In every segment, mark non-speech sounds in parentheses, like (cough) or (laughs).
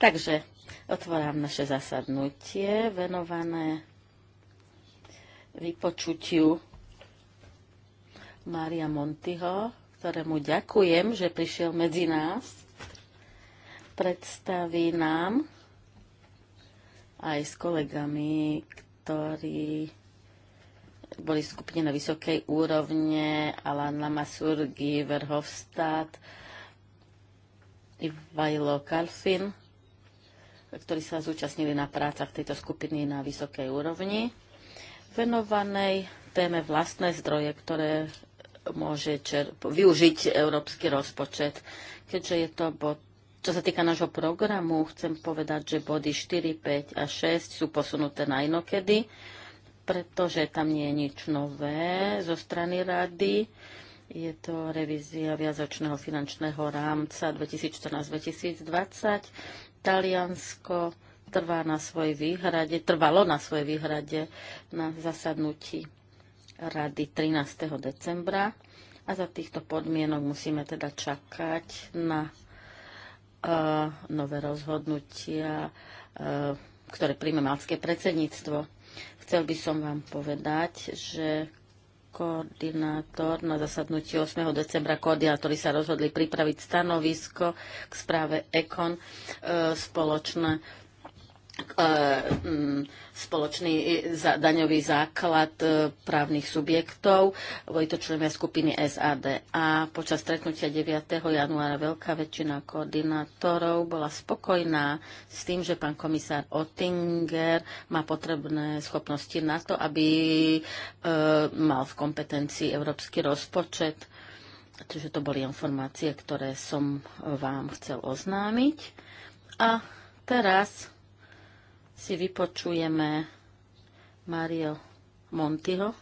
Takže otváram naše zasadnutie venované vypočutiu Mária Montyho, ktorému ďakujem, že prišiel medzi nás. Predstaví nám aj s kolegami, ktorí boli v skupine na vysokej úrovne, Alana Masurgi, Verhofstadt, Ivajlo Kalfin, ktorí sa zúčastnili na prácach tejto skupiny na vysokej úrovni, venovanej téme vlastné zdroje, ktoré môže čerp- využiť európsky rozpočet. Keďže je to bod čo sa týka nášho programu, chcem povedať, že body 4, 5 a 6 sú posunuté na inokedy, pretože tam nie je nič nové zo strany rady. Je to revízia viazočného finančného rámca 2014-2020. Taliansko trvá na svojej výhrade, trvalo na svojej výhrade na zasadnutí rady 13. decembra a za týchto podmienok musíme teda čakať na uh, nové rozhodnutia, uh, ktoré príjme malské predsedníctvo. Chcel by som vám povedať, že koordinátor na zasadnutí 8. decembra koordinátori sa rozhodli pripraviť stanovisko k správe EKON e, spoločné E, spoločný daňový základ e, právnych subjektov. Boli to členovia skupiny SAD. A počas stretnutia 9. januára veľká väčšina koordinátorov bola spokojná s tým, že pán komisár Ottinger má potrebné schopnosti na to, aby e, mal v kompetencii európsky rozpočet. Takže to boli informácie, ktoré som vám chcel oznámiť. A teraz si vypočujeme Mario Montiho.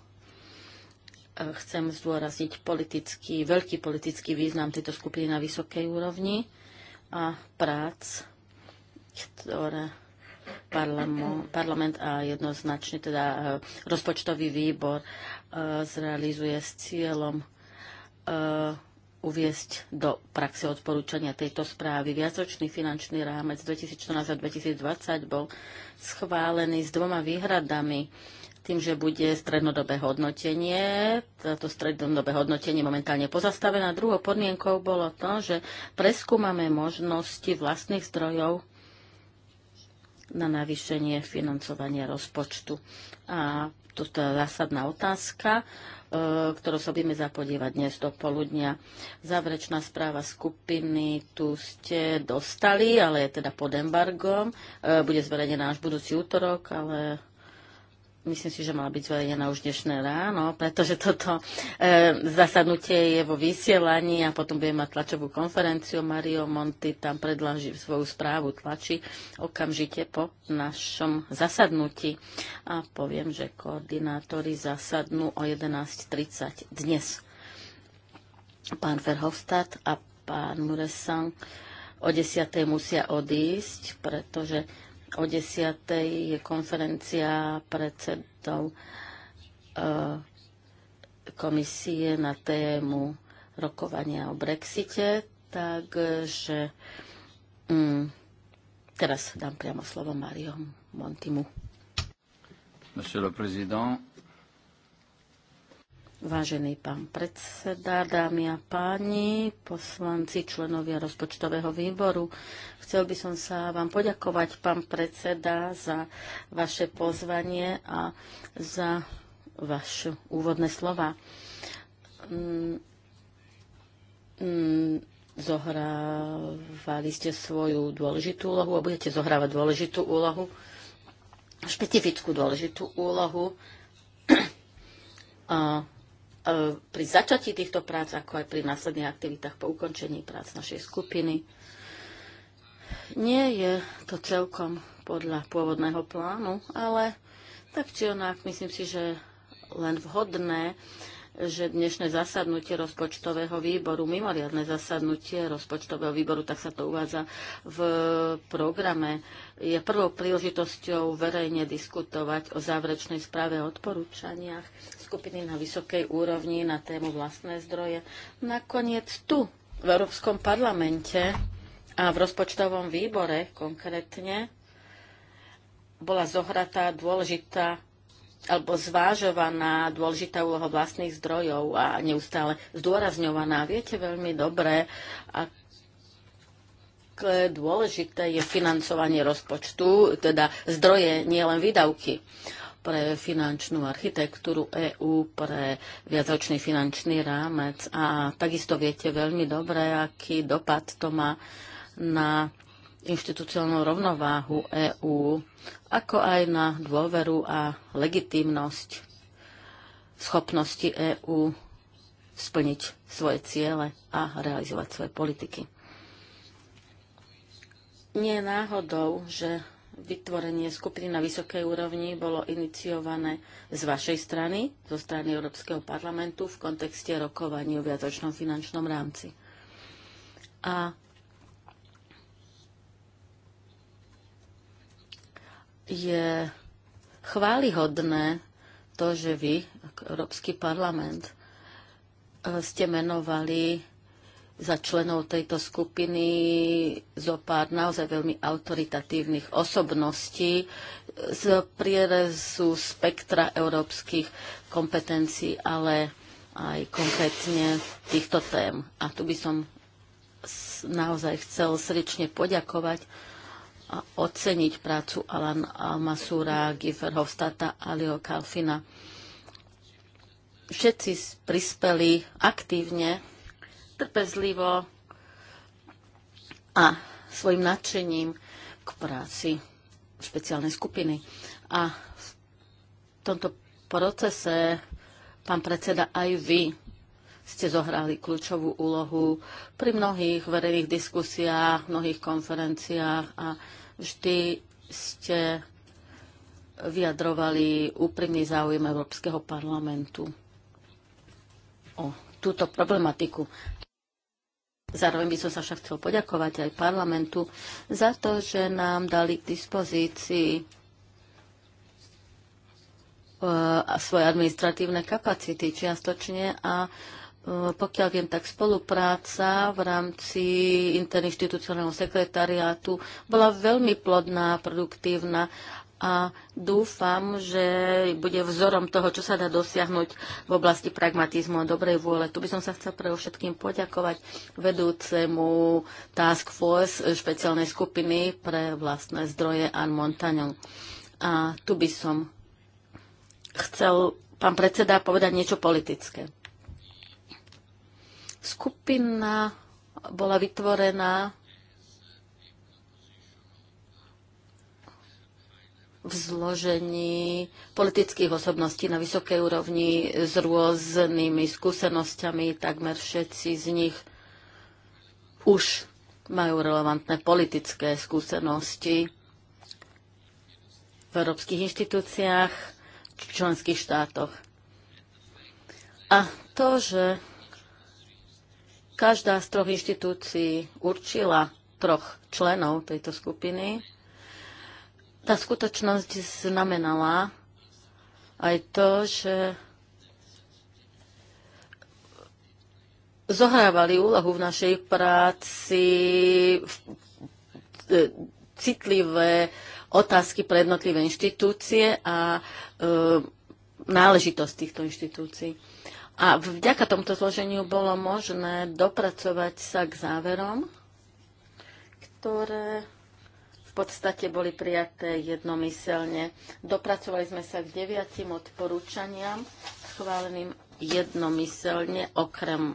Chcem zdôrazniť politický, veľký politický význam tejto skupiny na vysokej úrovni a prác, ktoré parlament a jednoznačne teda e, rozpočtový výbor e, zrealizuje s cieľom e, uviesť do praxe odporúčania tejto správy. Viacočný finančný rámec 2014 a 2020 bol schválený s dvoma výhradami tým, že bude strednodobé hodnotenie. Toto strednodobé hodnotenie momentálne pozastavené. Druhou podmienkou bolo to, že preskúmame možnosti vlastných zdrojov na navýšenie financovania rozpočtu. A toto je zásadná otázka. E, ktorou sa budeme zapodívať dnes do poludnia. Záverečná správa skupiny tu ste dostali, ale je teda pod embargom. E, bude zverejnená až budúci útorok, ale Myslím si, že mala byť zverejnená už dnešné ráno, pretože toto e, zasadnutie je vo vysielaní a potom bude mať tlačovú konferenciu. Mario Monti tam predlaží svoju správu tlači okamžite po našom zasadnutí. A poviem, že koordinátori zasadnú o 11.30 dnes. Pán Verhofstadt a pán Muresan o 10.00 musia odísť, pretože O 10. je konferencia predsedov eh, komisie na tému rokovania o Brexite, takže mm, teraz dám priamo slovo Mariom Montimu. Monsieur le Président, Vážený pán predseda, dámy a páni, poslanci, členovia rozpočtového výboru, chcel by som sa vám poďakovať, pán predseda, za vaše pozvanie a za vaše úvodné slova. Zohrávali ste svoju dôležitú úlohu a budete zohrávať dôležitú úlohu, špecifickú dôležitú úlohu. A E, pri začatí týchto prác, ako aj pri následných aktivitách po ukončení prác našej skupiny. Nie je to celkom podľa pôvodného plánu, ale tak či onak, myslím si, že len vhodné, že dnešné zasadnutie rozpočtového výboru, mimoriadne zasadnutie rozpočtového výboru, tak sa to uvádza v programe, je prvou príležitosťou verejne diskutovať o záverečnej správe a odporúčaniach skupiny na vysokej úrovni na tému vlastné zdroje. Nakoniec tu, v Európskom parlamente a v rozpočtovom výbore konkrétne, bola zohratá dôležitá alebo zvážovaná dôležitá úloha vlastných zdrojov a neustále zdôrazňovaná. Viete veľmi dobre, a dôležité je financovanie rozpočtu, teda zdroje, nielen výdavky pre finančnú architektúru EÚ, pre viacročný finančný rámec a takisto viete veľmi dobre, aký dopad to má na inštitucionálnu rovnováhu EÚ, ako aj na dôveru a legitimnosť schopnosti EÚ splniť svoje ciele a realizovať svoje politiky. Nie náhodou, že vytvorenie skupiny na vysokej úrovni bolo iniciované z vašej strany, zo strany Európskeho parlamentu v kontexte rokovaní o viatočnom finančnom rámci. A je chválihodné to, že vy, Európsky parlament, e, ste menovali za členov tejto skupiny zo pár naozaj veľmi autoritatívnych osobností z prierezu spektra európskych kompetencií, ale aj konkrétne týchto tém. A tu by som naozaj chcel srdečne poďakovať a oceniť prácu Alan Almasúra, Hofstata a Leo Kalfina. Všetci prispeli aktívne trpezlivo a svojim nadšením k práci špeciálnej skupiny. A v tomto procese, pán predseda, aj vy ste zohrali kľúčovú úlohu pri mnohých verejných diskusiách, mnohých konferenciách a vždy ste vyjadrovali úprimný záujem Európskeho parlamentu o túto problematiku. Zároveň by som sa však chcel poďakovať aj parlamentu za to, že nám dali k dispozícii e, svoje administratívne kapacity čiastočne a e, pokiaľ viem, tak spolupráca v rámci interinstitucionálneho sekretariátu bola veľmi plodná, produktívna a dúfam, že bude vzorom toho, čo sa dá dosiahnuť v oblasti pragmatizmu a dobrej vôle. Tu by som sa chcel pre všetkým poďakovať vedúcemu Task Force špeciálnej skupiny pre vlastné zdroje Anne Montagnon. A tu by som chcel pán predseda povedať niečo politické. Skupina bola vytvorená v zložení politických osobností na vysokej úrovni s rôznymi skúsenosťami. Takmer všetci z nich už majú relevantné politické skúsenosti v európskych inštitúciách, v členských štátoch. A to, že každá z troch inštitúcií určila troch členov tejto skupiny, tá skutočnosť znamenala aj to, že zohrávali úlohu v našej práci v e, citlivé otázky pre jednotlivé inštitúcie a e, náležitosť týchto inštitúcií. A vďaka tomuto zloženiu bolo možné dopracovať sa k záverom, ktoré podstate boli prijaté jednomyselne. Dopracovali sme sa k deviatim odporúčaniam, schváleným jednomyselne, okrem e,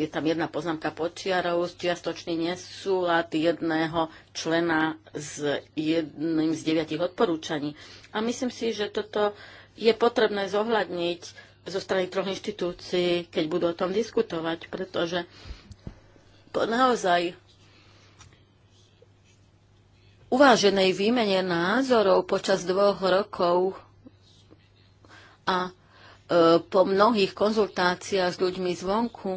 je tam jedna poznámka počiarov, čiastočný nesúlad jedného člena s jedným z deviatich odporúčaní. A myslím si, že toto je potrebné zohľadniť zo strany troch inštitúcií, keď budú o tom diskutovať, pretože naozaj uváženej výmene názorov počas dvoch rokov a e, po mnohých konzultáciách s ľuďmi zvonku.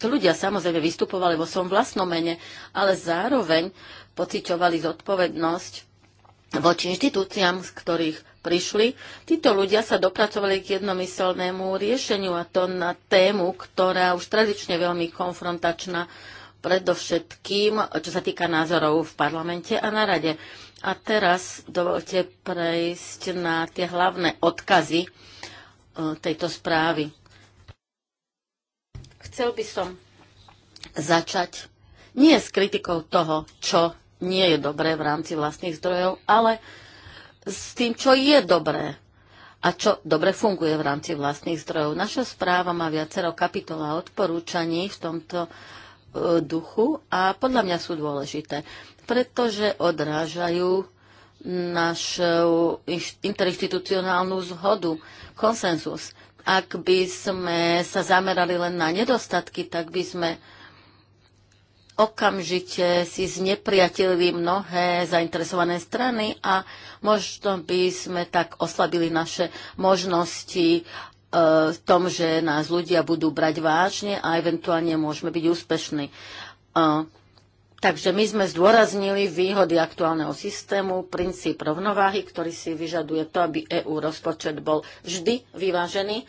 To ľudia samozrejme vystupovali vo svojom vlastnom mene, ale zároveň pociťovali zodpovednosť voči inštitúciám, z ktorých prišli. Títo ľudia sa dopracovali k jednomyselnému riešeniu a to na tému, ktorá už tradične veľmi konfrontačná predovšetkým, čo sa týka názorov v parlamente a na rade. A teraz dovolte prejsť na tie hlavné odkazy e, tejto správy. Chcel by som začať nie s kritikou toho, čo nie je dobré v rámci vlastných zdrojov, ale s tým, čo je dobré a čo dobre funguje v rámci vlastných zdrojov. Naša správa má viacero kapitol a odporúčaní v tomto Eh, duchu a podľa mňa sú dôležité, pretože odrážajú našu interinstitucionálnu zhodu, konsenzus. Ak by sme sa zamerali len na nedostatky, tak by sme okamžite si znepriatelili mnohé zainteresované strany a možno by sme tak oslabili naše možnosti v tom, že nás ľudia budú brať vážne a eventuálne môžeme byť úspešní. Takže my sme zdôraznili výhody aktuálneho systému, princíp rovnováhy, ktorý si vyžaduje to, aby EÚ rozpočet bol vždy vyvážený.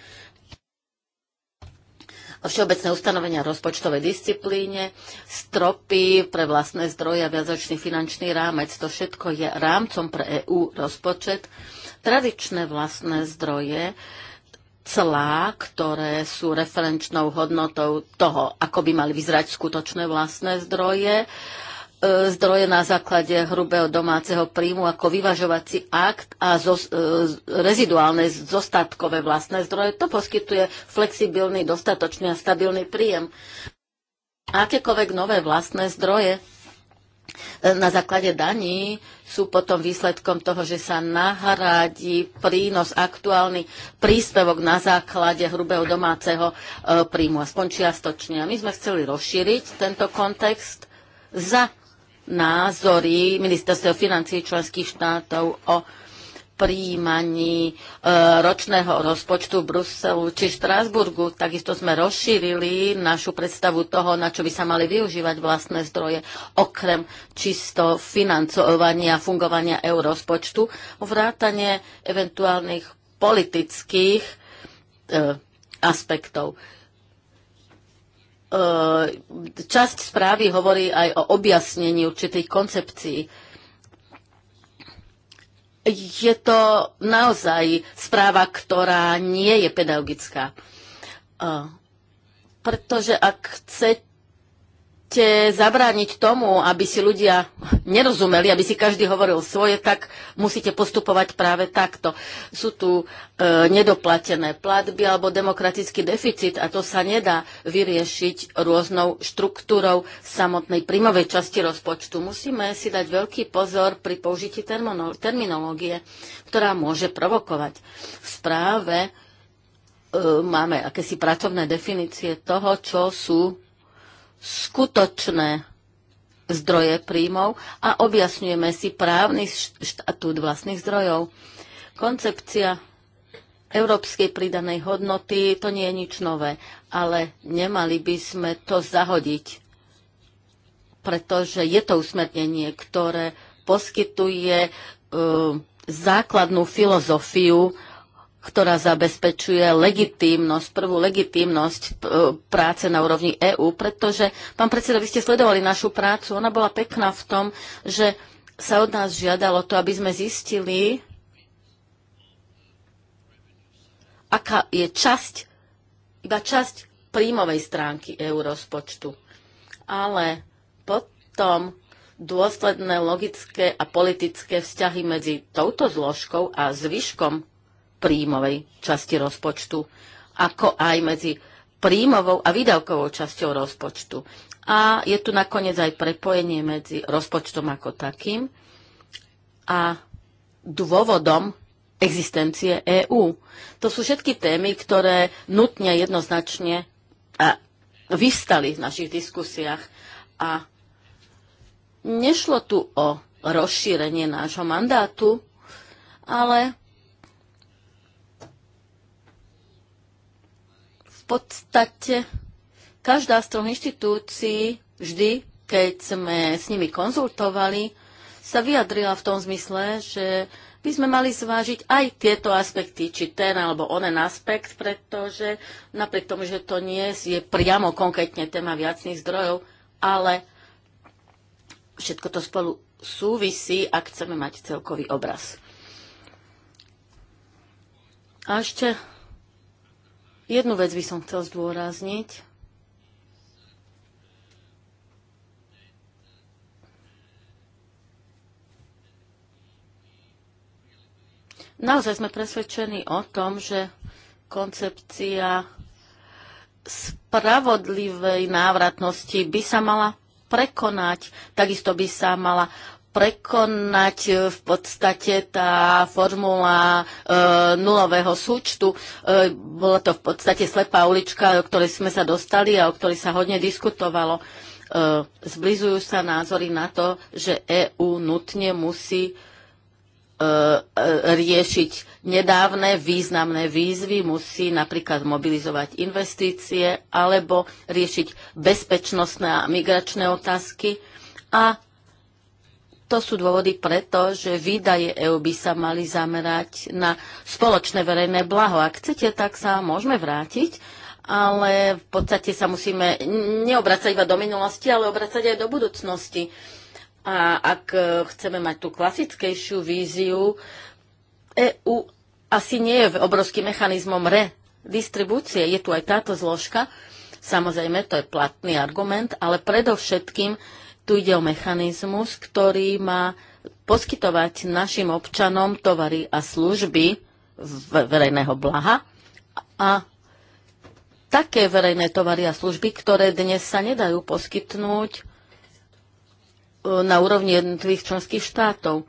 Všeobecné ustanovenia rozpočtovej disciplíne, stropy pre vlastné zdroje a viazočný finančný rámec. To všetko je rámcom pre EÚ rozpočet. Tradičné vlastné zdroje clá, ktoré sú referenčnou hodnotou toho, ako by mali vyzerať skutočné vlastné zdroje, e, zdroje na základe hrubého domáceho príjmu ako vyvažovací akt a zo, e, reziduálne zostatkové vlastné zdroje. To poskytuje flexibilný, dostatočný a stabilný príjem. Akékoľvek nové vlastné zdroje E, na základe daní sú potom výsledkom toho, že sa nahradí prínos aktuálny príspevok na základe hrubého domáceho e, príjmu, aspoň čiastočne. A my sme chceli rozšíriť tento kontext za názory ministerstva financí členských štátov o príjmaní e, ročného rozpočtu Bruselu či Štrásburgu. Takisto sme rozšírili našu predstavu toho, na čo by sa mali využívať vlastné zdroje, okrem čisto financovania fungovania eurozpočtu, vrátanie eventuálnych politických e, aspektov. E, časť správy hovorí aj o objasnení určitých koncepcií je to naozaj správa, ktorá nie je pedagogická. Pretože ak chcete chcete zabrániť tomu, aby si ľudia nerozumeli, aby si každý hovoril svoje, tak musíte postupovať práve takto. Sú tu e, nedoplatené platby alebo demokratický deficit a to sa nedá vyriešiť rôznou štruktúrou samotnej príjmovej časti rozpočtu. Musíme si dať veľký pozor pri použití terminológie, ktorá môže provokovať. V správe e, máme akési pracovné definície toho, čo sú skutočné zdroje príjmov a objasňujeme si právny štatút vlastných zdrojov. Koncepcia európskej pridanej hodnoty to nie je nič nové, ale nemali by sme to zahodiť, pretože je to usmernenie, ktoré poskytuje e, základnú filozofiu ktorá zabezpečuje legitímnosť, prvú legitímnosť e, práce na úrovni EÚ, pretože, pán predseda, vy ste sledovali našu prácu, ona bola pekná v tom, že sa od nás žiadalo to, aby sme zistili, aká je časť, iba časť príjmovej stránky EU rozpočtu. Ale potom dôsledné logické a politické vzťahy medzi touto zložkou a zvyškom príjmovej časti rozpočtu, ako aj medzi príjmovou a výdavkovou časťou rozpočtu. A je tu nakoniec aj prepojenie medzi rozpočtom ako takým a dôvodom existencie EÚ. To sú všetky témy, ktoré nutne jednoznačne vyvstali v našich diskusiách a nešlo tu o rozšírenie nášho mandátu, ale podstate každá z troch inštitúcií vždy, keď sme s nimi konzultovali, sa vyjadrila v tom zmysle, že by sme mali zvážiť aj tieto aspekty, či ten alebo onen aspekt, pretože napriek tomu, že to nie je priamo konkrétne téma viacných zdrojov, ale všetko to spolu súvisí, ak chceme mať celkový obraz. A ešte Jednu vec by som chcel zdôrazniť. Naozaj sme presvedčení o tom, že koncepcia spravodlivej návratnosti by sa mala prekonať, takisto by sa mala prekonať e, v podstate tá formula e, nulového súčtu. E, bola to v podstate slepá ulička, o ktorej sme sa dostali a o ktorej sa hodne diskutovalo. E, zblizujú sa názory na to, že EÚ nutne musí e, e, riešiť nedávne významné výzvy, musí napríklad mobilizovať investície alebo riešiť bezpečnostné a migračné otázky a to sú dôvody preto, že výdaje EÚ by sa mali zamerať na spoločné verejné blaho. Ak chcete, tak sa môžeme vrátiť, ale v podstate sa musíme neobracať iba do minulosti, ale obracať aj do budúcnosti. A ak e, chceme mať tú klasickejšiu víziu, EÚ asi nie je obrovským mechanizmom redistribúcie. Je tu aj táto zložka. Samozrejme, to je platný argument, ale predovšetkým tu ide o mechanizmus, ktorý má poskytovať našim občanom tovary a služby verejného blaha a také verejné tovary a služby, ktoré dnes sa nedajú poskytnúť e, na úrovni jednotlivých členských štátov.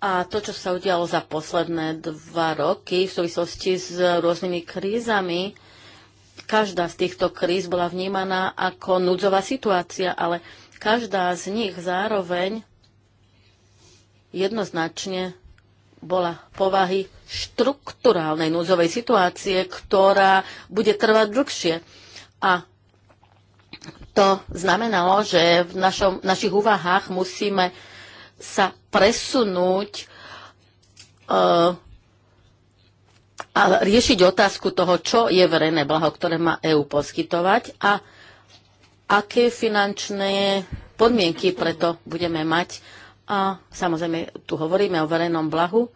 A to, čo sa udialo za posledné dva roky v súvislosti s rôznymi krízami, Každá z týchto kríz bola vnímaná ako núdzová situácia, ale každá z nich zároveň jednoznačne bola povahy štruktúrálnej núdzovej situácie, ktorá bude trvať dlhšie. A to znamenalo, že v našom, našich úvahách musíme sa presunúť e, a riešiť otázku toho, čo je verejné blaho, ktoré má EÚ poskytovať a aké finančné podmienky preto budeme mať. A samozrejme, tu hovoríme o verejnom blahu,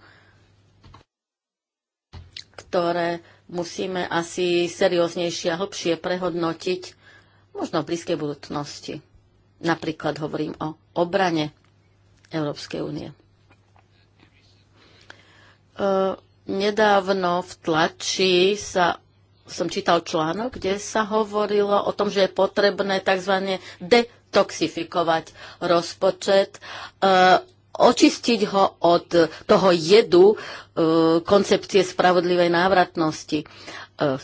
ktoré musíme asi serióznejšie a hlbšie prehodnotiť, možno v blízkej budúcnosti. Napríklad hovorím o obrane Európskej únie. E, Nedávno v tlači sa som čítal článok, kde sa hovorilo o tom, že je potrebné tzv. detoxifikovať rozpočet, e, očistiť ho od toho jedu e, koncepcie spravodlivej návratnosti. E,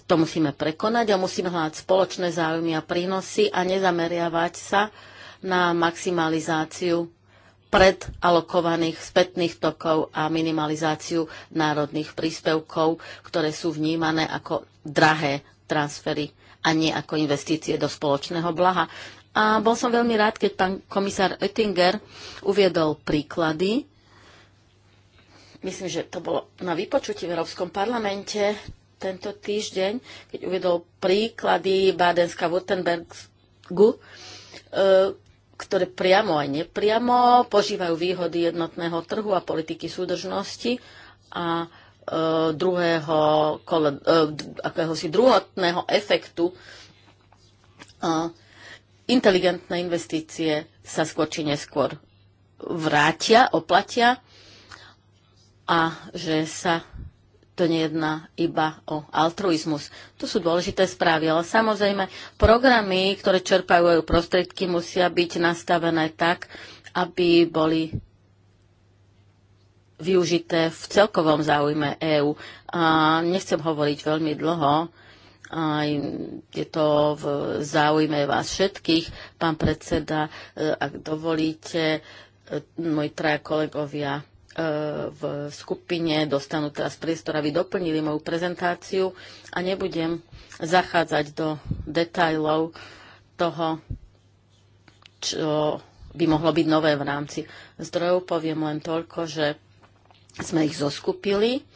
to musíme prekonať a musíme hľadať spoločné záujmy a prínosy a nezameriavať sa na maximalizáciu predalokovaných spätných tokov a minimalizáciu národných príspevkov, ktoré sú vnímané ako drahé transfery a nie ako investície do spoločného blaha. A bol som veľmi rád, keď pán komisár Oettinger uviedol príklady. Myslím, že to bolo na vypočutí v Európskom parlamente tento týždeň, keď uvedol príklady Bádenska-Württembergu, e, ktoré priamo aj nepriamo požívajú výhody jednotného trhu a politiky súdržnosti a e, druhého, kole, e, akéhosi druhotného efektu e, inteligentné investície sa skôr či neskôr vrátia, oplatia a že sa to nejedná iba o altruizmus. To sú dôležité správy, ale samozrejme programy, ktoré čerpajú aj prostriedky, musia byť nastavené tak, aby boli využité v celkovom záujme EÚ. A nechcem hovoriť veľmi dlho, aj je to v záujme vás všetkých, pán predseda, e, ak dovolíte, e, moji traja kolegovia v skupine dostanú teraz priestor, aby doplnili moju prezentáciu a nebudem zachádzať do detajlov toho, čo by mohlo byť nové v rámci zdrojov. Poviem len toľko, že sme ich zoskupili.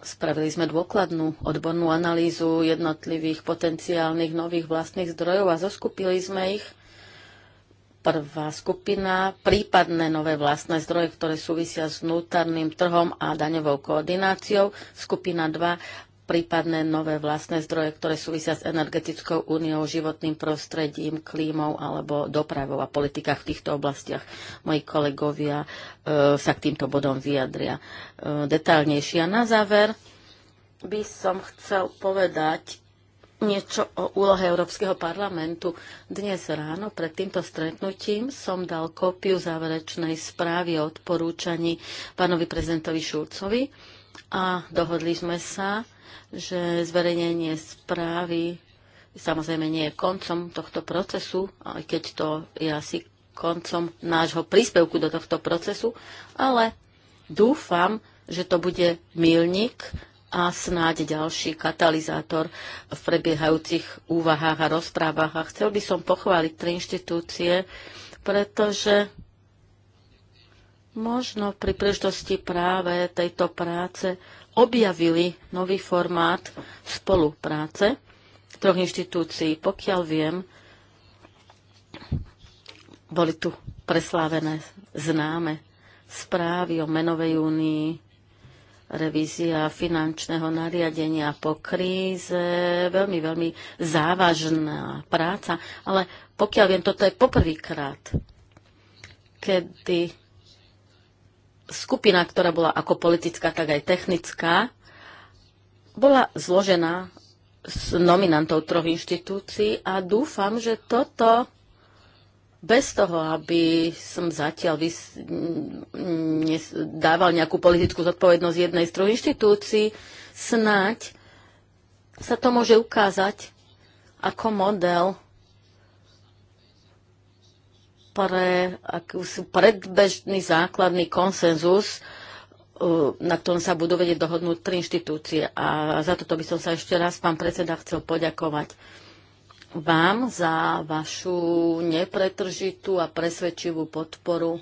Spravili sme dôkladnú odbornú analýzu jednotlivých potenciálnych nových vlastných zdrojov a zoskupili sme ich Prvá skupina, prípadné nové vlastné zdroje, ktoré súvisia s vnútorným trhom a daňovou koordináciou. Skupina 2, prípadné nové vlastné zdroje, ktoré súvisia s energetickou úniou, životným prostredím, klímou alebo dopravou a politikách v týchto oblastiach. Moji kolegovia e, sa k týmto bodom vyjadria e, detálnejšie. A na záver by som chcel povedať, niečo o úlohe Európskeho parlamentu. Dnes ráno pred týmto stretnutím som dal kópiu záverečnej správy o odporúčaní pánovi prezidentovi Šulcovi a dohodli sme sa, že zverejnenie správy samozrejme nie je koncom tohto procesu, aj keď to je asi koncom nášho príspevku do tohto procesu, ale dúfam, že to bude milník a snáď ďalší katalizátor v prebiehajúcich úvahách a rozprávach. A chcel by som pochváliť tri inštitúcie, pretože možno pri príležitosti práve tejto práce objavili nový formát spolupráce troch inštitúcií. Pokiaľ viem, boli tu preslávené známe správy o menovej únii, revízia finančného nariadenia po kríze, veľmi, veľmi závažná práca, ale pokiaľ viem, toto je poprvýkrát, kedy skupina, ktorá bola ako politická, tak aj technická, bola zložená s nominantou troch inštitúcií a dúfam, že toto bez toho, aby som zatiaľ vys- dával nejakú politickú zodpovednosť jednej z troch inštitúcií, snáď sa to môže ukázať ako model pre akúsi predbežný základný konsenzus, uh, na ktorom sa budú vedieť dohodnúť tri inštitúcie. A za toto by som sa ešte raz, pán predseda, chcel poďakovať vám za vašu nepretržitú a presvedčivú podporu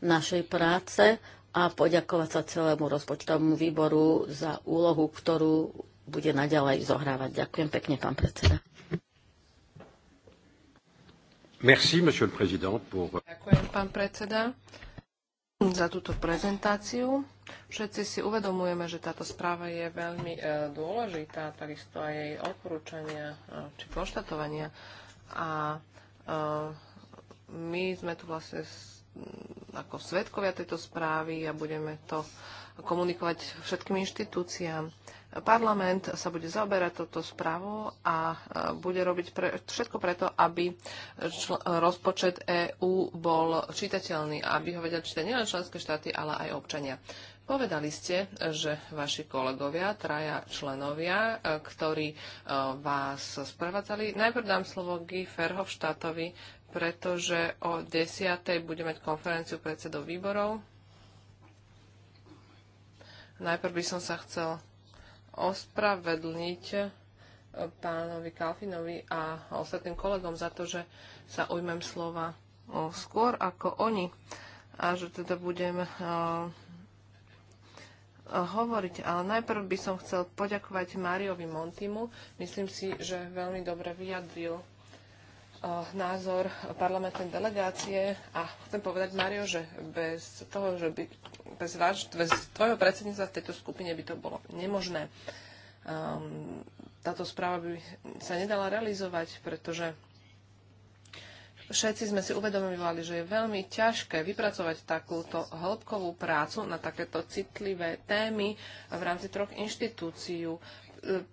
našej práce a poďakovať sa celému rozpočtovému výboru za úlohu, ktorú bude naďalej zohrávať. Ďakujem pekne, pán predseda. Merci, monsieur le président, pour... Ďakujem, pán predseda, za túto prezentáciu. Všetci si uvedomujeme, že táto správa je veľmi e, dôležitá, takisto aj jej odporúčania e, či konštatovania. A e, my sme tu vlastne ako svetkovia tejto správy a budeme to komunikovať všetkým inštitúciám. Parlament sa bude zaoberať toto správou a e, bude robiť pre, všetko preto, aby čl- rozpočet EÚ bol čitateľný, a aby ho vedel čítať nielen členské štáty, ale aj občania. Povedali ste, že vaši kolegovia, traja členovia, e, ktorí e, vás sprevádzali, najprv dám slovo Guy Ferhofštátovi, pretože o 10. bude mať konferenciu predsedov výborov. Najprv by som sa chcel ospravedlniť eh, pánovi Kalfinovi a ostatným kolegom za to, že sa ujmem slova skôr ako oni a že teda budem eh, hovoriť, ale najprv by som chcel poďakovať Máriovi Montimu. Myslím si, že veľmi dobre vyjadril názor parlamentnej delegácie a chcem povedať, Mario, že bez toho, že by, bez, váš, bez tvojho predsedníctva v tejto skupine by to bolo nemožné. Um, táto správa by sa nedala realizovať, pretože všetci sme si uvedomovali, že je veľmi ťažké vypracovať takúto hĺbkovú prácu na takéto citlivé témy v rámci troch inštitúcií,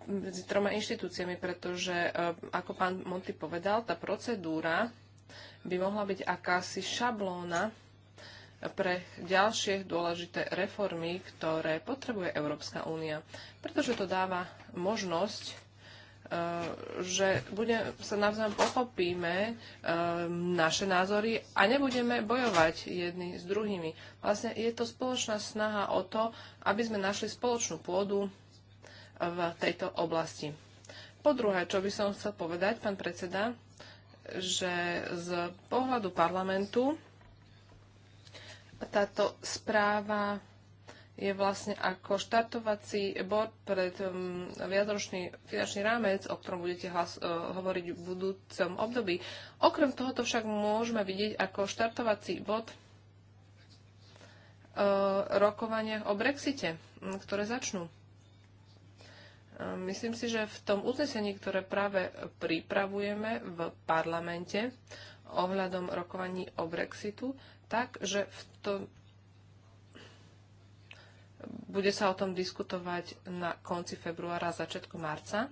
medzi troma inštitúciami, pretože, e, ako pán Monty povedal, tá procedúra by mohla byť akási šablóna pre ďalšie dôležité reformy, ktoré potrebuje Európska únia, pretože to dáva možnosť, e, že bude, sa navzájom pochopíme e, naše názory a nebudeme bojovať jedni s druhými. Vlastne je to spoločná snaha o to, aby sme našli spoločnú pôdu v tejto oblasti. Po druhé, čo by som chcel povedať, pán predseda, že z pohľadu parlamentu táto správa je vlastne ako štartovací bod pred um, viacročný finančný rámec, o ktorom budete hlas, uh, hovoriť v budúcom období. Okrem tohoto však môžeme vidieť ako štartovací bod uh, rokovania o Brexite, ktoré začnú. Myslím si, že v tom uznesení, ktoré práve pripravujeme v parlamente ohľadom rokovaní o Brexitu, tak, že v to... bude sa o tom diskutovať na konci februára, začiatku marca.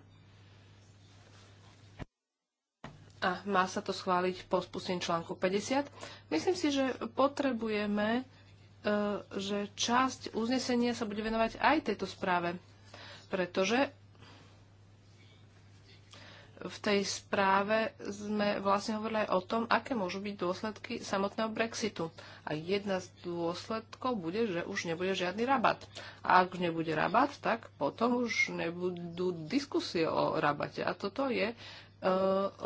A má sa to schváliť po spustení článku 50. Myslím si, že potrebujeme, e, že časť uznesenia sa bude venovať aj tejto správe pretože v tej správe sme vlastne hovorili aj o tom, aké môžu byť dôsledky samotného Brexitu. A jedna z dôsledkov bude, že už nebude žiadny rabat. A ak už nebude rabat, tak potom už nebudú diskusie o rabate. A toto je e,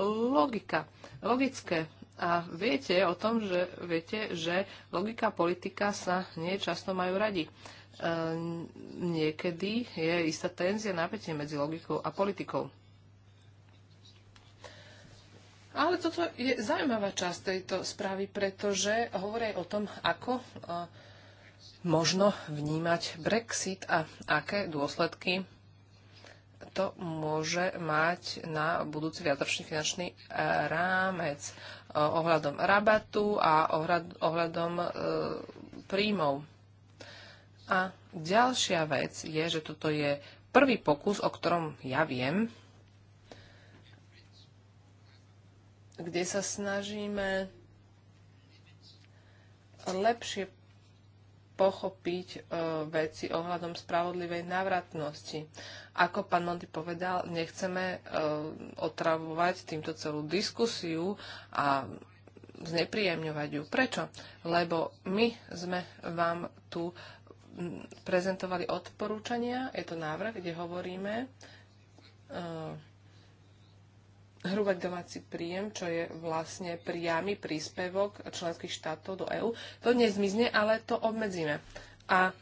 logika. Logické. A viete o tom, že viete, že logika politika sa nie často majú radi. E, niekedy je istá tenzia napätie medzi logikou a politikou. Ale toto je zaujímavá časť tejto správy, pretože hovorí o tom, ako eh, možno vnímať Brexit a aké dôsledky to môže mať na budúci viacročný finančný eh, rámec eh, ohľadom rabatu a ohľadom príjmov. A ďalšia vec je, že toto je prvý pokus, o ktorom ja viem, kde sa snažíme lepšie pochopiť e, veci ohľadom spravodlivej návratnosti. Ako pán Monty povedal, nechceme e, otravovať týmto celú diskusiu a znepríjemňovať ju. Prečo? Lebo my sme vám tu prezentovali odporúčania, je to návrh, kde hovoríme, e, hrubý domáci príjem, čo je vlastne priamy príspevok členských štátov do EÚ, to nezmizne, ale to obmedzíme. A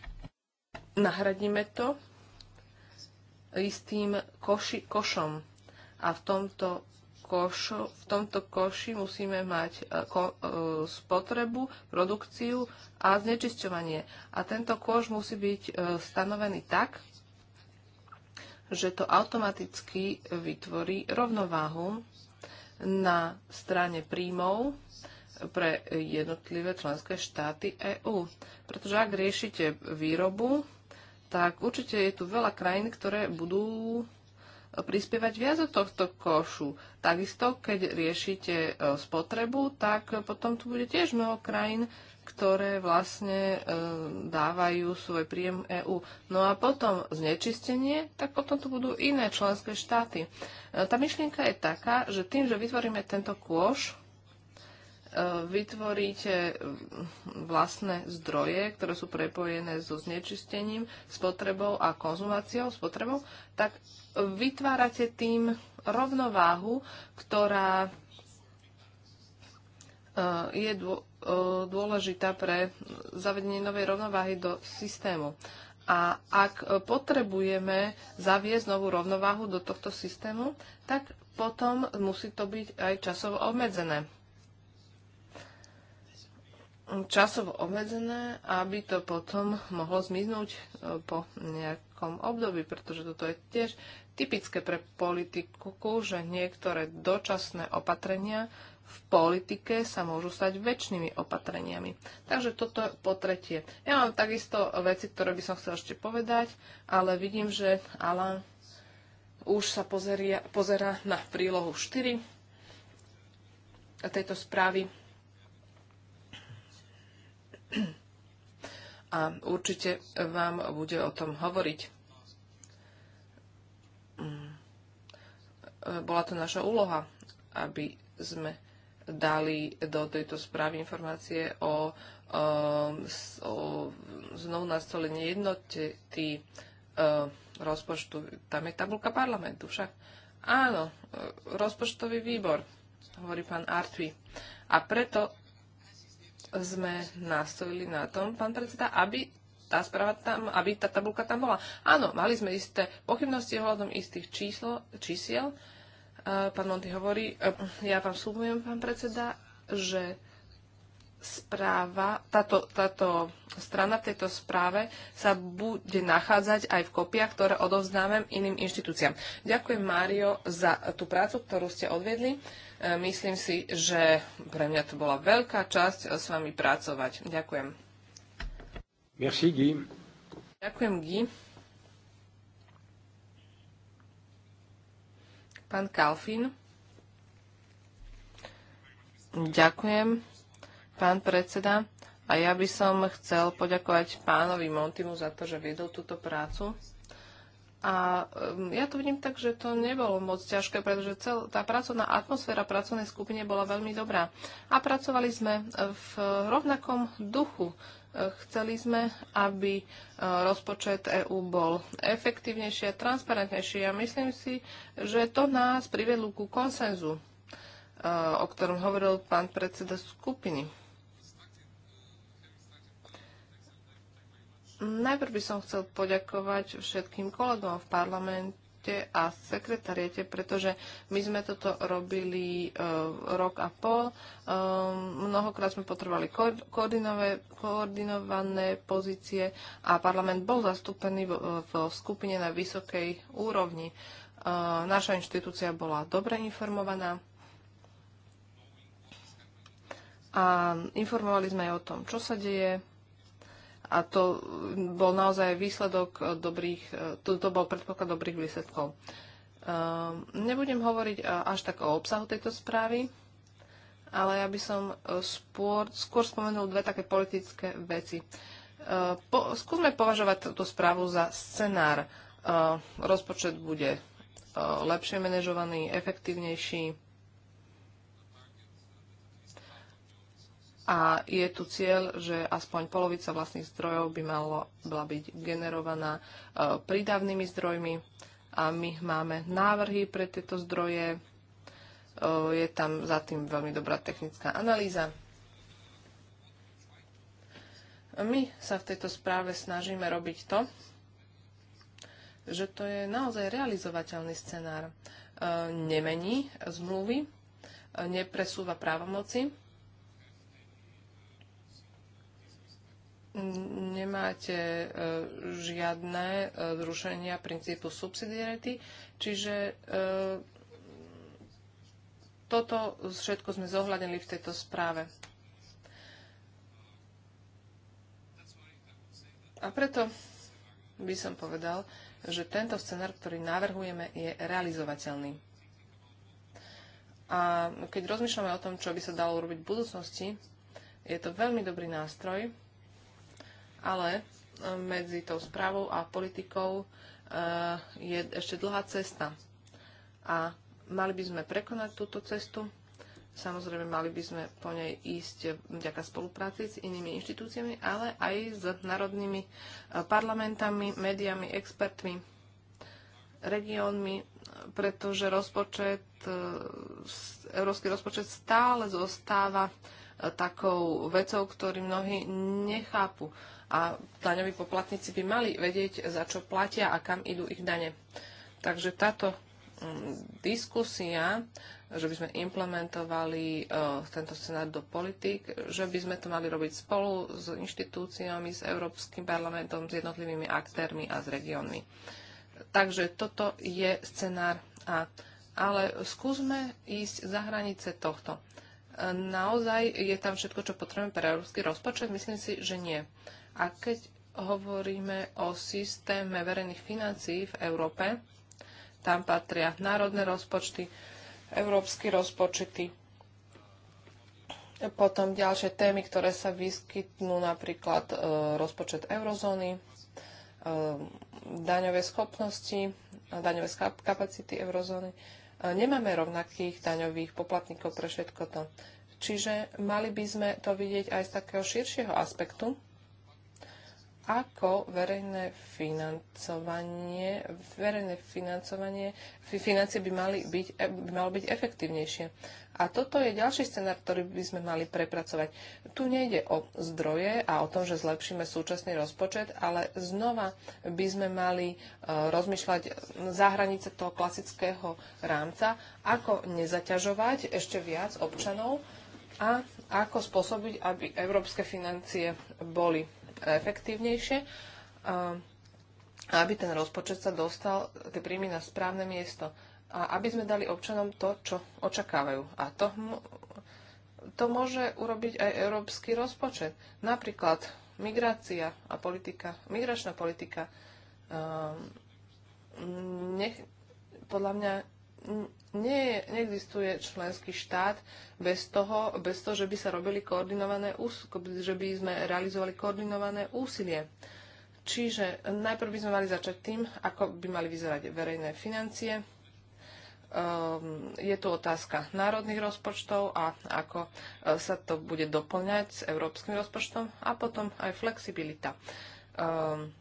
nahradíme to istým koši, košom. A v tomto, košo, v tomto koši musíme mať e, ko, e, spotrebu, produkciu a znečisťovanie. A tento koš musí byť e, stanovený tak, že to automaticky vytvorí rovnováhu na strane príjmov pre jednotlivé členské štáty EÚ. Pretože ak riešite výrobu, tak určite je tu veľa krajín, ktoré budú prispievať viac od tohto košu. Takisto, keď riešite e, spotrebu, tak potom tu bude tiež mnoho krajín, ktoré vlastne e, dávajú svoj príjem EÚ. No a potom znečistenie, tak potom tu budú iné členské štáty. E, tá myšlienka je taká, že tým, že vytvoríme tento kôš, vytvoríte vlastné zdroje, ktoré sú prepojené so znečistením, spotrebou a konzumáciou, spotrebou, tak vytvárate tým rovnováhu, ktorá e, je e, dôležitá pre zavedenie novej rovnováhy do systému. A ak potrebujeme zaviesť novú rovnováhu do tohto systému, tak potom musí to byť aj časovo obmedzené. Časovo obmedzené, aby to potom mohlo zmiznúť e, po nejak krátkom období, pretože toto je tiež typické pre politiku, že niektoré dočasné opatrenia v politike sa môžu stať väčšnými opatreniami. Takže toto po tretie. Ja mám takisto veci, ktoré by som chcel ešte povedať, ale vidím, že Alan už sa pozeria, pozera na prílohu 4 tejto správy a určite vám bude o tom hovoriť. Mm. Bola to naša úloha, aby sme dali do tejto správy informácie o, o, um, o znovu nastolení jednoty um, rozpočtu. Tam je tabulka parlamentu však. Áno, um, rozpočtový výbor, hovorí pán Artvi. A preto sme nastojili na tom, pán predseda, aby tá správa tam, aby tá tabulka tam bola. Áno, mali sme isté pochybnosti ohľadom istých číslo, čísiel. Pán Monty hovorí, e, ja vám súbujem, pán predseda, že správa, táto, táto strana v tejto správe sa bude nachádzať aj v kopiach, ktoré odovzdáme iným inštitúciám. Ďakujem, Mário, za tú prácu, ktorú ste odvedli. E, myslím si, že pre mňa to bola veľká časť e, s vami pracovať. Ďakujem. Merci, Guy. Ďakujem, Guy. Pán Kalfin. Ďakujem, pán predseda. A ja by som chcel poďakovať pánovi Montimu za to, že viedol túto prácu. A ja to vidím tak, že to nebolo moc ťažké, pretože cel, tá pracovná atmosféra pracovnej skupine bola veľmi dobrá. A pracovali sme eh, v rovnakom duchu. Eh, chceli sme, aby eh, rozpočet EÚ bol efektívnejší a transparentnejší. A myslím si, že to nás privedlo ku konsenzu, o ktorom hovoril pán predseda skupiny. Najprv by som chcel poďakovať všetkým kolegom v parlamente a sekretariete, pretože my sme toto robili e, rok a pol. E, mnohokrát sme potrebovali ko koordinované pozície a parlament bol zastúpený v, v skupine na vysokej úrovni. E, naša inštitúcia bola dobre informovaná a informovali sme aj o tom, čo sa deje a to bol naozaj výsledok dobrých, to, to bol predpoklad dobrých výsledkov. Ehm, nebudem hovoriť e, až tak o obsahu tejto správy, ale ja by som e, spôr, skôr spomenul dve také politické veci. E, po, skúsme považovať túto správu za scenár. Rozpočet bude lepšie manažovaný, efektívnejší, a je tu cieľ, že aspoň polovica vlastných zdrojov by malo, mala byť generovaná e, prídavnými zdrojmi a my máme návrhy pre tieto zdroje. E, je tam za tým veľmi dobrá technická analýza. My sa v tejto správe snažíme robiť to, že to je naozaj realizovateľný scenár. E, nemení zmluvy, nepresúva právomoci nemáte e, žiadne e, zrušenia princípu subsidiarity, čiže e, toto všetko sme zohľadili v tejto správe. A preto by som povedal, že tento scenár, ktorý navrhujeme, je realizovateľný. A keď rozmýšľame o tom, čo by sa dalo urobiť v budúcnosti, je to veľmi dobrý nástroj, ale e, medzi tou správou a politikou e, je ešte dlhá cesta. A mali by sme prekonať túto cestu. Samozrejme, mali by sme po nej ísť vďaka spolupráci s inými inštitúciami, ale aj s národnými e, parlamentami, médiami, expertmi, regiónmi, pretože rozpočet, európsky rozpočet stále zostáva takou vecou, ktorý mnohí nechápu a daňoví poplatníci by mali vedieť, za čo platia a kam idú ich dane. Takže táto mm, diskusia, že by sme implementovali uh, tento scenár do politik, že by sme to mali robiť spolu s inštitúciami, s Európskym parlamentom, s jednotlivými aktérmi a s regiónmi. Takže toto je scenár A. Ale skúsme ísť za hranice tohto. Naozaj je tam všetko, čo potrebujeme pre európsky rozpočet? Myslím si, že nie. Uh, a keď hovoríme o systéme verejných financií v Európe, tam patria národné rozpočty, európsky rozpočty, potom ďalšie témy, ktoré sa vyskytnú, napríklad e, rozpočet eurozóny, e, daňové schopnosti, daňové kapacity eurozóny. E, nemáme rovnakých daňových poplatníkov pre všetko to. Čiže mali by sme to vidieť aj z takého širšieho aspektu ako verejné financovanie, verejné financovanie, financie by, mali byť, e, by malo byť efektívnejšie. A toto je ďalší scenár, ktorý by sme mali prepracovať. Tu nejde o zdroje a o tom, že zlepšíme súčasný rozpočet, ale znova by sme mali e, rozmýšľať za hranice toho klasického rámca, ako nezaťažovať ešte viac občanov a ako spôsobiť, aby európske financie boli efektívnejšie a aby ten rozpočet sa dostal, tie príjmy na správne miesto a aby sme dali občanom to, čo očakávajú. A to, to môže urobiť aj európsky rozpočet. Napríklad migrácia a politika, migračná politika. Um, nech, podľa mňa nie, neexistuje členský štát bez toho, bez toho, že by sa robili koordinované že by sme realizovali koordinované úsilie. Čiže najprv by sme mali začať tým, ako by mali vyzerať verejné financie. Um, je tu otázka národných rozpočtov a ako e, sa to bude doplňať s európskym rozpočtom a potom aj flexibilita. Um,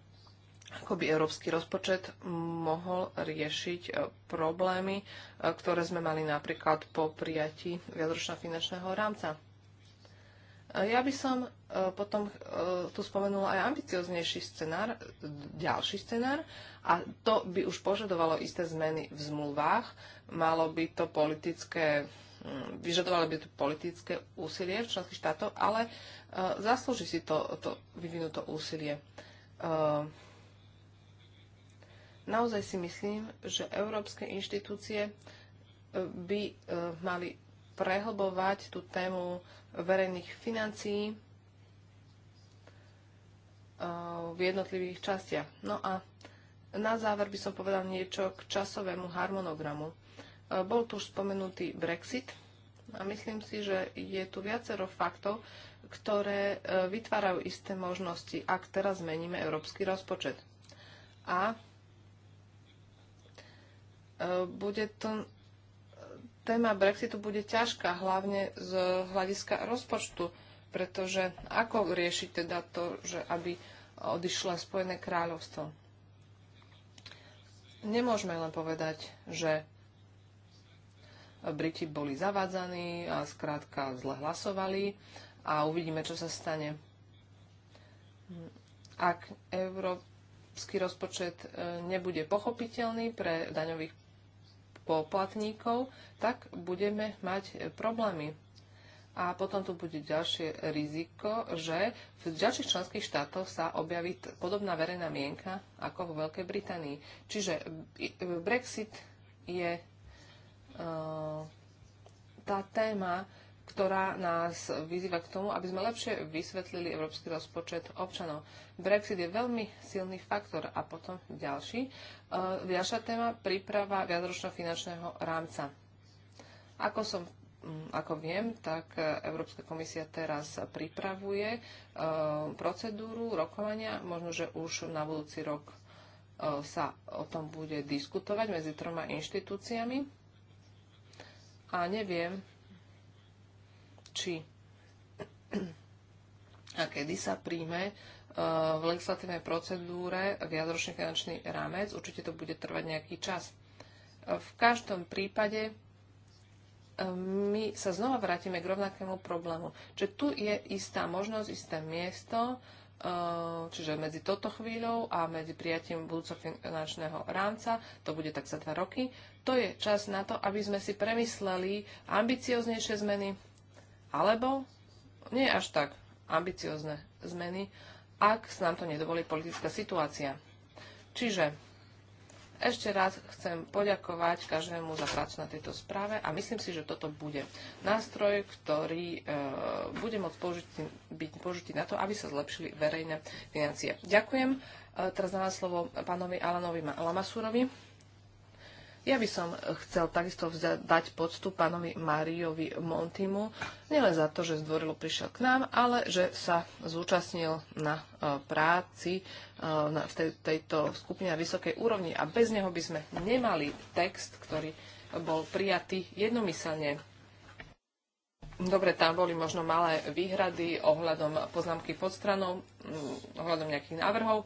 ako by európsky rozpočet mohol riešiť e, problémy, e, ktoré sme mali napríklad po prijatí viacročného finančného rámca. E, ja by som potom tu spomenula aj ambicioznejší scenár, ďalší scenár, a to by už požadovalo isté zmeny v zmluvách. Malo by to politické mm, vyžadovalo by to politické úsilie v členských štátoch, ale zaslúži si to, to vyvinuto úsilie. Naozaj si myslím, že európske inštitúcie e, by e, mali prehlbovať tú tému verejných financií e, v jednotlivých častiach. No a na záver by som povedal niečo k časovému harmonogramu. Bol tu už spomenutý Brexit a myslím si, že je tu viacero faktov, ktoré vytvárajú isté možnosti, ak teraz zmeníme európsky rozpočet. A E, bude to, téma Brexitu bude ťažká, hlavne z hľadiska rozpočtu, pretože ako riešiť teda to, že aby odišlo Spojené kráľovstvo? Nemôžeme len povedať, že Briti boli zavádzaní a skrátka zle hlasovali a uvidíme, čo sa stane. Ak Európsky rozpočet e, nebude pochopiteľný pre daňových poplatníkov, tak budeme mať problémy. A potom tu bude ďalšie riziko, že v ďalších členských štátoch sa objaví podobná verejná mienka ako vo Veľkej Británii. Čiže Brexit je uh, tá téma, ktorá nás vyzýva k tomu, aby sme lepšie vysvetlili európsky rozpočet občanov. Brexit je veľmi silný faktor a potom ďalší. E, ďalšia téma, príprava viacročného finančného rámca. Ako som mm, ako viem, tak Európska komisia teraz pripravuje e, procedúru rokovania. Možno, že už na budúci rok e, sa o tom bude diskutovať medzi troma inštitúciami. A neviem, či a kedy sa príjme e, v legislatívnej procedúre viacročný finančný rámec. Určite to bude trvať nejaký čas. E, v každom prípade e, my sa znova vrátime k rovnakému problému. Čiže tu je istá možnosť, isté miesto, čiže medzi toto chvíľou a medzi prijatím budúco finančného rámca, to bude tak za dva roky, to je čas na to, aby sme si premysleli ambicioznejšie zmeny, alebo nie až tak ambiciozne zmeny, ak nám to nedovolí politická situácia. Čiže ešte raz chcem poďakovať každému za prácu na tejto správe a myslím si, že toto bude nástroj, ktorý e, bude môcť použiti, byť použitý na to, aby sa zlepšili verejné financie. Ďakujem. E, teraz na slovo pánovi Alanovi Lamasúrovi. Ja by som chcel takisto dať poctu pánovi Máriovi Montimu, nielen za to, že dvorilu prišiel k nám, ale že sa zúčastnil na e, práci e, na, v tej, tejto skupine na vysokej úrovni a bez neho by sme nemali text, ktorý bol prijatý jednomyselne. Dobre, tam boli možno malé výhrady ohľadom poznámky pod stranou, mm, ohľadom nejakých návrhov,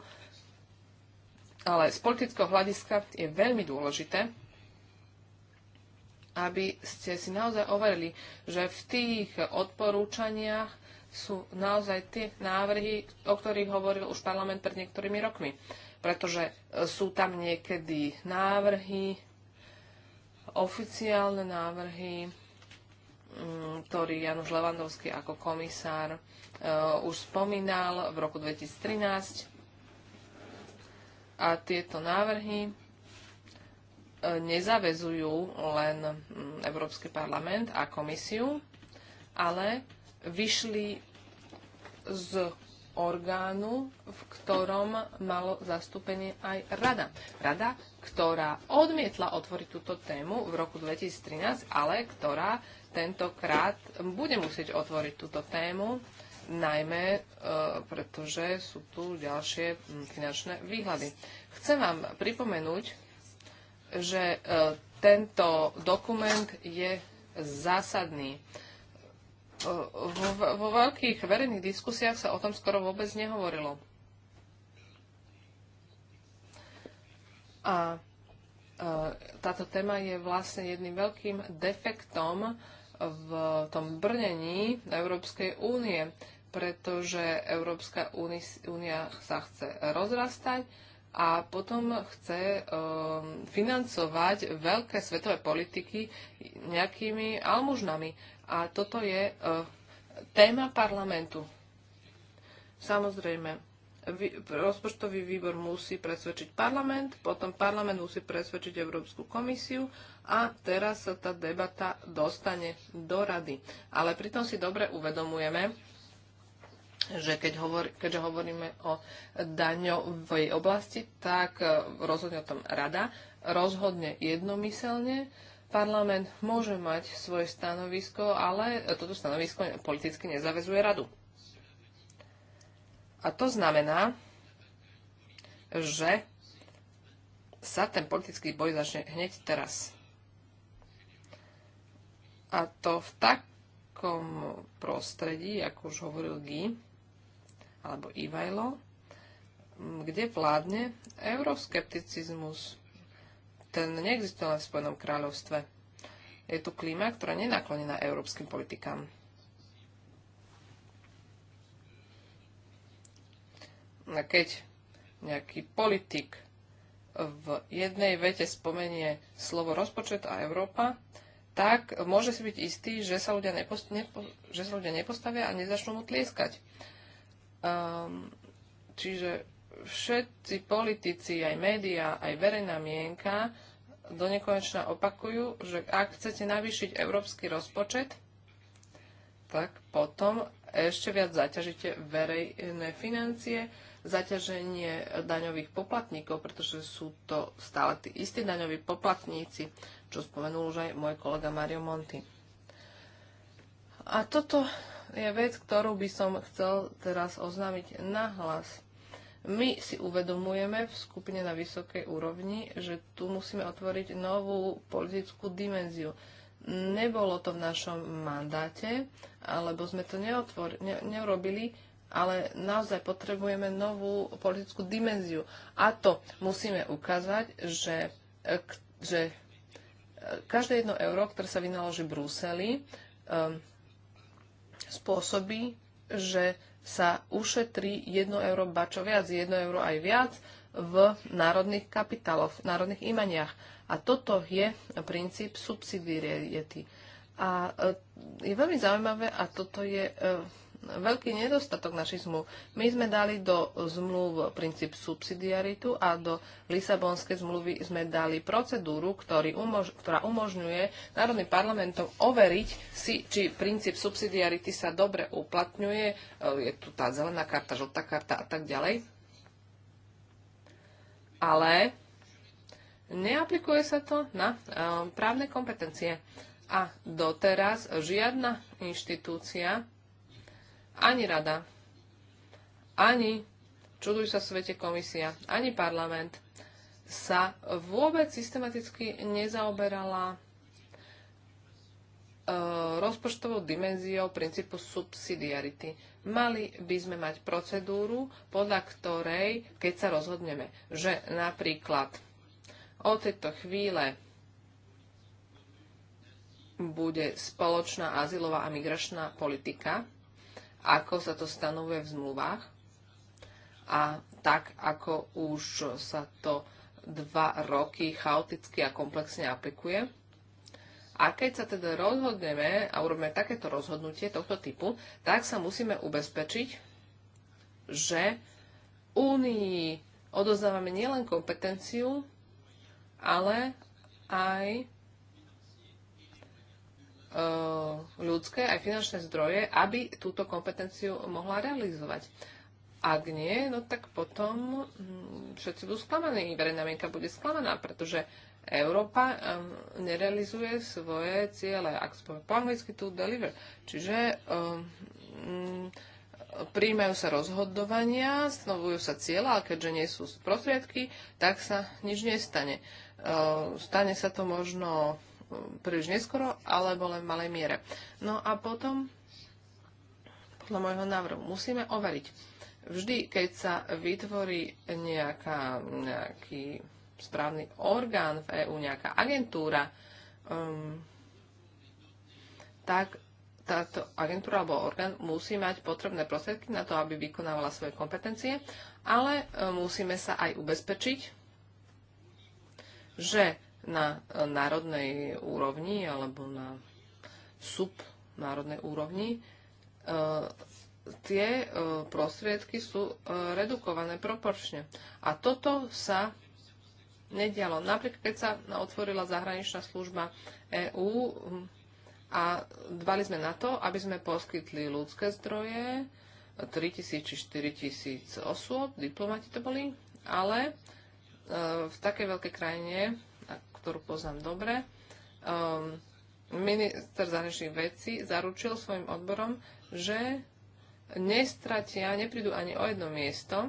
ale z politického hľadiska je veľmi dôležité, aby ste si naozaj overili, že v tých odporúčaniach sú naozaj tie návrhy, o ktorých hovoril už parlament pred niektorými rokmi. Pretože e, sú tam niekedy návrhy, oficiálne návrhy, mm, ktorý Januš Levandovský ako komisár e, už spomínal v roku 2013. A tieto návrhy nezavezujú len mm, Európsky parlament a komisiu, ale vyšli z orgánu, v ktorom malo zastúpenie aj rada. Rada, ktorá odmietla otvoriť túto tému v roku 2013, ale ktorá tentokrát bude musieť otvoriť túto tému, najmä e, pretože sú tu ďalšie finančné výhľady. Chcem vám pripomenúť, že e, tento dokument je zásadný. E, vo, vo veľkých verejných diskusiách sa o tom skoro vôbec nehovorilo. A e, táto téma je vlastne jedným veľkým defektom v tom brnení Európskej únie, pretože Európska únia sa chce rozrastať a potom chce um, financovať veľké svetové politiky nejakými almužnami. A toto je uh, téma parlamentu. Samozrejme, vý, rozpočtový výbor musí presvedčiť parlament, potom parlament musí presvedčiť Európsku komisiu a teraz sa tá debata dostane do rady. Ale pritom si dobre uvedomujeme, že keď hovor, keďže hovoríme o daňovej oblasti, tak e, rozhodne o tom rada, rozhodne jednomyselne, parlament môže mať svoje stanovisko, ale toto stanovisko politicky nezavezuje radu. A to znamená, že sa ten politický boj začne hneď teraz. A to v takom prostredí, ako už hovoril Guy, alebo Ivajlo, kde vládne euroskepticizmus. Ten neexistuje len v Spojenom kráľovstve. Je tu klíma, ktorá nie európskym politikám. A keď nejaký politik v jednej vete spomenie slovo rozpočet a Európa, tak môže si byť istý, že sa ľudia, nepo, nepo- že sa ľudia nepostavia a nezačnú mu tlieskať. Um, čiže všetci politici, aj médiá, aj verejná mienka do nekonečna opakujú, že ak chcete navýšiť európsky rozpočet, tak potom ešte viac zaťažíte verejné financie, zaťaženie daňových poplatníkov, pretože sú to stále tí istí daňoví poplatníci, čo spomenul už aj môj kolega Mario Monti. A toto je vec, ktorú by som chcel teraz oznámiť nahlas. My si uvedomujeme v skupine na vysokej úrovni, že tu musíme otvoriť novú politickú dimenziu. Nebolo to v našom mandáte, alebo sme to neotvor, ne, neurobili, ale naozaj potrebujeme novú politickú dimenziu. A to musíme ukázať, že, že e, každé jedno euro, ktoré sa vynaloží v Bruseli, um, spôsobí, že sa ušetrí 1 euro, bačo viac, 1 euro aj viac v národných kapitáloch, v národných imaniach. A toto je princíp subsidiariety. A e, je veľmi zaujímavé, a toto je e, veľký nedostatok našich zmluv. My sme dali do zmluv princíp subsidiaritu a do Lisabonskej zmluvy sme dali procedúru, ktorý umož- ktorá umožňuje národným parlamentom overiť si, či princíp subsidiarity sa dobre uplatňuje. E, je tu tá zelená karta, žltá karta a tak ďalej. Ale neaplikuje sa to na e, právne kompetencie. A doteraz žiadna inštitúcia ani rada, ani, čuduj sa svete komisia, ani parlament sa vôbec systematicky nezaoberala e, rozpočtovou dimenziou princípu subsidiarity. Mali by sme mať procedúru, podľa ktorej, keď sa rozhodneme, že napríklad o tejto chvíle bude spoločná azylová a migračná politika, ako sa to stanovuje v zmluvách a tak, ako už sa to dva roky chaoticky a komplexne aplikuje. A keď sa teda rozhodneme a urobíme takéto rozhodnutie tohto typu, tak sa musíme ubezpečiť, že Únii odozdávame nielen kompetenciu, ale aj Eh, ľudské aj finančné zdroje, aby túto kompetenciu mohla realizovať. Ak nie, no tak potom hm, všetci budú sklamaní, verejná mienka bude sklamaná, pretože Európa um, nerealizuje svoje ciele, ak spôr po anglicky to deliver. Čiže um, príjmajú sa rozhodovania, stanovujú sa cieľa, a keďže nie sú prostriedky, tak sa nič nestane. Uh, stane sa to možno príliš neskoro alebo len v malej miere. No a potom, podľa môjho návrhu, musíme overiť. Vždy, keď sa vytvorí nejaká, nejaký správny orgán v EÚ, nejaká agentúra, um, tak táto agentúra alebo orgán musí mať potrebné prostriedky na to, aby vykonávala svoje kompetencie, ale e, musíme sa aj ubezpečiť, že na národnej úrovni alebo na subnárodnej úrovni, e, tie e, prostriedky sú e, redukované proporčne. A toto sa nedialo. Napríklad, keď sa otvorila zahraničná služba EÚ a dbali sme na to, aby sme poskytli ľudské zdroje, 3000 či 4000 osôb, diplomati to boli, ale v takej veľkej krajine ktorú poznám dobre, um, minister zahraničných vecí zaručil svojim odborom, že nestratia, neprídu ani o jedno miesto,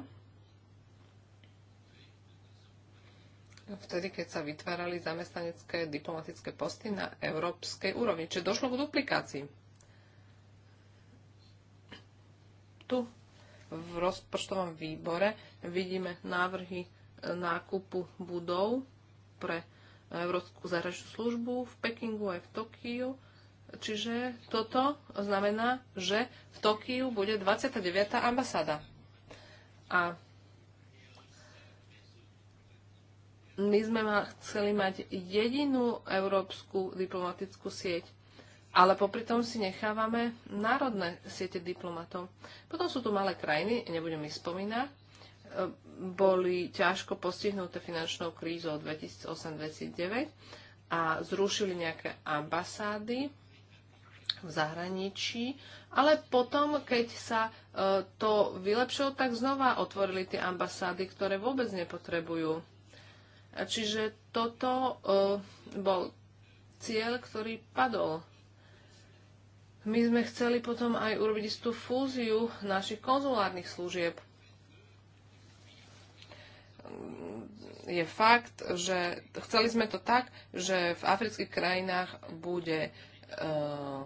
vtedy, keď sa vytvárali zamestnanecké diplomatické posty na európskej úrovni. Čiže došlo k duplikácii. Tu v rozpočtovom výbore vidíme návrhy e, nákupu budov pre Európsku zahraničnú službu v Pekingu aj v Tokiu. Čiže toto znamená, že v Tokiu bude 29. ambasáda. A my sme ma, chceli mať jedinú európsku diplomatickú sieť, ale popri tom si nechávame národné siete diplomatov. Potom sú tu malé krajiny, nebudem ich spomínať, boli ťažko postihnuté finančnou krízou 2008-2009 a zrušili nejaké ambasády v zahraničí, ale potom, keď sa e, to vylepšilo, tak znova otvorili tie ambasády, ktoré vôbec nepotrebujú. Čiže toto e, bol cieľ, ktorý padol. My sme chceli potom aj urobiť istú fúziu našich konzulárnych služieb je fakt, že chceli sme to tak, že v afrických krajinách bude eh,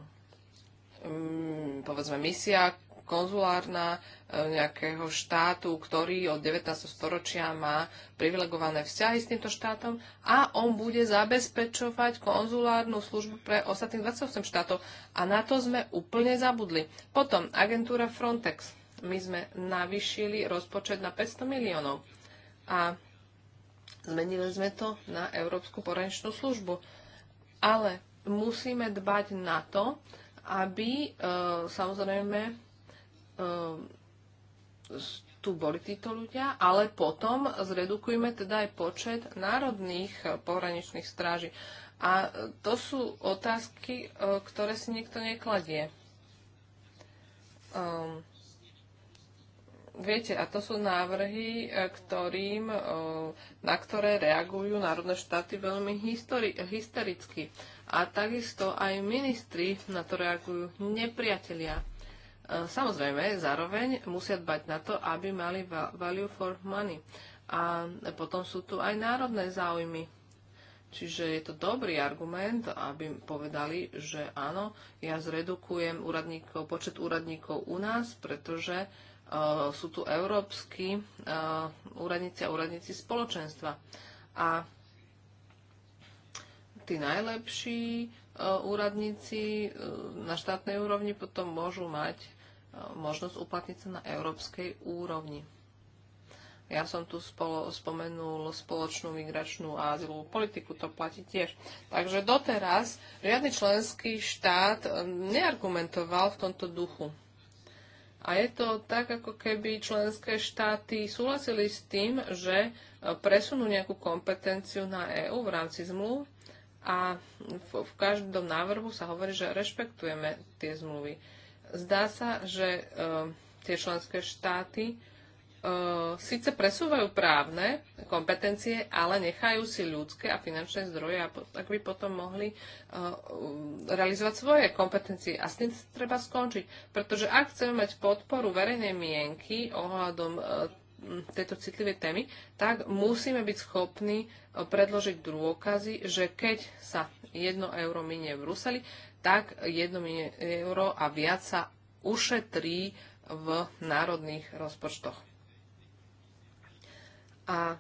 mm, povedzme misia konzulárna eh, nejakého štátu, ktorý od 19. storočia má privilegované vzťahy s týmto štátom a on bude zabezpečovať konzulárnu službu pre ostatných 28 štátov. A na to sme úplne zabudli. Potom agentúra Frontex. My sme navýšili rozpočet na 500 miliónov a zmenili sme to na Európsku porančnú službu. Ale musíme dbať na to, aby e, samozrejme e, tu boli títo ľudia, ale potom zredukujme teda aj počet národných pohraničných stráží. A to sú otázky, e, ktoré si nikto nekladie. Ehm, Viete, a to sú návrhy, e, ktorým, e, na ktoré reagujú národné štáty veľmi histori- hystericky. A takisto aj ministri na to reagujú nepriatelia. E, samozrejme, zároveň musia dbať na to, aby mali value for money. A potom sú tu aj národné záujmy. Čiže je to dobrý argument, aby povedali, že áno, ja zredukujem úradníkov, počet úradníkov u nás, pretože uh, Eh, sú tu európsky eh, úradníci a úradníci spoločenstva. A tí najlepší eh, úradníci na štátnej úrovni potom môžu mať možnosť uplatniť sa na európskej úrovni. Ja som tu spolo, spomenul spoločnú migračnú a azylovú politiku, to platí tiež. Takže doteraz žiadny členský štát neargumentoval v tomto duchu. A je to tak, ako keby členské štáty súhlasili s tým, že e, presunú nejakú kompetenciu na EÚ v rámci zmluv a v, v každom návrhu sa hovorí, že rešpektujeme tie zmluvy. Zdá sa, že e, tie členské štáty E, síce presúvajú právne kompetencie, ale nechajú si ľudské a finančné zdroje, tak by potom mohli uh, realizovať svoje kompetencie. A s tým treba skončiť, pretože ak chceme mať podporu verejnej mienky ohľadom uh, tejto citlivej témy, tak musíme byť schopní uh, predložiť dôkazy, že keď sa jedno euro minie v Bruseli, tak jedno euro a viac sa ušetrí v národných rozpočtoch. A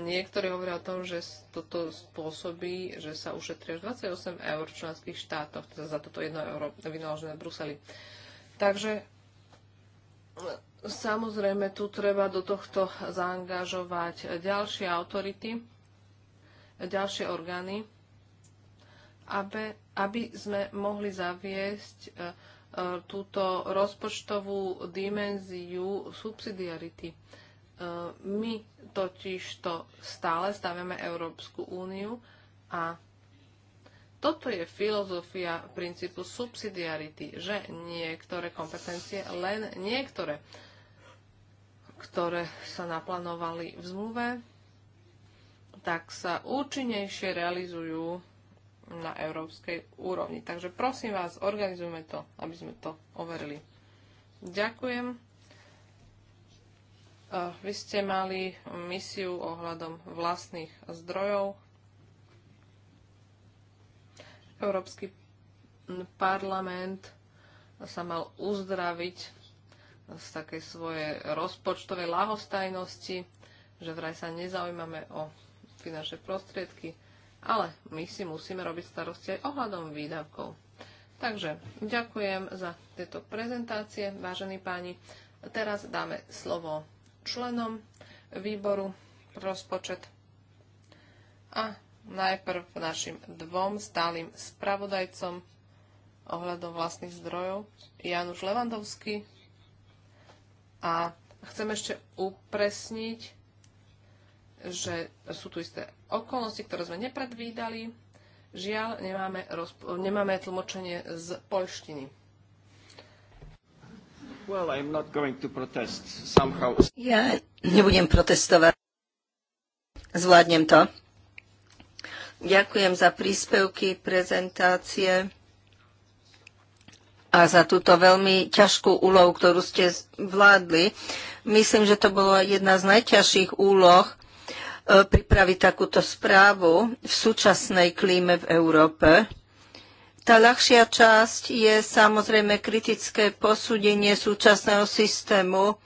niektorí hovoria o tom, že toto spôsobí, že sa ušetrí až 28 eur v členských štátoch, teda za toto 1 euro vynaložené v Bruseli. Takže e, samozrejme tu treba do tohto zaangažovať ďalšie autority, ďalšie orgány, aby, aby sme mohli zaviesť e, e, túto rozpočtovú dimenziu subsidiarity E, my totiž to stále stavíme Európsku úniu a toto je filozofia princípu subsidiarity, že niektoré kompetencie, len niektoré, ktoré sa naplánovali v zmluve, tak sa účinnejšie realizujú na európskej úrovni. Takže prosím vás, organizujme to, aby sme to overili. Ďakujem. Vy ste mali misiu ohľadom vlastných zdrojov. Európsky parlament sa mal uzdraviť z takej svojej rozpočtovej lahostajnosti, že vraj sa nezaujímame o finančné prostriedky, ale my si musíme robiť starosti aj ohľadom výdavkov. Takže ďakujem za tieto prezentácie, vážení páni. Teraz dáme slovo členom výboru pre rozpočet a najprv našim dvom stálym spravodajcom ohľadom vlastných zdrojov, Januš Levandovský. A chcem ešte upresniť, že sú tu isté okolnosti, ktoré sme nepredvídali. Žiaľ, nemáme, nemáme tlmočenie z polštiny. Ja nebudem protestovať. Zvládnem to. Ďakujem za príspevky, prezentácie a za túto veľmi ťažkú úlohu, ktorú ste vládli. Myslím, že to bola jedna z najťažších úloh eh, pripraviť takúto správu v súčasnej klíme v Európe. Tá ľahšia časť je samozrejme kritické posúdenie súčasného systému.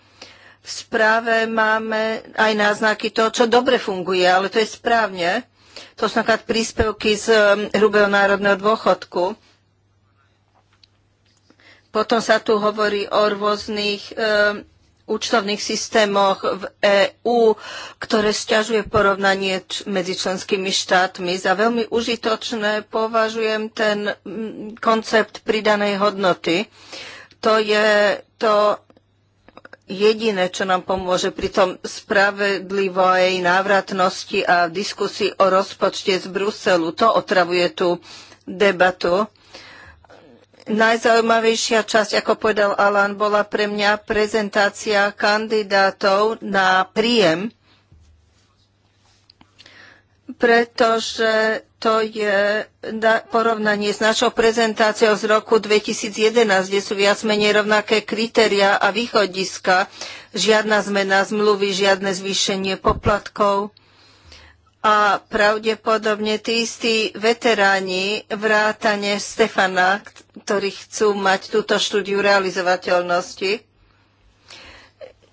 V správe máme aj náznaky toho, čo dobre funguje, ale to je správne. To sú napríklad príspevky z um, hrubého národného dôchodku. Potom sa tu hovorí o rôznych e, účtovných systémoch v EÚ, ktoré sťažuje porovnanie medzi členskými štátmi. Za veľmi užitočné považujem ten mm, koncept pridanej hodnoty. To je to jediné, čo nám pomôže pri tom spravedlivej návratnosti a diskusii o rozpočte z Bruselu. To otravuje tú debatu. Najzaujímavejšia časť, ako povedal Alan, bola pre mňa prezentácia kandidátov na príjem, pretože to je porovnanie s našou prezentáciou z roku 2011, kde sú viac menej rovnaké kritéria a východiska. Žiadna zmena zmluvy, žiadne zvýšenie poplatkov a pravdepodobne tí istí veteráni vrátane Stefana, ktorí chcú mať túto štúdiu realizovateľnosti.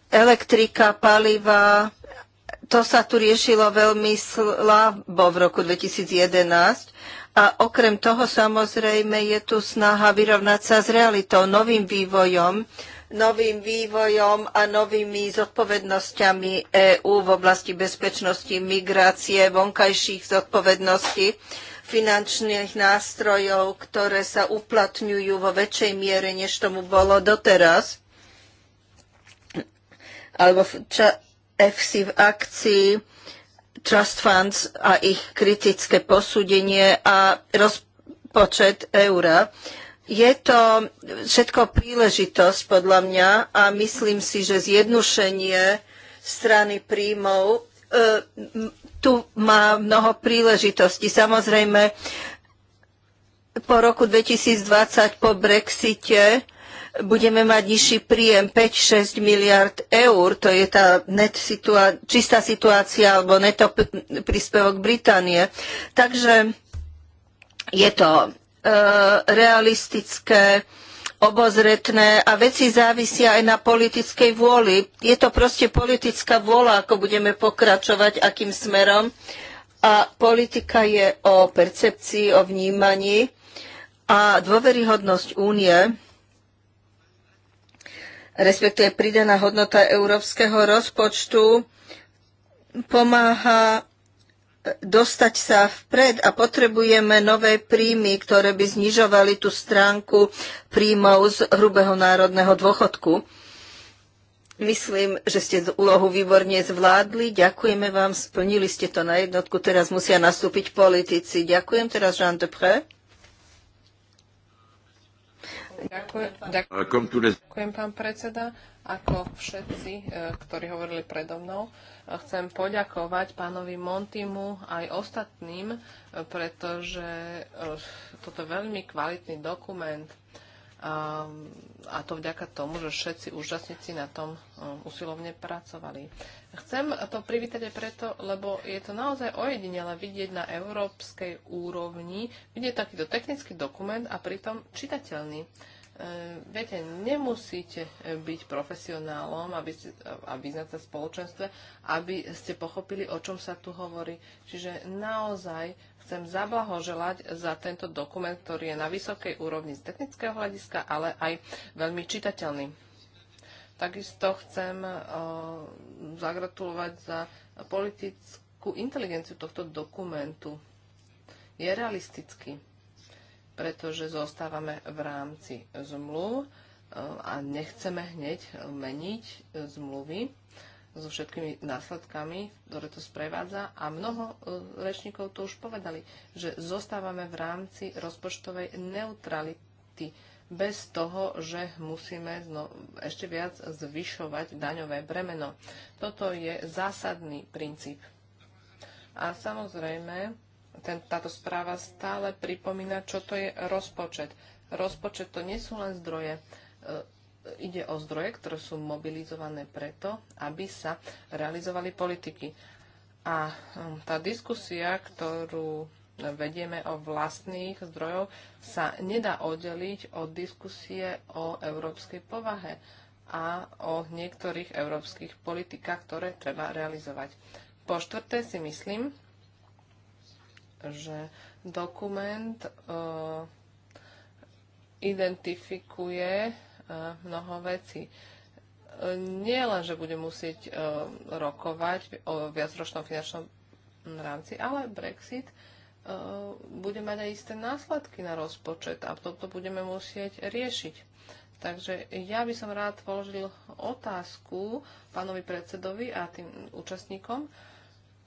Elektrika, paliva, to sa tu riešilo veľmi slabo v roku 2011 a okrem toho samozrejme je tu snaha vyrovnať sa s realitou, novým vývojom, novým vývojom a novými zodpovednosťami EÚ v oblasti bezpečnosti, migrácie, vonkajších zodpovedností, finančných nástrojov, ktoré sa uplatňujú vo väčšej miere, než tomu bolo doteraz. Alebo FC v akcii, trust funds a ich kritické posúdenie a rozpočet eura. Je to všetko príležitosť podľa mňa a myslím si, že zjednušenie strany príjmov e, tu má mnoho príležitostí. Samozrejme, po roku 2020 po Brexite budeme mať nižší príjem 5-6 miliard eur, to je tá net situá- čistá situácia alebo neto príspevok Británie. Takže je to Eh, realistické, obozretné a veci závisia aj na politickej vôli. Je to proste politická vôľa, ako budeme pokračovať, akým smerom. A politika je o percepcii, o vnímaní a dôveryhodnosť únie respektíve pridaná hodnota európskeho rozpočtu pomáha dostať sa vpred a potrebujeme nové príjmy, ktoré by znižovali tú stránku príjmov z hrubého národného dôchodku. Myslím, že ste úlohu výborne zvládli. Ďakujeme vám, splnili ste to na jednotku. Teraz musia nastúpiť politici. Ďakujem teraz, Jean Depré. Ďakujem, ďakujem, pán predseda. Ako všetci, e, ktorí hovorili predo mnou, e, chcem poďakovať pánovi Montimu aj ostatným, e, pretože toto je veľmi kvalitný dokument a, a to vďaka tomu, že všetci úžasníci na tom usilovne pracovali. Chcem to privítať aj preto, lebo je to naozaj ojedinele vidieť na európskej úrovni, vidieť takýto technický dokument a pritom čitateľný. E, viete, nemusíte e, byť profesionálom aby a vyznať sa v spoločenstve, aby ste pochopili, o čom sa tu hovorí. Čiže naozaj chcem zablahoželať za tento dokument, ktorý je na vysokej úrovni z technického hľadiska, ale aj veľmi čitateľný. Takisto chcem uh, zagratulovať za politickú inteligenciu tohto dokumentu. Je realistický pretože zostávame v rámci zmluv e, a nechceme hneď meniť e, zmluvy so všetkými následkami, ktoré to sprevádza. A mnoho e, rečníkov to už povedali, že zostávame v rámci rozpočtovej neutrality bez toho, že musíme no, ešte viac zvyšovať daňové bremeno. Toto je zásadný princíp. A samozrejme, ten, táto správa stále pripomína, čo to je rozpočet. Rozpočet to nie sú len zdroje. E, ide o zdroje, ktoré sú mobilizované preto, aby sa realizovali politiky. A hm, tá diskusia, ktorú vedieme o vlastných zdrojov, sa nedá oddeliť od diskusie o európskej povahe a o niektorých európskych politikách, ktoré treba realizovať. Po štvrté si myslím, že dokument uh, identifikuje uh, mnoho vecí. E, nie len, že bude musieť uh, rokovať o viacročnom finančnom rámci, ale Brexit bude mať aj isté následky na rozpočet a toto budeme musieť riešiť. Takže ja by som rád položil otázku pánovi predsedovi a tým účastníkom,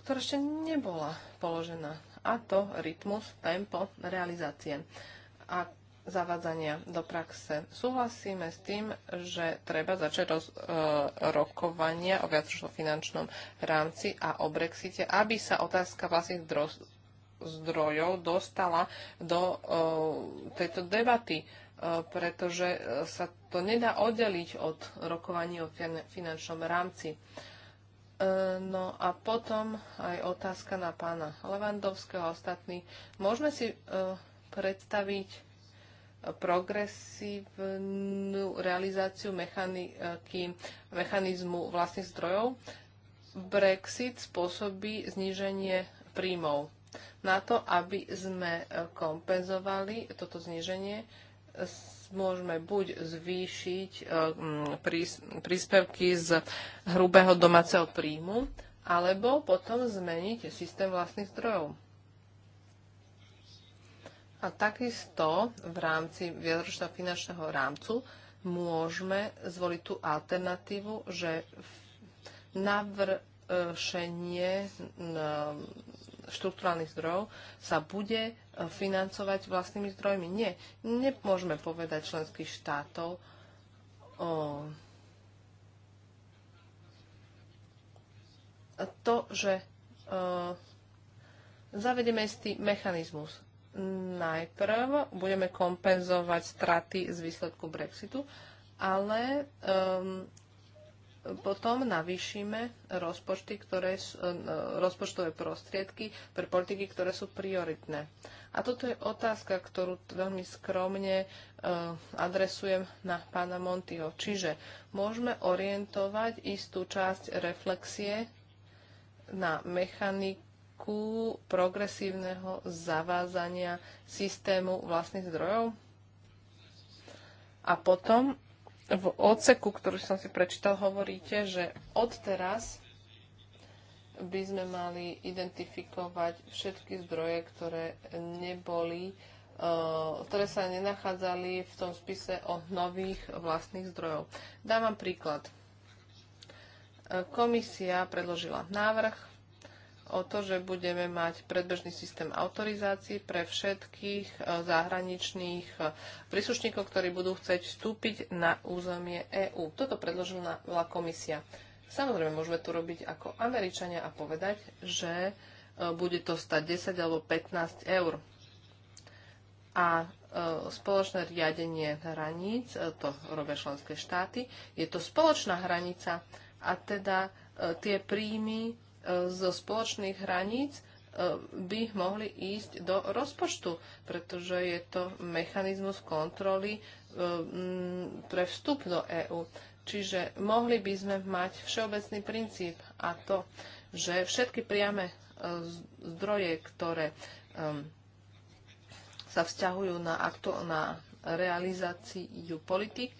ktorá ešte nebola položená a to rytmus, tempo realizácie a zavádzania do praxe. Súhlasíme s tým, že treba začať roz, e, rokovania o viacročnom finančnom rámci a o Brexite, aby sa otázka vlastných zdroj, zdrojov dostala do e, tejto debaty e, pretože sa to nedá oddeliť od rokovaní o finančnom rámci. E, no a potom aj otázka na pána Levandovského a ostatní. Môžeme si e, predstaviť progresívnu realizáciu mechaniky, e, mechanizmu vlastných zdrojov. Brexit spôsobí zníženie príjmov. Na to, aby sme kompenzovali toto zníženie, môžeme buď zvýšiť e, príspevky z hrubého domáceho príjmu, alebo potom zmeniť systém vlastných zdrojov. A takisto v rámci viacročného finančného rámcu môžeme zvoliť tú alternatívu, že navršenie štruktúrálnych zdrojov sa bude financovať vlastnými zdrojmi. Nie, nemôžeme povedať členských štátov o to, že e, zavedeme istý mechanizmus. Najprv budeme kompenzovať straty z výsledku Brexitu, ale um, potom navýšime rozpočty, ktoré sú, e, e, rozpočtové prostriedky pre politiky, ktoré sú prioritné. A toto je otázka, ktorú veľmi skromne e, adresujem na pána Montyho. Čiže môžeme orientovať istú časť reflexie na mechaniku progresívneho zavázania systému vlastných zdrojov. A potom v odseku, ktorý som si prečítal, hovoríte, že odteraz by sme mali identifikovať všetky zdroje, ktoré neboli, eh, ktoré sa nenachádzali v tom spise o nových vlastných zdrojov. Dávam príklad. Eh, komisia predložila návrh o to, že budeme mať predbežný systém autorizácií pre všetkých e, zahraničných e, príslušníkov, ktorí budú chcieť vstúpiť na územie EÚ. Toto predložila komisia. Samozrejme, môžeme to robiť ako Američania a povedať, že e, bude to stať 10 alebo 15 eur. A spoločné riadenie hraníc, to robia členské štáty, je to spoločná hranica a teda tie príjmy zo spoločných hraníc e, by mohli ísť do rozpočtu, pretože je to mechanizmus kontroly e, pre vstup do EÚ. Čiže mohli by sme mať všeobecný princíp a to, že všetky priame e, zdroje, ktoré sa vzťahujú na, aktu- na realizáciu politik,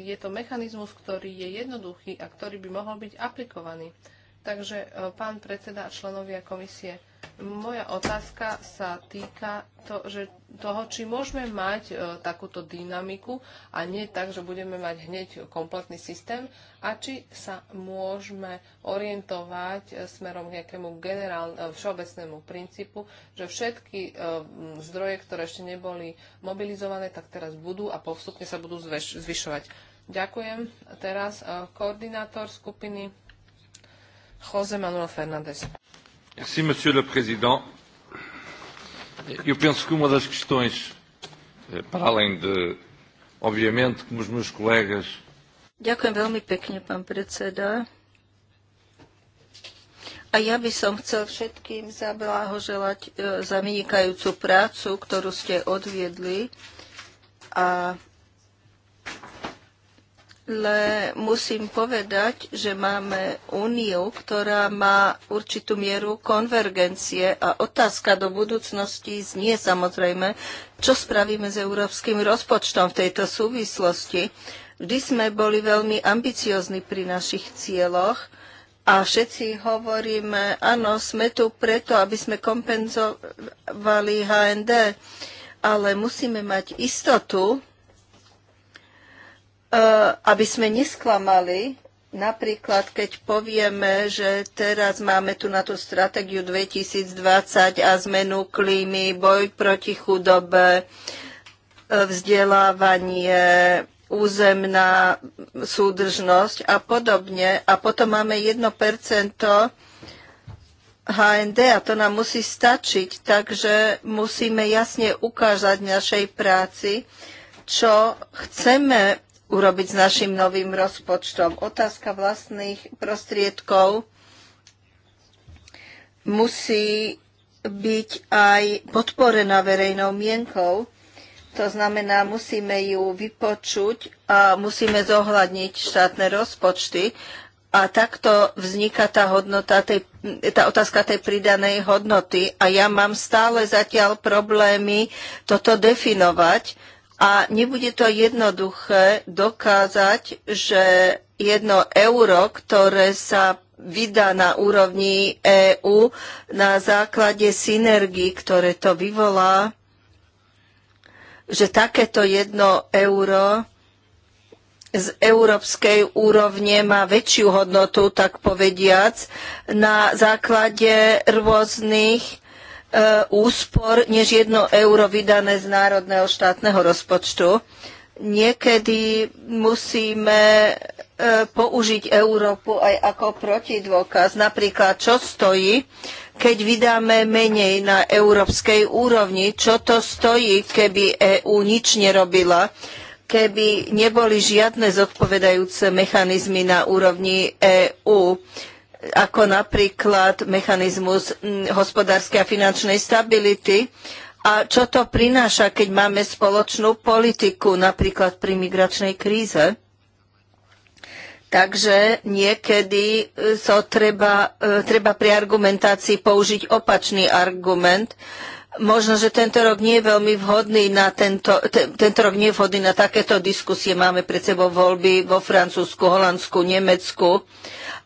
je to mechanizmus, ktorý je jednoduchý a ktorý by mohol byť aplikovaný. Takže, e, pán predseda a členovia komisie, moja otázka sa týka to, že toho, či môžeme mať e, takúto dynamiku a nie tak, že budeme mať hneď kompletný systém a či sa môžeme orientovať e, smerom k nejakému generál, e, všeobecnému princípu, že všetky e, zdroje, ktoré ešte neboli mobilizované, tak teraz budú a postupne sa budú zvyšovať. Ďakujem. Teraz e, koordinátor skupiny José Manuel Fernández. Sim, Monsieur le Président. Eu penso que uma das questões, eh, para além de, obviamente, como os meus colegas... Ďakujem veľmi pekne, pán predseda. A ja by som chcel všetkým zablahoželať eh, za vynikajúcu prácu, ktorú ste odviedli. A Le musím povedať, že máme úniu, ktorá má určitú mieru konvergencie a otázka do budúcnosti znie samozrejme, čo spravíme s európskym rozpočtom v tejto súvislosti. Vždy sme boli veľmi ambiciozni pri našich cieľoch a všetci hovoríme, áno, sme tu preto, aby sme kompenzovali HND, ale musíme mať istotu, Eh, aby sme nesklamali, napríklad keď povieme, že teraz máme tu na tú stratégiu 2020 a zmenu klímy, boj proti chudobe, eh, vzdelávanie, územná súdržnosť a podobne. A potom máme 1% HND a to nám musí stačiť, takže musíme jasne ukázať v našej práci, čo chceme urobiť s našim novým rozpočtom. Otázka vlastných prostriedkov musí byť aj podporená verejnou mienkou. To znamená, musíme ju vypočuť a musíme zohľadniť štátne rozpočty. A takto vzniká tá, hodnota tej, tá otázka tej pridanej hodnoty. A ja mám stále zatiaľ problémy toto definovať, a nebude to jednoduché dokázať, že jedno euro, ktoré sa vydá na úrovni EÚ na základe synergii, ktoré to vyvolá, že takéto jedno euro z európskej úrovne má väčšiu hodnotu, tak povediac, na základe rôznych E, úspor než jedno euro vydané z národného štátneho rozpočtu. Niekedy musíme e, použiť Európu aj ako protidôkaz. Napríklad, čo stojí, keď vydáme menej na európskej úrovni, čo to stojí, keby EÚ nič nerobila, keby neboli žiadne zodpovedajúce mechanizmy na úrovni EÚ ako napríklad mechanizmus hospodárskej a finančnej stability. A čo to prináša, keď máme spoločnú politiku, napríklad pri migračnej kríze? Takže niekedy e, so treba, e, treba pri argumentácii použiť opačný argument. Možno, že tento rok nie je veľmi vhodný na tento, te, tento rok nie je vhodný na takéto diskusie. Máme pred sebou voľby vo Francúzsku, Holandsku, Nemecku. Uh,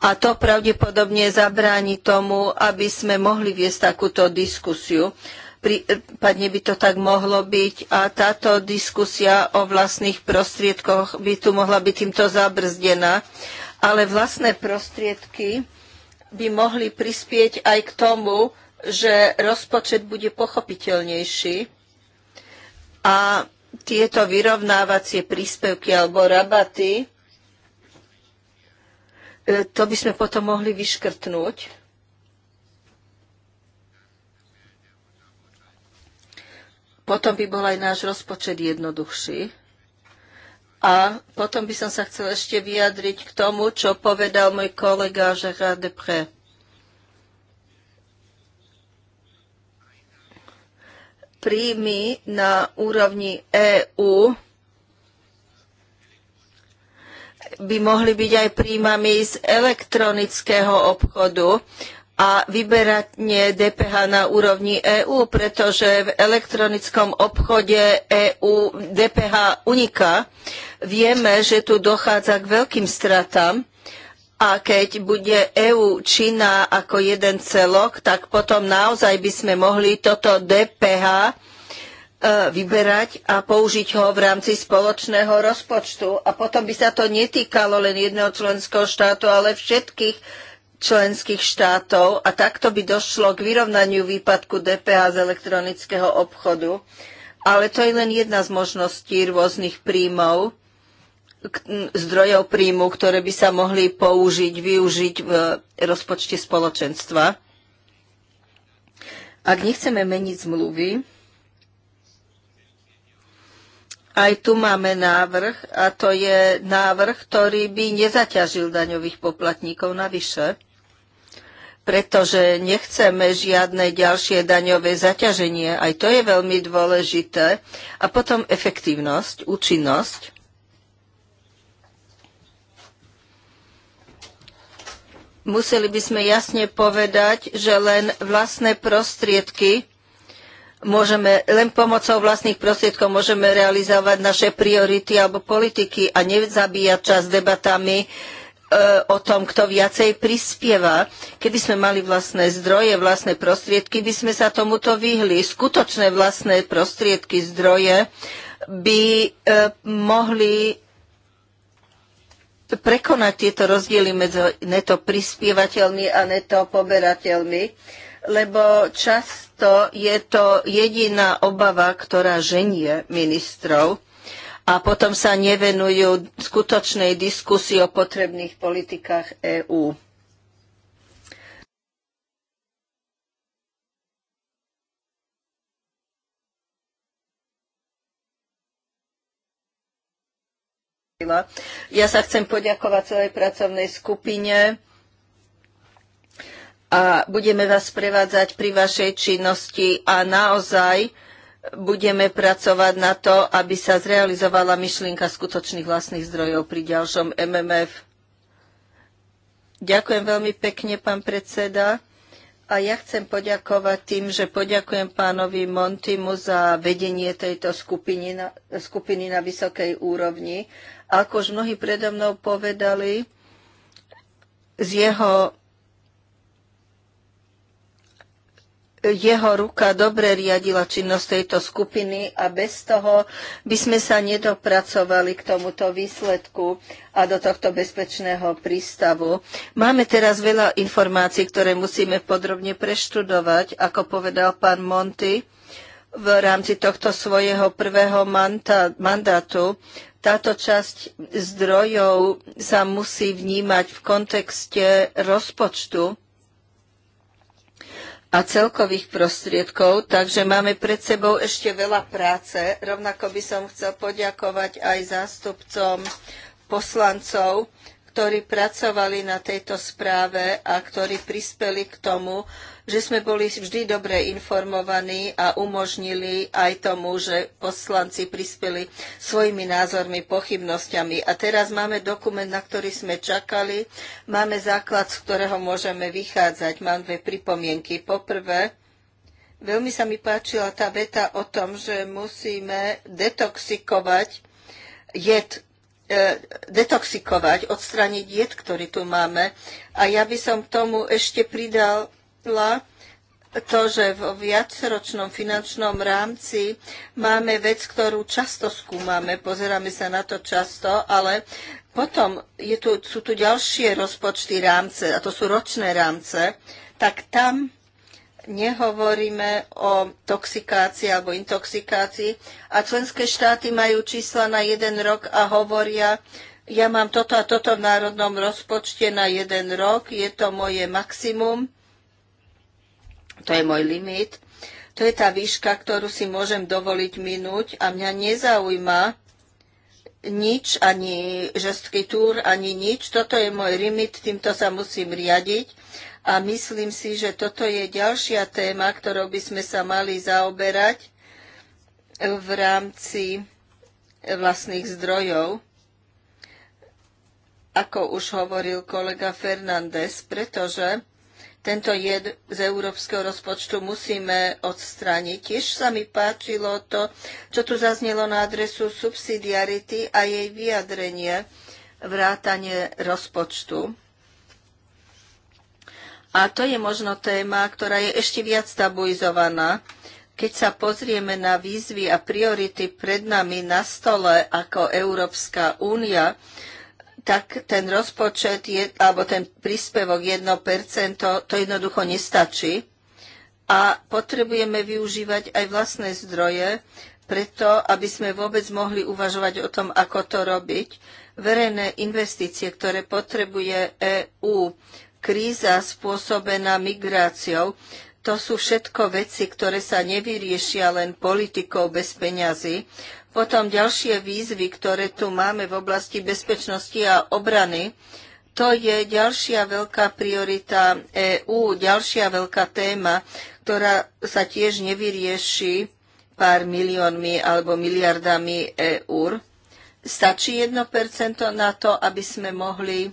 a to pravdepodobne zabráni tomu, aby sme mohli viesť takúto diskusiu. Prípadne by to tak mohlo byť a táto diskusia o vlastných prostriedkoch by tu mohla byť týmto zabrzdená. Ale vlastné prostriedky by mohli prispieť aj k tomu, že rozpočet bude pochopiteľnejší a tieto vyrovnávacie príspevky alebo rabaty E, to by sme potom mohli vyškrtnúť. Potom by bol aj náš rozpočet jednoduchší. A potom by som sa chcel ešte vyjadriť k tomu, čo povedal môj kolega Gérard Depré. Príjmy na úrovni EÚ by mohli byť aj príjmami z elektronického obchodu a vyberať nie DPH na úrovni EÚ, pretože v elektronickom obchode EÚ DPH uniká. Vieme, že tu dochádza k veľkým stratám a keď bude EÚ Čína ako jeden celok, tak potom naozaj by sme mohli toto DPH E, vyberať a použiť ho v rámci spoločného rozpočtu. A potom by sa to netýkalo len jedného členského štátu, ale všetkých členských štátov a takto by došlo k vyrovnaniu výpadku DPH z elektronického obchodu. Ale to je len jedna z možností rôznych príjmov, zdrojov príjmu, ktoré by sa mohli použiť, využiť v rozpočte spoločenstva. Ak nechceme meniť zmluvy, aj tu máme návrh a to je návrh, ktorý by nezaťažil daňových poplatníkov navyše, pretože nechceme žiadne ďalšie daňové zaťaženie. Aj to je veľmi dôležité. A potom efektívnosť, účinnosť. Museli by sme jasne povedať, že len vlastné prostriedky môžeme len pomocou vlastných prostriedkov môžeme realizovať naše priority alebo politiky a nezabíjať čas debatami e, o tom, kto viacej prispieva. Keby sme mali vlastné zdroje, vlastné prostriedky, by sme sa tomuto vyhli. Skutočné vlastné prostriedky, zdroje by e, mohli prekonať tieto rozdiely medzi neto prispievateľmi a neto poberateľmi lebo často je to jediná obava, ktorá ženie ministrov a potom sa nevenujú skutočnej diskusii o potrebných politikách EÚ. Ja sa chcem poďakovať celej pracovnej skupine a budeme vás prevádzať pri vašej činnosti a naozaj budeme pracovať na to, aby sa zrealizovala myšlienka skutočných vlastných zdrojov pri ďalšom MMF. Ďakujem veľmi pekne, pán predseda. A ja chcem poďakovať tým, že poďakujem pánovi Montimu za vedenie tejto skupiny na, skupiny na vysokej úrovni. Ako už mnohí predo mnou povedali, z jeho jeho ruka dobre riadila činnosť tejto skupiny a bez toho by sme sa nedopracovali k tomuto výsledku a do tohto bezpečného prístavu. Máme teraz veľa informácií, ktoré musíme podrobne preštudovať, ako povedal pán Monty v rámci tohto svojho prvého mandátu. Táto časť zdrojov sa musí vnímať v kontexte rozpočtu a celkových prostriedkov, takže máme pred sebou ešte veľa práce. Rovnako by som chcel poďakovať aj zástupcom poslancov ktorí pracovali na tejto správe a ktorí prispeli k tomu, že sme boli vždy dobre informovaní a umožnili aj tomu, že poslanci prispeli svojimi názormi, pochybnosťami. A teraz máme dokument, na ktorý sme čakali. Máme základ, z ktorého môžeme vychádzať. Mám dve pripomienky. Poprvé, veľmi sa mi páčila tá veta o tom, že musíme detoxikovať jed E, detoxikovať, odstrániť jed, ktorý tu máme. A ja by som k tomu ešte pridala to, že v viacročnom finančnom rámci máme vec, ktorú často skúmame, pozeráme sa na to často, ale potom je tu, sú tu ďalšie rozpočty rámce, a to sú ročné rámce, tak tam nehovoríme o toxikácii alebo intoxikácii a členské štáty majú čísla na jeden rok a hovoria, ja mám toto a toto v národnom rozpočte na jeden rok, je to moje maximum, to je môj limit, to je tá výška, ktorú si môžem dovoliť minúť a mňa nezaujíma nič, ani žestký túr, ani nič, toto je môj limit, týmto sa musím riadiť a myslím si, že toto je ďalšia téma, ktorou by sme sa mali zaoberať v rámci vlastných zdrojov, ako už hovoril kolega Fernández, pretože tento jed z európskeho rozpočtu musíme odstrániť. Tiež sa mi páčilo to, čo tu zaznelo na adresu subsidiarity a jej vyjadrenie vrátanie rozpočtu. A to je možno téma, ktorá je ešte viac tabuizovaná. Keď sa pozrieme na výzvy a priority pred nami na stole ako Európska únia, tak ten rozpočet je, alebo ten príspevok 1% to jednoducho nestačí. A potrebujeme využívať aj vlastné zdroje, preto, aby sme vôbec mohli uvažovať o tom, ako to robiť. Verejné investície, ktoré potrebuje EÚ kríza spôsobená migráciou. To sú všetko veci, ktoré sa nevyriešia len politikou bez peňazí. Potom ďalšie výzvy, ktoré tu máme v oblasti bezpečnosti a obrany. To je ďalšia veľká priorita EÚ, ďalšia veľká téma, ktorá sa tiež nevyrieši pár miliónmi alebo miliardami eur. Stačí 1% na to, aby sme mohli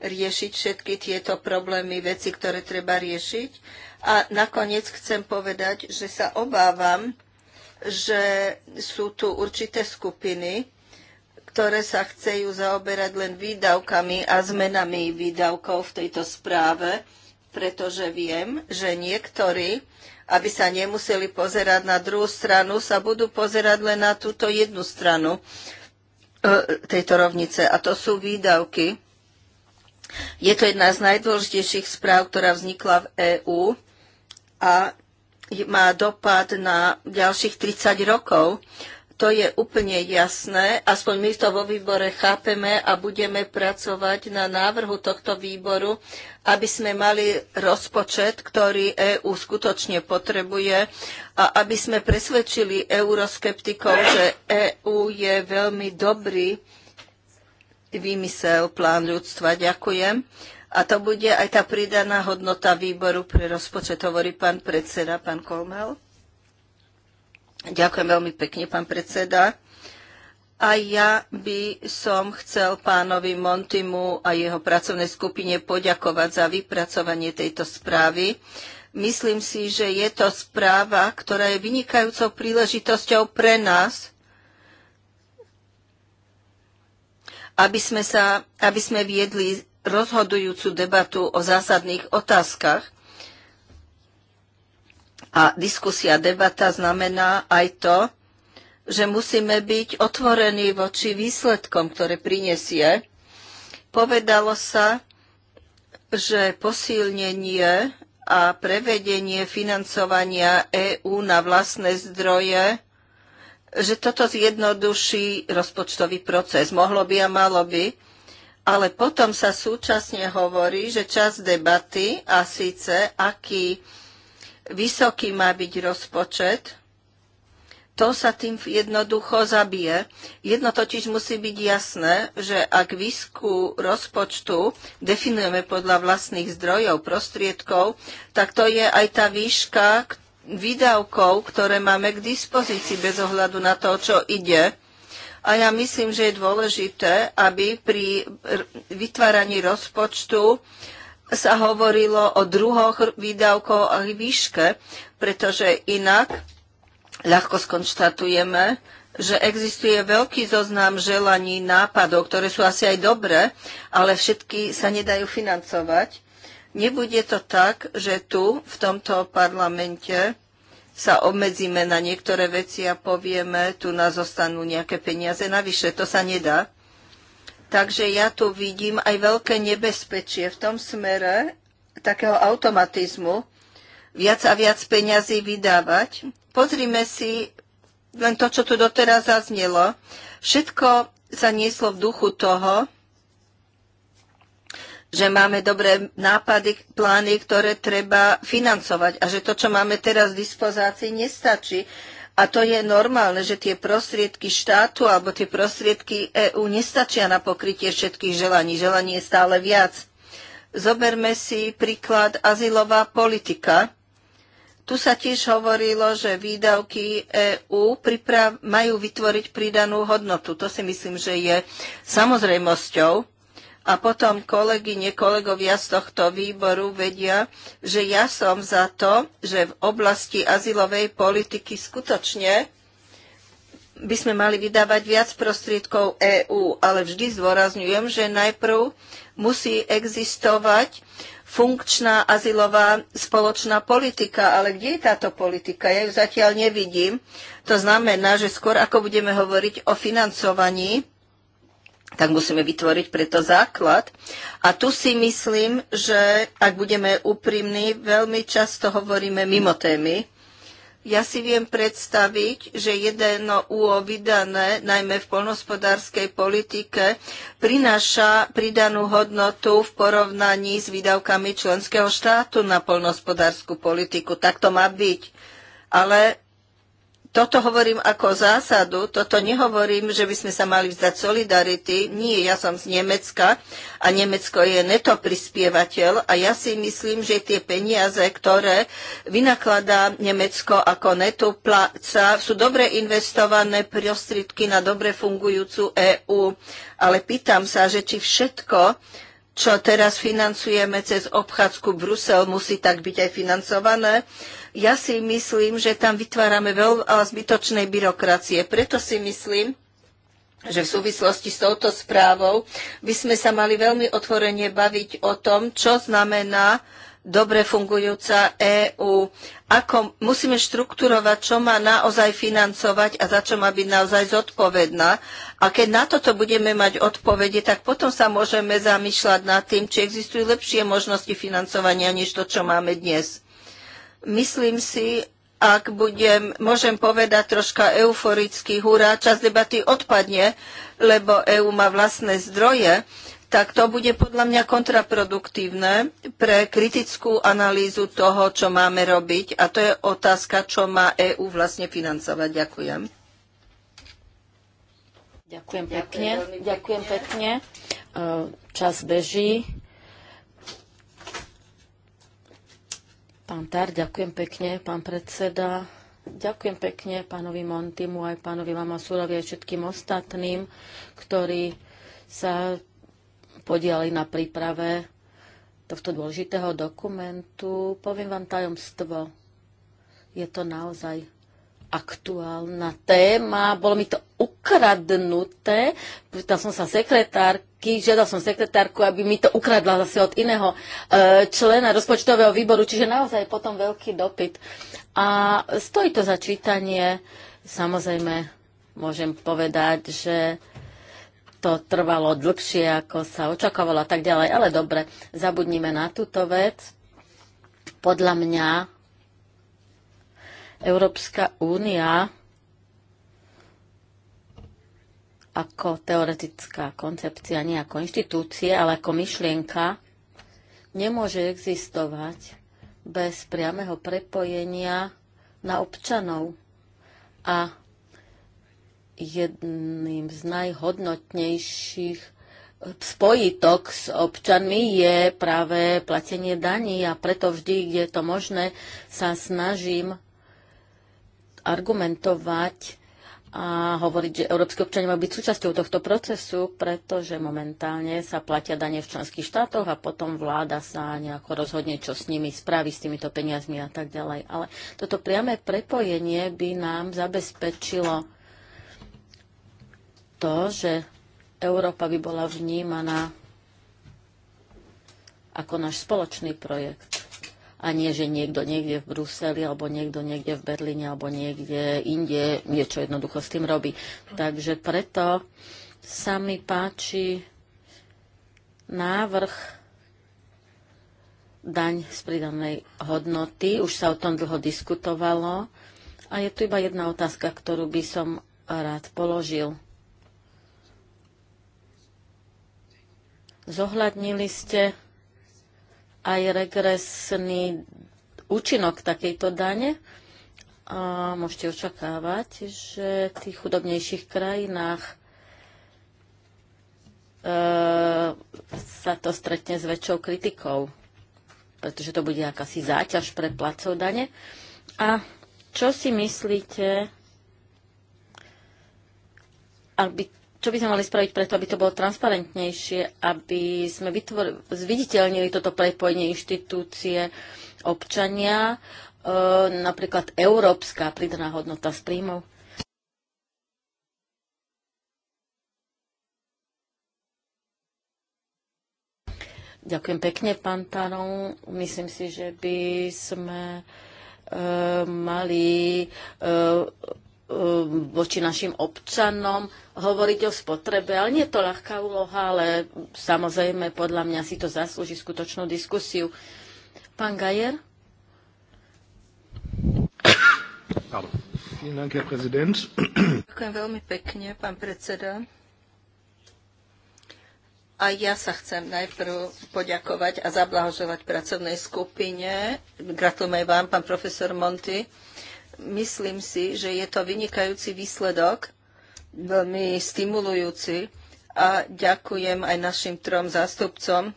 riešiť všetky tieto problémy, veci, ktoré treba riešiť. A nakoniec chcem povedať, že sa obávam, že sú tu určité skupiny, ktoré sa chcejú zaoberať len výdavkami a zmenami výdavkov v tejto správe, pretože viem, že niektorí, aby sa nemuseli pozerať na druhú stranu, sa budú pozerať len na túto jednu stranu e, tejto rovnice. A to sú výdavky je to jedna z najdôležitejších správ, ktorá vznikla v EÚ a má dopad na ďalších 30 rokov. To je úplne jasné, aspoň my to vo výbore chápeme a budeme pracovať na návrhu tohto výboru, aby sme mali rozpočet, ktorý EÚ skutočne potrebuje a aby sme presvedčili euroskeptikov, že EÚ je veľmi dobrý výmysel, plán ľudstva. Ďakujem. A to bude aj tá pridaná hodnota výboru pre rozpočet, hovorí pán predseda, pán Kolmel. Ďakujem veľmi pekne, pán predseda. A ja by som chcel pánovi Montimu a jeho pracovnej skupine poďakovať za vypracovanie tejto správy. Myslím si, že je to správa, ktorá je vynikajúcou príležitosťou pre nás, aby sme, sa, aby sme viedli rozhodujúcu debatu o zásadných otázkach. A diskusia, debata znamená aj to, že musíme byť otvorení voči výsledkom, ktoré prinesie. Povedalo sa, že posilnenie a prevedenie financovania EÚ na vlastné zdroje že toto zjednoduší rozpočtový proces. Mohlo by a malo by, ale potom sa súčasne hovorí, že čas debaty a síce aký vysoký má byť rozpočet, to sa tým jednoducho zabije. Jedno totiž musí byť jasné, že ak výsku rozpočtu definujeme podľa vlastných zdrojov, prostriedkov, tak to je aj tá výška, výdavkov, ktoré máme k dispozícii bez ohľadu na to, čo ide. A ja myslím, že je dôležité, aby pri vytváraní rozpočtu sa hovorilo o druhoch výdavkov a výške, pretože inak ľahko skonštatujeme, že existuje veľký zoznam želaní, nápadov, ktoré sú asi aj dobré, ale všetky sa nedajú financovať. Nebude to tak, že tu, v tomto parlamente, sa obmedzíme na niektoré veci a povieme, tu nás zostanú nejaké peniaze navyše. To sa nedá. Takže ja tu vidím aj veľké nebezpečie v tom smere takého automatizmu, viac a viac peňazí vydávať. Pozrime si len to, čo tu doteraz zaznelo. Všetko sa nieslo v duchu toho, že máme dobré nápady, plány, ktoré treba financovať a že to, čo máme teraz v dispozácii, nestačí. A to je normálne, že tie prostriedky štátu alebo tie prostriedky EÚ nestačia na pokrytie všetkých želaní. Želanie je stále viac. Zoberme si príklad azylová politika. Tu sa tiež hovorilo, že výdavky EÚ majú vytvoriť pridanú hodnotu. To si myslím, že je samozrejmosťou. A potom kolegyne, kolegovia z tohto výboru vedia, že ja som za to, že v oblasti azylovej politiky skutočne by sme mali vydávať viac prostriedkov EÚ, ale vždy zdôrazňujem, že najprv musí existovať funkčná azylová spoločná politika. Ale kde je táto politika? Ja ju zatiaľ nevidím. To znamená, že skôr ako budeme hovoriť o financovaní, tak musíme vytvoriť preto základ. A tu si myslím, že ak budeme úprimní, veľmi často hovoríme mimo témy. Ja si viem predstaviť, že jedno UO vydané, najmä v polnospodárskej politike, prináša pridanú hodnotu v porovnaní s výdavkami členského štátu na polnospodárskú politiku. Tak to má byť. Ale toto hovorím ako zásadu, toto nehovorím, že by sme sa mali vzdať solidarity. Nie, ja som z Nemecka a Nemecko je neto prispievateľ a ja si myslím, že tie peniaze, ktoré vynakladá Nemecko ako neto pláca, sú dobre investované prostriedky na dobre fungujúcu EÚ. Ale pýtam sa, že či všetko, čo teraz financujeme cez obchádzku Brusel, musí tak byť aj financované. Ja si myslím, že tam vytvárame veľa zbytočnej byrokracie. Preto si myslím, že v súvislosti s touto správou by sme sa mali veľmi otvorene baviť o tom, čo znamená dobre fungujúca EÚ. Ako musíme štrukturovať, čo má naozaj financovať a za čo má byť naozaj zodpovedná. A keď na toto budeme mať odpovede, tak potom sa môžeme zamýšľať nad tým, či existujú lepšie možnosti financovania, než to, čo máme dnes. Myslím si, ak budem, môžem povedať troška euforický hurá, čas debaty odpadne, lebo EÚ má vlastné zdroje, tak to bude podľa mňa kontraproduktívne pre kritickú analýzu toho, čo máme robiť. A to je otázka, čo má EÚ vlastne financovať. Ďakujem. Ďakujem pekne. Ďakujem pekne. E, čas beží. Pán Tár, ďakujem pekne, pán predseda. Ďakujem pekne pánovi Montimu aj pánovi Mamasurovi aj všetkým ostatným, ktorí sa podiali na príprave tohto dôležitého dokumentu. Poviem vám tajomstvo. Je to naozaj aktuálna téma, bolo mi to ukradnuté, pýtal som sa sekretárky, žiadal som sekretárku, aby mi to ukradla zase od iného e, člena rozpočtového výboru, čiže naozaj potom veľký dopyt. A stojí to za čítanie, samozrejme môžem povedať, že to trvalo dlhšie, ako sa očakávalo a tak ďalej, ale dobre, zabudnime na túto vec. Podľa mňa Európska únia ako teoretická koncepcia, nie ako inštitúcie, ale ako myšlienka nemôže existovať bez priameho prepojenia na občanov. A jedným z najhodnotnejších spojitok s občanmi je práve platenie daní a preto vždy, kde je to možné, sa snažím argumentovať a hovoriť, že európsky občania majú byť súčasťou tohto procesu, pretože momentálne sa platia dane v členských štátoch a potom vláda sa nejako rozhodne, čo s nimi spraví, s týmito peniazmi a tak ďalej. Ale toto priame prepojenie by nám zabezpečilo to, že Európa by bola vnímaná ako náš spoločný projekt a nie, že niekto niekde v Bruseli alebo niekto niekde v Berlíne alebo niekde inde niečo jednoducho s tým robí. Takže preto sa mi páči návrh daň z pridanej hodnoty. Už sa o tom dlho diskutovalo a je tu iba jedna otázka, ktorú by som rád položil. Zohľadnili ste aj regresný účinok takejto dane. A môžete očakávať, že v tých chudobnejších krajinách e, sa to stretne s väčšou kritikou, pretože to bude akási záťaž pre placov dane. A čo si myslíte, aby čo by sme mali spraviť preto, aby to bolo transparentnejšie, aby sme vytvor- zviditeľnili toto prepojenie inštitúcie občania, e, napríklad európska pridaná hodnota z príjmov? Ďakujem pekne, pán Tarón. Myslím si, že by sme e, mali e, Um, voči našim občanom hovoriť o spotrebe, ale nie je to ľahká úloha, ale samozrejme podľa mňa si to zaslúži skutočnú diskusiu. Pán Gajer? Ďakujem veľmi pekne, pán predseda. A ja sa chcem najprv poďakovať a zablahožovať pracovnej skupine. Gratulujem vám, pán profesor Monty myslím si, že je to vynikajúci výsledok, veľmi stimulujúci a ďakujem aj našim trom zástupcom,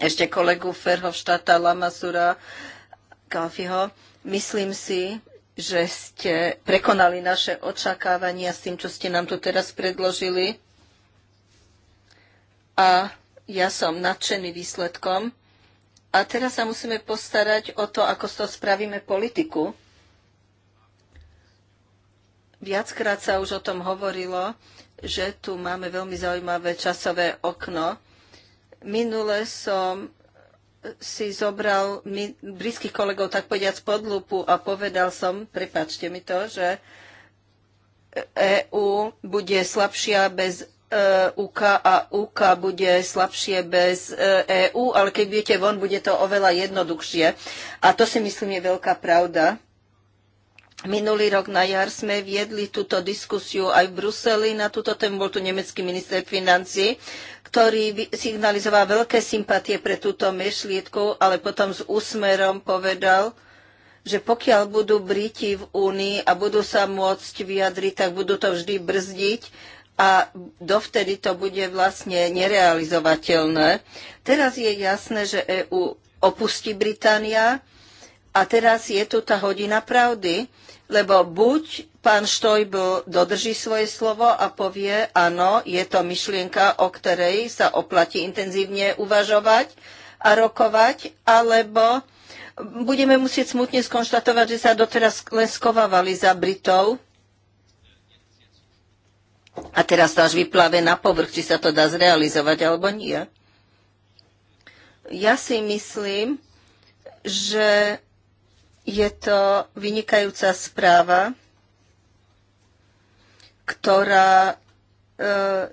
ešte kolegu Ferhovštáta Lamasura Kalfiho. Myslím si, že ste prekonali naše očakávania s tým, čo ste nám tu teraz predložili. A ja som nadšený výsledkom. A teraz sa musíme postarať o to, ako z toho spravíme politiku. Viackrát sa už o tom hovorilo, že tu máme veľmi zaujímavé časové okno. Minule som si zobral mi, blízkych kolegov, tak povediac pod lupu a povedal som, prepačte mi to, že EÚ e bude slabšia bez E, UK a UK bude slabšie bez EÚ, e ale keď budete von, bude to oveľa jednoduchšie. A to si myslím je veľká pravda. Minulý rok na jar sme viedli túto diskusiu aj v Bruseli. Na túto tému bol tu nemecký minister financí, ktorý signalizoval veľké sympatie pre túto myšlietku, ale potom s úsmerom povedal, že pokiaľ budú Briti v Únii a budú sa môcť vyjadriť, tak budú to vždy brzdiť a dovtedy to bude vlastne nerealizovateľné. Teraz je jasné, že EÚ opustí Británia a teraz je tu tá hodina pravdy, lebo buď pán Štojbl dodrží svoje slovo a povie, áno, je to myšlienka, o ktorej sa oplatí intenzívne uvažovať a rokovať, alebo budeme musieť smutne skonštatovať, že sa doteraz len skovávali za Britov a teraz to až vyplave na povrch, či sa to dá zrealizovať alebo nie. Ja si myslím, že je to vynikajúca správa, ktorá e,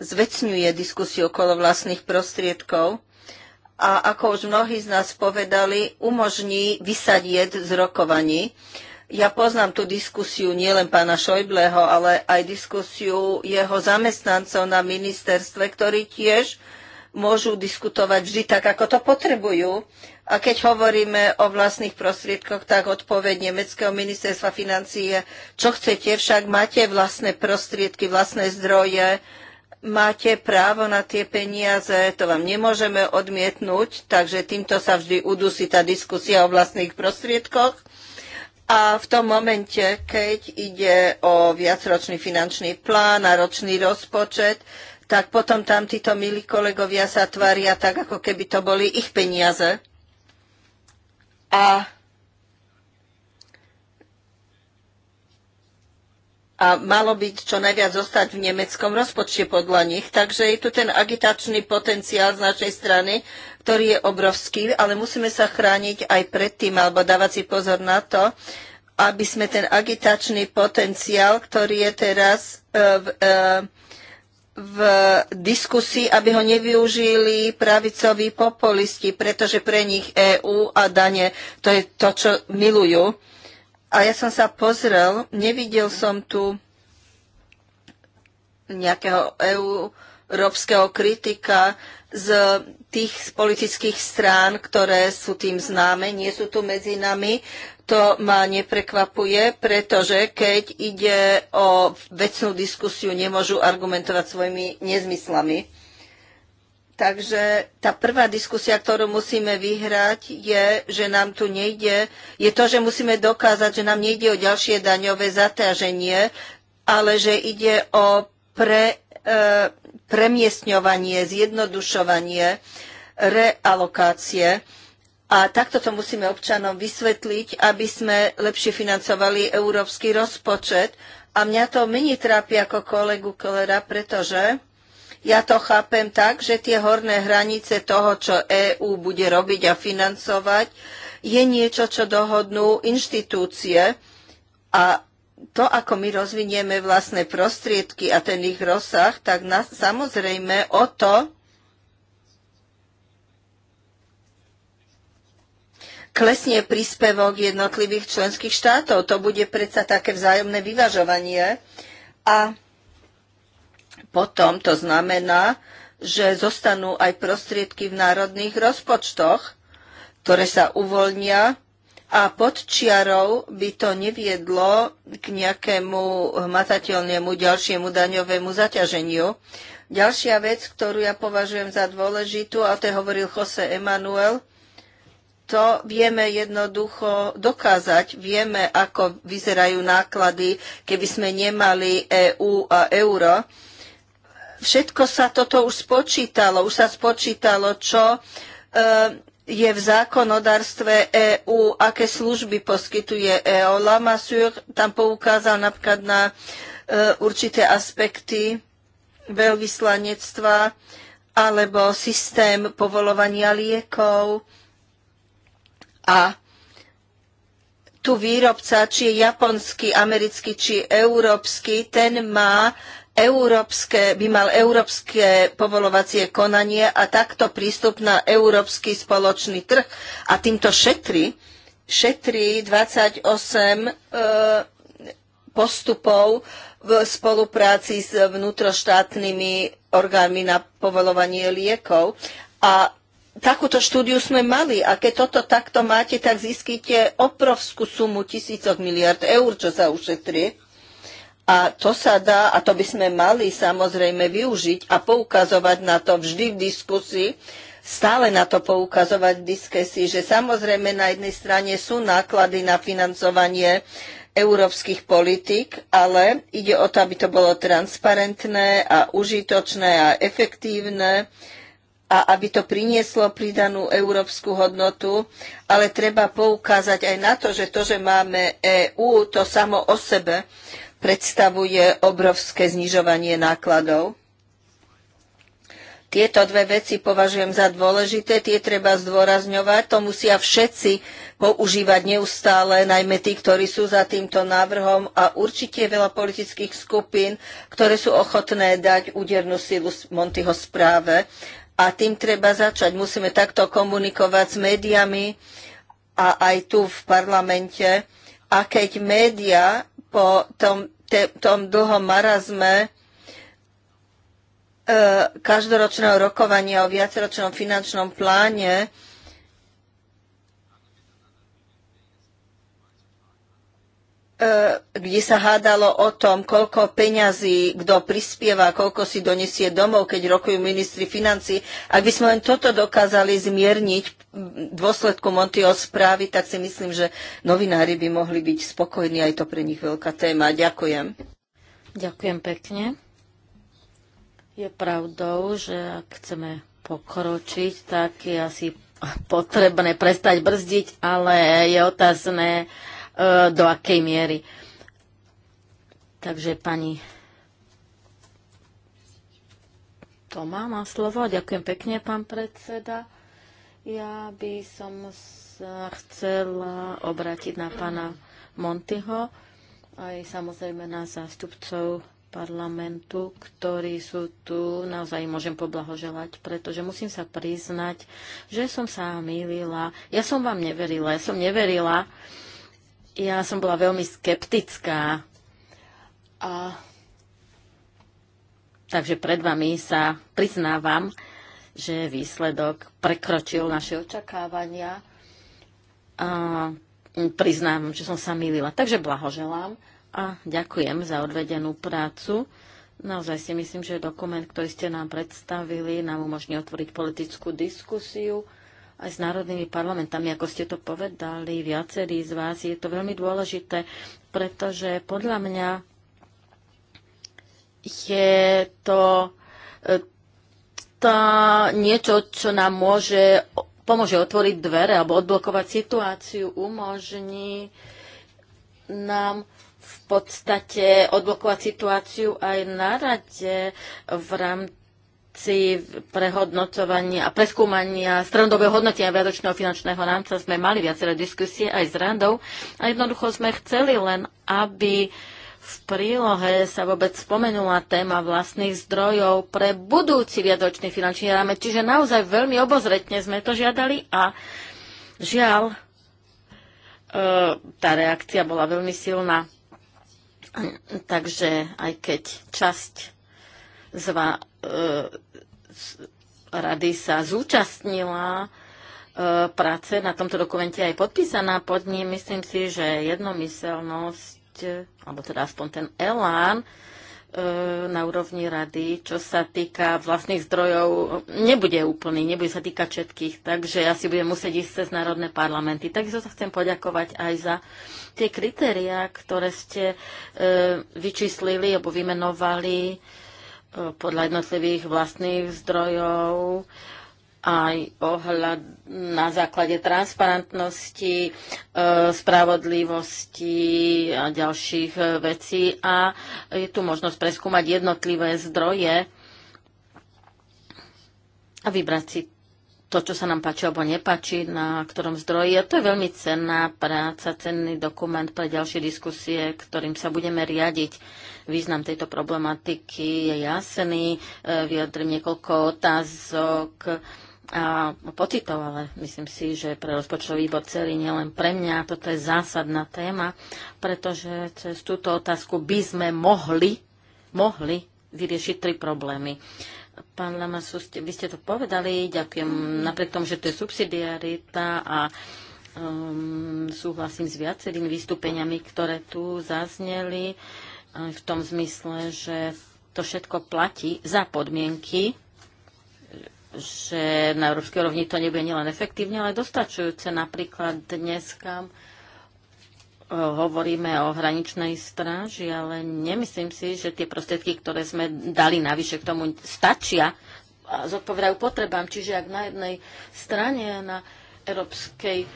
zvecňuje diskusiu okolo vlastných prostriedkov a ako už mnohí z nás povedali, umožní vysadieť z rokovaní. Ja poznám tú diskusiu nielen pána Šojbleho, ale aj diskusiu jeho zamestnancov na ministerstve, ktorí tiež môžu diskutovať vždy tak, ako to potrebujú. A keď hovoríme o vlastných prostriedkoch, tak odpoveď Nemeckého ministerstva financí je, čo chcete, však máte vlastné prostriedky, vlastné zdroje, máte právo na tie peniaze, to vám nemôžeme odmietnúť, takže týmto sa vždy udusí tá diskusia o vlastných prostriedkoch a v tom momente, keď ide o viacročný finančný plán a ročný rozpočet, tak potom tam títo milí kolegovia sa tvária tak, ako keby to boli ich peniaze. A a malo byť čo najviac zostať v nemeckom rozpočte podľa nich. Takže je tu ten agitačný potenciál z našej strany, ktorý je obrovský, ale musíme sa chrániť aj predtým, alebo dávať si pozor na to, aby sme ten agitačný potenciál, ktorý je teraz e, v, e, v diskusii, aby ho nevyužili pravicoví populisti, pretože pre nich EÚ a dane to je to, čo milujú. A ja som sa pozrel, nevidel som tu nejakého európskeho kritika z tých politických strán, ktoré sú tým známe, nie sú tu medzi nami. To ma neprekvapuje, pretože keď ide o vecnú diskusiu, nemôžu argumentovať svojimi nezmyslami. Takže tá prvá diskusia, ktorú musíme vyhrať, je, že nám tu nejde, je to, že musíme dokázať, že nám nejde o ďalšie daňové zaťaženie, ale že ide o pre, e, premiestňovanie, zjednodušovanie, realokácie. A takto to musíme občanom vysvetliť, aby sme lepšie financovali európsky rozpočet. A mňa to menej trápi ako kolegu Kolera, pretože ja to chápem tak, že tie horné hranice toho, čo EÚ bude robiť a financovať, je niečo, čo dohodnú inštitúcie a to, ako my rozvinieme vlastné prostriedky a ten ich rozsah, tak na, samozrejme o to klesne príspevok jednotlivých členských štátov. To bude predsa také vzájomné vyvažovanie. A potom to znamená, že zostanú aj prostriedky v národných rozpočtoch, ktoré sa uvoľnia a pod čiarou by to neviedlo k nejakému hmatateľnému ďalšiemu daňovému zaťaženiu. Ďalšia vec, ktorú ja považujem za dôležitú, a to hovoril Jose Emanuel, to vieme jednoducho dokázať. Vieme, ako vyzerajú náklady, keby sme nemali EU a euro všetko sa toto už spočítalo. Už sa spočítalo, čo e, je v zákonodárstve EÚ, aké služby poskytuje EO. Lamassur tam poukázal napríklad na e, určité aspekty veľvyslanectva alebo systém povolovania liekov a tu výrobca, či je japonský, americký, či európsky, ten má európske, by mal európske povolovacie konanie a takto prístup na európsky spoločný trh a týmto šetri, šetri 28 e, postupov v spolupráci s vnútroštátnymi orgánmi na povolovanie liekov. A takúto štúdiu sme mali a keď toto takto máte, tak získite obrovskú sumu tisícok miliard eur, čo sa ušetrí a to sa dá, a to by sme mali samozrejme využiť a poukazovať na to vždy v diskusii, stále na to poukazovať v diskusii, že samozrejme na jednej strane sú náklady na financovanie európskych politik, ale ide o to, aby to bolo transparentné a užitočné a efektívne a aby to prinieslo pridanú európsku hodnotu, ale treba poukázať aj na to, že to, že máme EÚ, to samo o sebe predstavuje obrovské znižovanie nákladov. Tieto dve veci považujem za dôležité, tie treba zdôrazňovať, to musia všetci používať neustále, najmä tí, ktorí sú za týmto návrhom a určite veľa politických skupín, ktoré sú ochotné dať údernú silu Montyho správe a tým treba začať. Musíme takto komunikovať s médiami a aj tu v parlamente a keď média po tom tom dlhom marazme e, každoročného rokovania o viacročnom finančnom pláne E, kde sa hádalo o tom, koľko peňazí kto prispieva, koľko si donesie domov, keď rokujú ministri financí. Ak by sme len toto dokázali zmierniť v dôsledku Montyho správy, tak si myslím, že novinári by mohli byť spokojní, aj to pre nich veľká téma. Ďakujem. Ďakujem pekne. Je pravdou, že ak chceme pokročiť, tak je asi potrebné prestať brzdiť, ale je otázne, E, do akej miery. Takže pani Tomá má slovo. Ďakujem pekne, pán predseda. Ja by som sa chcela obrátiť na pána Montyho aj samozrejme na zástupcov parlamentu, ktorí sú tu, naozaj môžem poblahoželať, pretože musím sa priznať, že som sa mýlila. Ja som vám neverila, ja som neverila, ja som bola veľmi skeptická. A, takže pred vami sa priznávam, že výsledok prekročil naše očakávania. A, priznám, že som sa milila. Takže blahoželám a ďakujem za odvedenú prácu. Naozaj si myslím, že dokument, ktorý ste nám predstavili, nám umožní otvoriť politickú diskusiu aj s národnými parlamentami, ako ste to povedali, viacerí z vás. Je to veľmi dôležité, pretože podľa mňa je to e, to niečo, čo nám môže, pomôže otvoriť dvere alebo odblokovať situáciu, umožní nám v podstate odblokovať situáciu aj na rade v rámci rámci prehodnocovania a preskúmania strandového hodnotenia viadočného finančného rámca sme mali viaceré diskusie aj s radou a jednoducho sme chceli len, aby v prílohe sa vôbec spomenula téma vlastných zdrojov pre budúci viadočný finančný rámec, čiže naozaj veľmi obozretne sme to žiadali a žiaľ, e, tá reakcia bola veľmi silná. Takže aj keď časť z vás, e, rady sa zúčastnila e, práce na tomto dokumente aj podpísaná pod ním. Myslím si, že jednomyselnosť, e, alebo teda aspoň ten elán e, na úrovni rady, čo sa týka vlastných zdrojov, nebude úplný, nebude sa týkať všetkých, takže ja si budem musieť ísť cez národné parlamenty. Takisto sa chcem poďakovať aj za tie kritériá, ktoré ste vyčíslili alebo vymenovali podľa jednotlivých vlastných zdrojov aj ohľad na základe transparentnosti, e, spravodlivosti a ďalších e, vecí. A je tu možnosť preskúmať jednotlivé zdroje a vybrať si to, čo sa nám páči alebo nepáči, na ktorom zdroji. A to je veľmi cenná práca, cenný dokument pre ďalšie diskusie, ktorým sa budeme riadiť Význam tejto problematiky je jasný. E, vyjadrím niekoľko otázok a pocitov, ale myslím si, že pre rozpočtový výbor celý, nielen pre mňa, toto je zásadná téma, pretože cez túto otázku by sme mohli, mohli vyriešiť tri problémy. Pán Lamasu, vy ste to povedali, ďakujem napriek tomu, že to je subsidiarita a um, súhlasím s viacerými vystúpeniami, ktoré tu zazneli. Uh, v tom zmysle, že to všetko platí za podmienky, že na európskej úrovni to nebude nielen efektívne, ale dostačujúce. Napríklad dnes, kam e, hovoríme o hraničnej stráži, ale nemyslím si, že tie prostriedky, ktoré sme dali navyše k tomu, stačia a zodpovedajú potrebám. Čiže ak na jednej strane na európskej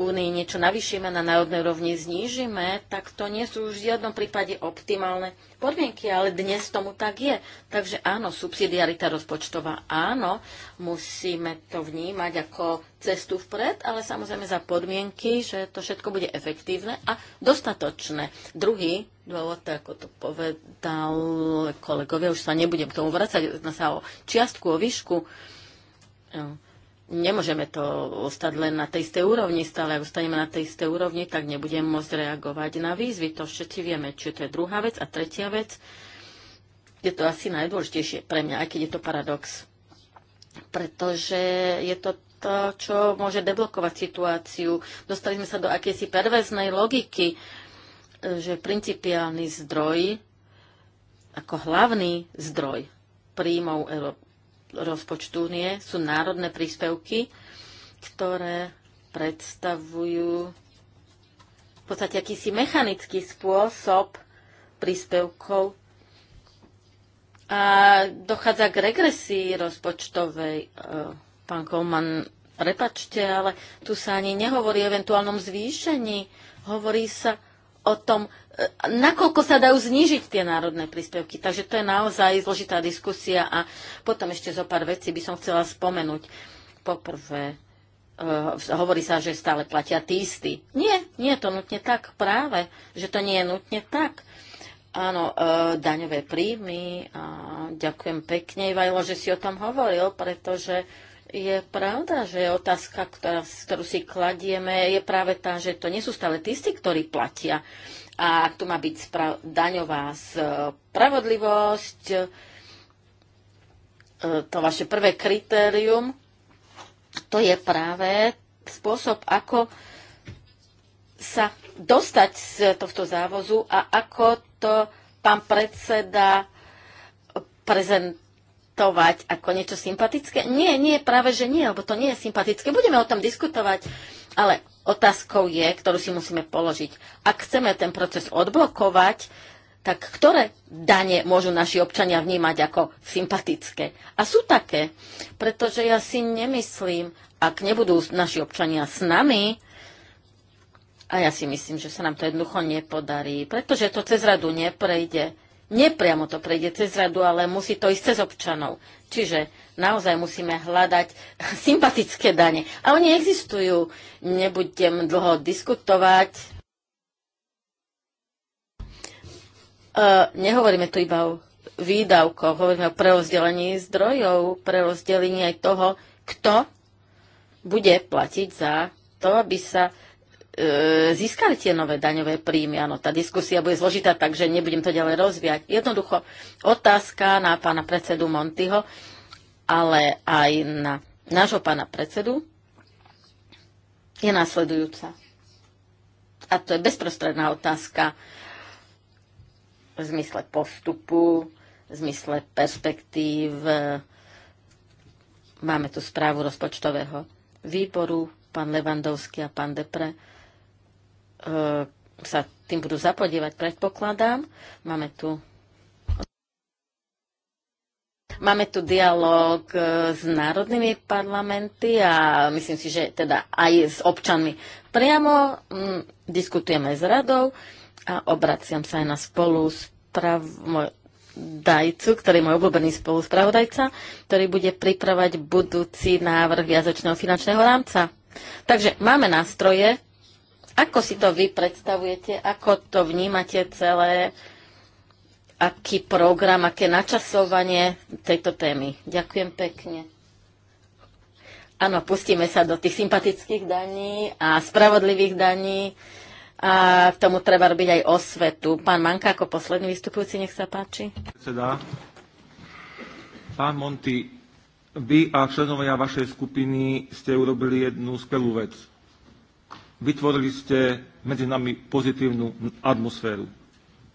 únii niečo navýšime, na národnej rovni znížime, tak to nie sú už v žiadnom prípade optimálne podmienky, ale dnes tomu tak je. Takže áno, subsidiarita rozpočtová, áno, musíme to vnímať ako cestu vpred, ale samozrejme za podmienky, že to všetko bude efektívne a dostatočné. Druhý dôvod, ako to povedal kolegovia, už sa nebudem k tomu vracať, na sa o čiastku, o výšku nemôžeme to ostať len na tej istej úrovni, stále ak ostaneme na tej istej úrovni, tak nebudem môcť reagovať na výzvy. To všetci vieme, či to je druhá vec. A tretia vec, je to asi najdôležitejšie pre mňa, aj keď je to paradox. Pretože je to to, čo môže deblokovať situáciu. Dostali sme sa do akejsi perverznej logiky, že principiálny zdroj ako hlavný zdroj príjmov rozpočtu únie sú národné príspevky, ktoré predstavujú v podstate akýsi mechanický spôsob príspevkov a dochádza k regresii rozpočtovej. E, pán Kolman, prepačte, ale tu sa ani nehovorí o eventuálnom zvýšení. Hovorí sa o tom, e, nakoľko sa dajú znížiť tie národné príspevky. Takže to je naozaj zložitá diskusia a potom ešte zo pár vecí by som chcela spomenúť. Poprvé, e, hovorí sa, že stále platia tí istí. Nie, nie je to nutne tak. Práve, že to nie je nutne tak. Áno, e, daňové príjmy. A ďakujem pekne, Ivajlo, že si o tom hovoril, pretože je pravda, že otázka, ktorá, ktorú si kladieme, je práve tá, že to nie sú stále tí, ktorí platia. A ak tu má byť daňová e, spravodlivosť, e, to vaše prvé kritérium, to je práve spôsob, ako sa dostať z tohto závozu a ako to pán predseda prezent, diskutovať ako niečo sympatické? Nie, nie, práve že nie, lebo to nie je sympatické. Budeme o tom diskutovať, ale otázkou je, ktorú si musíme položiť. Ak chceme ten proces odblokovať, tak ktoré dane môžu naši občania vnímať ako sympatické? A sú také, pretože ja si nemyslím, ak nebudú naši občania s nami, a ja si myslím, že sa nám to jednoducho nepodarí, pretože to cez radu neprejde Nepriamo to prejde cez radu, ale musí to ísť cez občanov. Čiže naozaj musíme hľadať (laughs) sympatické dane. A oni existujú. Nebudem dlho diskutovať. E, nehovoríme tu iba o výdavkoch, hovoríme o prerozdelení zdrojov, prerozdelení aj toho, kto bude platiť za to, aby sa E, získali tie nové daňové príjmy. Áno, tá diskusia bude zložitá, takže nebudem to ďalej rozvíjať. Jednoducho otázka na pána predsedu Montyho, ale aj na nášho pána predsedu je následujúca. A to je bezprostredná otázka v zmysle postupu, v zmysle perspektív. Máme tu správu rozpočtového výboru, pán Levandovský a pán Depre E, sa tým budú zapodievať, predpokladám. Máme tu Máme tu dialog e, s národnými parlamenty a myslím si, že teda aj s občanmi. Priamo mm, diskutujeme s radou a obraciam sa aj na spolu spravodajcu, ktorý je môj obľúbený spoluspravodajca, ktorý bude pripravať budúci návrh viazočného finančného rámca. Takže máme nástroje, ako si to vy predstavujete, ako to vnímate celé, aký program, aké načasovanie tejto témy? Ďakujem pekne. Áno, pustíme sa do tých sympatických daní a spravodlivých daní a k tomu treba robiť aj osvetu. Pán Manka, ako posledný vystupujúci, nech sa páči. Predseda, pán Monty, vy a členovia vašej skupiny ste urobili jednu skvelú vec – vytvorili ste medzi nami pozitívnu atmosféru.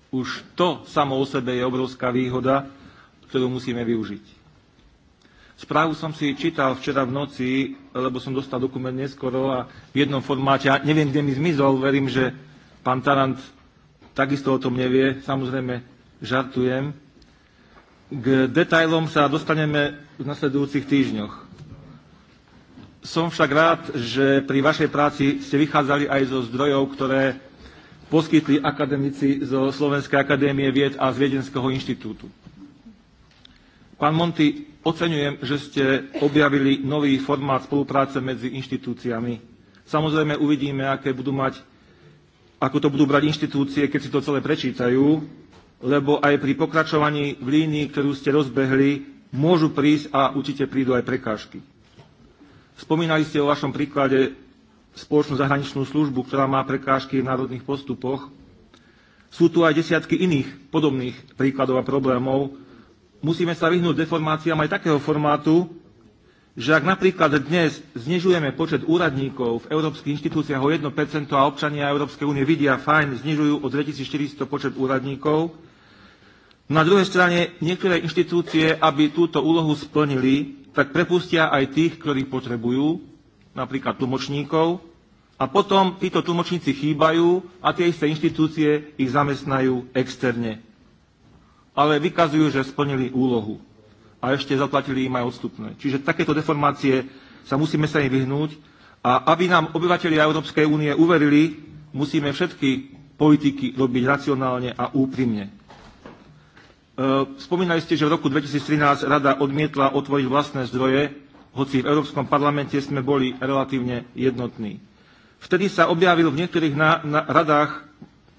Už to samo o sebe je obrovská výhoda, ktorú musíme využiť. Správu som si čítal včera v noci, lebo som dostal dokument neskoro a v jednom formáte, ja neviem, kde mi zmizol, verím, že pán Tarant takisto o tom nevie, samozrejme žartujem. K detailom sa dostaneme v nasledujúcich týždňoch. Som však rád, že pri vašej práci ste vychádzali aj zo zdrojov, ktoré poskytli akademici zo Slovenskej akadémie vied a z Viedenského inštitútu. Pán Monty, oceňujem, že ste objavili nový formát spolupráce medzi inštitúciami. Samozrejme uvidíme, aké budú mať, ako to budú brať inštitúcie, keď si to celé prečítajú, lebo aj pri pokračovaní v línii, ktorú ste rozbehli, môžu prísť a určite prídu aj prekážky. Spomínali ste o vašom príklade spoločnú zahraničnú službu, ktorá má prekážky v národných postupoch. Sú tu aj desiatky iných podobných príkladov a problémov. Musíme sa vyhnúť deformáciám aj takého formátu, že ak napríklad dnes znižujeme počet úradníkov v európskych inštitúciách o 1% a občania Európskej únie vidia fajn, znižujú o 2400 počet úradníkov, na druhej strane niektoré inštitúcie, aby túto úlohu splnili, tak prepustia aj tých, ktorí potrebujú, napríklad tlmočníkov, a potom títo tlmočníci chýbajú a tie isté inštitúcie ich zamestnajú externe. Ale vykazujú, že splnili úlohu a ešte zaplatili im aj odstupné. Čiže takéto deformácie sa musíme sa im vyhnúť a aby nám obyvateľia Európskej únie uverili, musíme všetky politiky robiť racionálne a úprimne. E, spomínali ste, že v roku 2013 Rada odmietla otvoriť vlastné zdroje, hoci v Európskom parlamente sme boli relatívne jednotní. Vtedy sa objavil v niektorých na, na radách,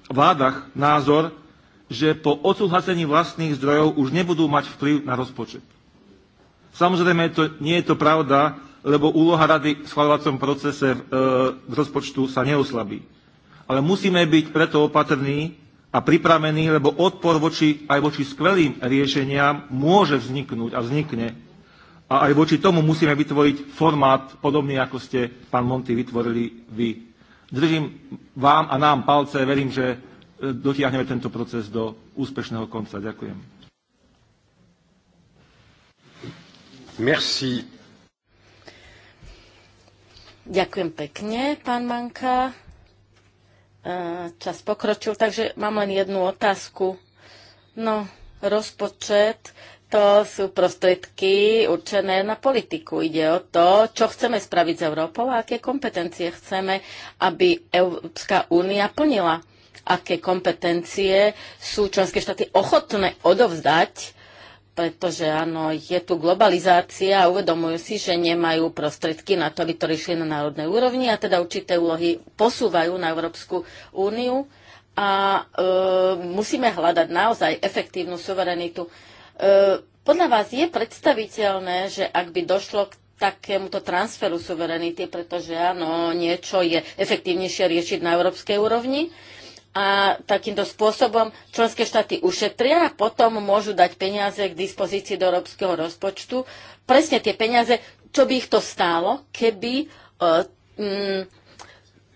vládach názor, že po odsúhlasení vlastných zdrojov už nebudú mať vplyv na rozpočet. Samozrejme, to, nie je to pravda, lebo úloha rady v schvalovacom procese v, e, v rozpočtu sa neoslabí. Ale musíme byť preto opatrní, a pripravení, lebo odpor voči, aj voči skvelým riešeniam môže vzniknúť a vznikne. A aj voči tomu musíme vytvoriť formát podobný, ako ste, pán Monty, vytvorili vy. Držím vám a nám palce, verím, že e, dotiahneme tento proces do úspešného konca. Ďakujem. Merci. Ďakujem pekne, pán Manka čas pokročil, takže mám len jednu otázku. No, rozpočet, to sú prostriedky určené na politiku. Ide o to, čo chceme spraviť s Európou a aké kompetencie chceme, aby Európska únia plnila. Aké kompetencie sú členské štáty ochotné odovzdať pretože áno, je tu globalizácia a uvedomujú si, že nemajú prostriedky na to, aby to riešili na národnej úrovni a teda určité úlohy posúvajú na Európsku úniu a e, musíme hľadať naozaj efektívnu suverenitu. E, podľa vás je predstaviteľné, že ak by došlo k takémuto transferu suverenity, pretože áno, niečo je efektívnejšie riešiť na európskej úrovni, a takýmto spôsobom členské štáty ušetria a potom môžu dať peniaze k dispozícii do európskeho rozpočtu. Presne tie peniaze, čo by ich to stálo, keby uh,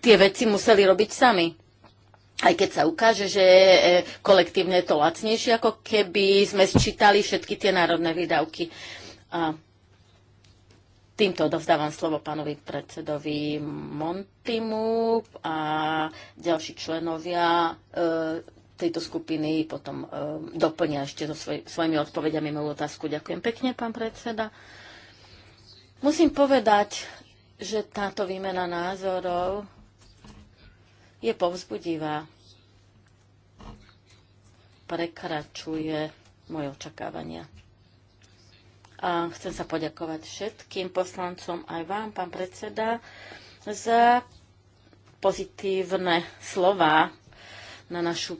tie veci museli robiť sami. Aj keď sa ukáže, že e, kolektívne je to lacnejšie, ako keby sme sčítali všetky tie národné výdavky. A Týmto odovzdávam slovo pánovi predsedovi Montimu a ďalší členovia e, tejto skupiny potom e, doplnia ešte so svoj, svojimi odpovediami moju otázku. Ďakujem pekne, pán predseda. Musím povedať, že táto výmena názorov je povzbudivá. Prekračuje moje očakávania. A chcem sa poďakovať všetkým poslancom, aj vám, pán predseda, za pozitívne slova na našu,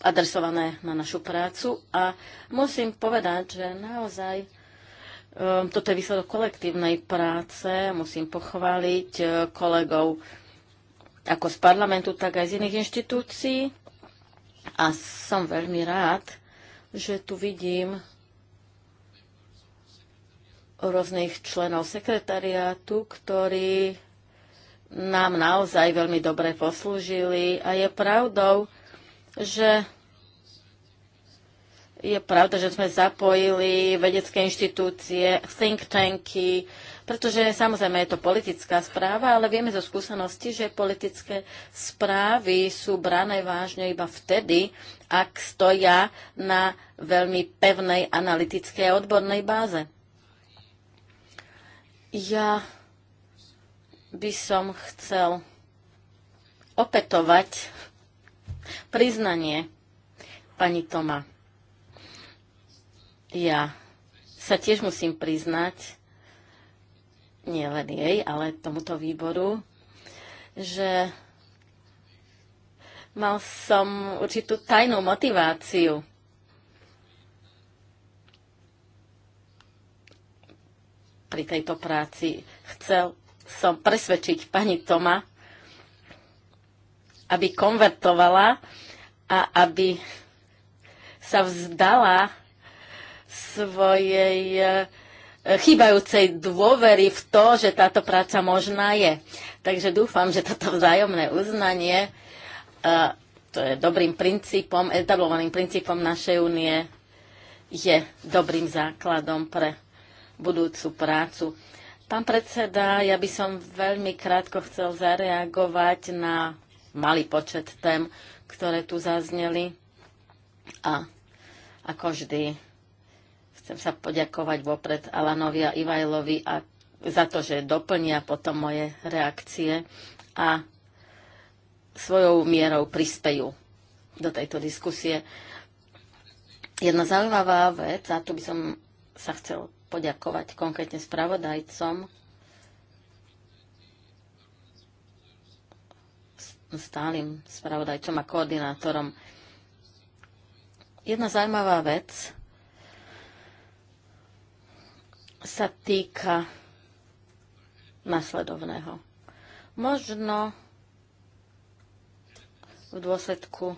adresované na našu prácu. A musím povedať, že naozaj um, toto je výsledok kolektívnej práce. Musím pochváliť uh, kolegov ako z parlamentu, tak aj z iných inštitúcií. A som veľmi rád, že tu vidím rôznych členov sekretariátu, ktorí nám naozaj veľmi dobre poslúžili a je pravdou, že je pravda, že sme zapojili vedecké inštitúcie, think tanky, pretože samozrejme je to politická správa, ale vieme zo skúsenosti, že politické správy sú brané vážne iba vtedy, ak stoja na veľmi pevnej analytickej a odbornej báze. Ja by som chcel opetovať priznanie pani Toma. Ja sa tiež musím priznať, nie len jej, ale tomuto výboru, že mal som určitú tajnú motiváciu pri tejto práci. Chcel som presvedčiť pani Toma, aby konvertovala a aby sa vzdala svojej e, chýbajúcej dôvery v to, že táto práca možná je. Takže dúfam, že toto vzájomné uznanie, e, to je dobrým princípom, etablovaným princípom našej únie, je dobrým základom pre budúcu prácu. Pán predseda, ja by som veľmi krátko chcel zareagovať na malý počet tém, ktoré tu zazneli. A ako vždy, chcem sa poďakovať vopred Alanovi a Ivajlovi a za to, že doplnia potom moje reakcie a svojou mierou prispejú do tejto diskusie. Jedna zaujímavá vec, a tu by som sa chcel poďakovať konkrétne spravodajcom stálym spravodajcom a koordinátorom. Jedna zaujímavá vec sa týka nasledovného. Možno v dôsledku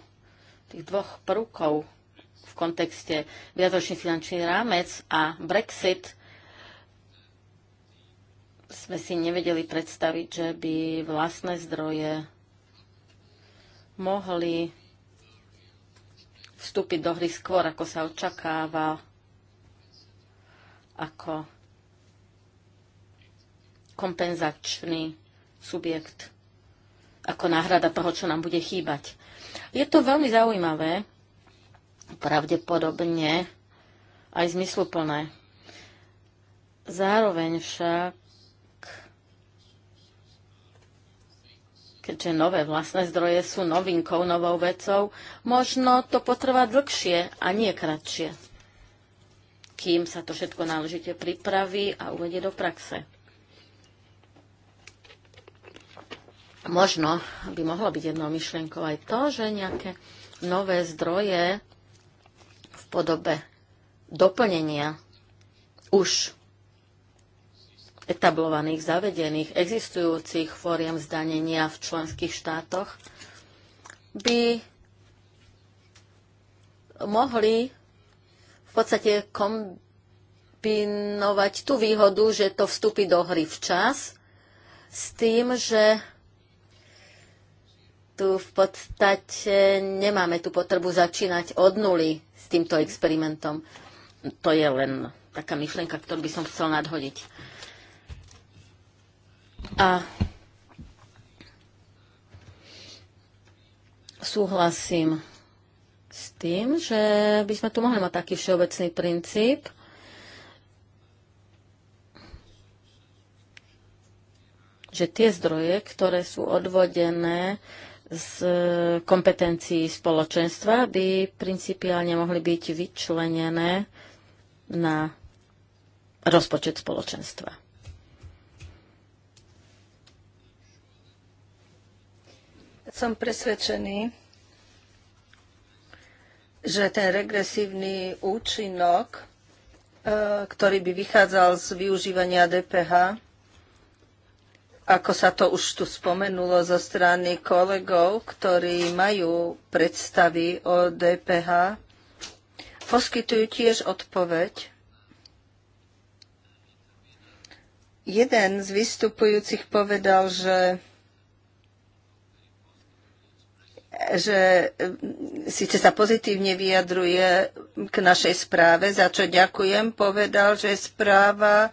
tých dvoch prúkov, v kontexte viacročný finančný rámec a Brexit sme si nevedeli predstaviť, že by vlastné zdroje mohli vstúpiť do hry skôr, ako sa očakáva, ako kompenzačný subjekt, ako náhrada toho, čo nám bude chýbať. Je to veľmi zaujímavé, pravdepodobne aj zmysluplné. Zároveň však, keďže nové vlastné zdroje sú novinkou, novou vecou, možno to potrvá dlhšie a nie kratšie, kým sa to všetko náležite pripraví a uvedie do praxe. Možno by mohlo byť jednou myšlienkou aj to, že nejaké nové zdroje podobe doplnenia už etablovaných, zavedených, existujúcich fóriem zdanenia v členských štátoch by mohli v podstate kombinovať tú výhodu, že to vstúpi do hry včas, s tým, že tu v podstate nemáme tú potrebu začínať od nuly týmto experimentom. To je len taká myšlienka, ktorú by som chcel nadhodiť. A súhlasím s tým, že by sme tu mohli mať taký všeobecný princíp, že tie zdroje, ktoré sú odvodené z e, kompetencií spoločenstva by principiálne mohli byť vyčlenené na rozpočet spoločenstva. Som presvedčený, že ten regresívny účinok, e, ktorý by vychádzal z využívania DPH, ako sa to už tu spomenulo zo strany kolegov, ktorí majú predstavy o DPH, poskytujú tiež odpoveď. Jeden z vystupujúcich povedal, že že e, síce sa pozitívne vyjadruje k našej správe, za čo ďakujem, povedal, že správa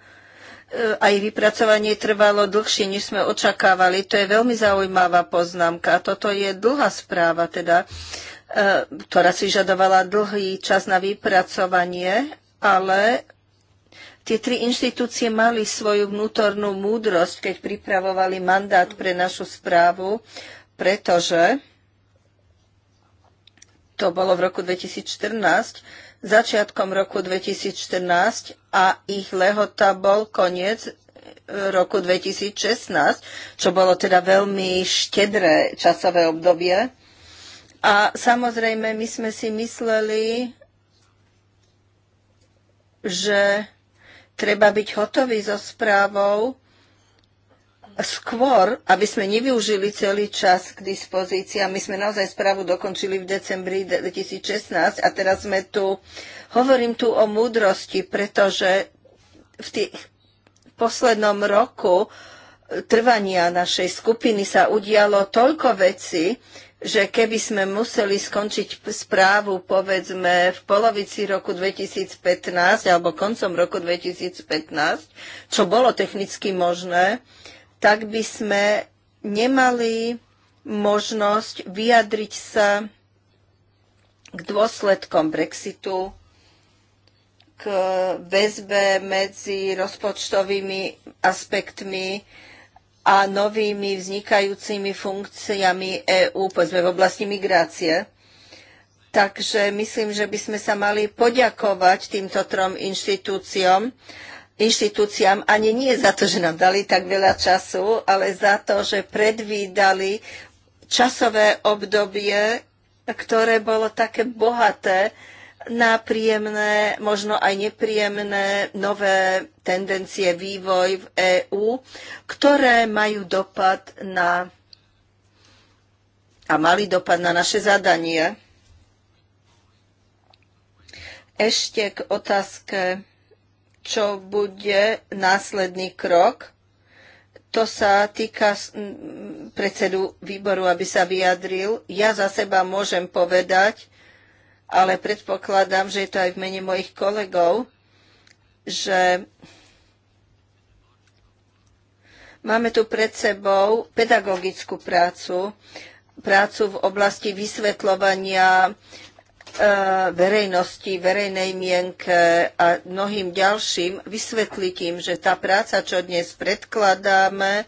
E, aj vypracovanie trvalo dlhšie, než sme očakávali. To je veľmi zaujímavá poznámka. Toto je dlhá správa, teda, e, ktorá si žadovala dlhý čas na vypracovanie, ale tie tri inštitúcie mali svoju vnútornú múdrosť, keď pripravovali mandát pre našu správu, pretože to bolo v roku 2014, začiatkom roku 2014 a ich lehota bol koniec e, roku 2016, čo bolo teda veľmi štedré časové obdobie. A samozrejme, my sme si mysleli, že treba byť hotový so správou, skôr, aby sme nevyužili celý čas k dispozícii. A my sme naozaj správu dokončili v decembri 2016 a teraz sme tu, hovorím tu o múdrosti, pretože v tých poslednom roku trvania našej skupiny sa udialo toľko vecí, že keby sme museli skončiť správu povedzme v polovici roku 2015 alebo koncom roku 2015, čo bolo technicky možné, tak by sme nemali možnosť vyjadriť sa k dôsledkom Brexitu, k väzbe medzi rozpočtovými aspektmi a novými vznikajúcimi funkciami EÚ, povedzme v oblasti migrácie. Takže myslím, že by sme sa mali poďakovať týmto trom inštitúciom inštitúciám ani nie za to, že nám dali tak veľa času, ale za to, že predvídali časové obdobie, ktoré bolo také bohaté na príjemné, možno aj nepríjemné nové tendencie, vývoj v EÚ, ktoré majú dopad na a mali dopad na naše zadanie. Ešte k otázke čo bude následný krok. To sa týka predsedu výboru, aby sa vyjadril. Ja za seba môžem povedať, ale predpokladám, že je to aj v mene mojich kolegov, že máme tu pred sebou pedagogickú prácu, prácu v oblasti vysvetľovania E, verejnosti, verejnej mienke a mnohým ďalším vysvetliť im, že tá práca, čo dnes predkladáme,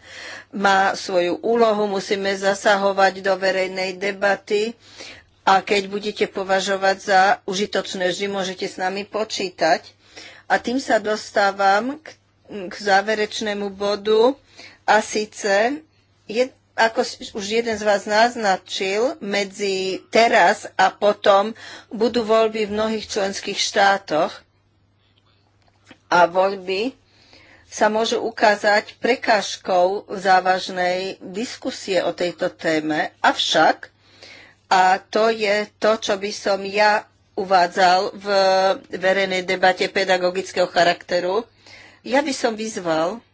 má svoju úlohu, musíme zasahovať do verejnej debaty a keď budete považovať za užitočné vždy, môžete s nami počítať. A tým sa dostávam k, k záverečnému bodu a síce je ako už jeden z vás naznačil, medzi teraz a potom budú voľby v mnohých členských štátoch a voľby sa môžu ukázať prekážkou závažnej diskusie o tejto téme. Avšak, a to je to, čo by som ja uvádzal v verejnej debate pedagogického charakteru, ja by som vyzval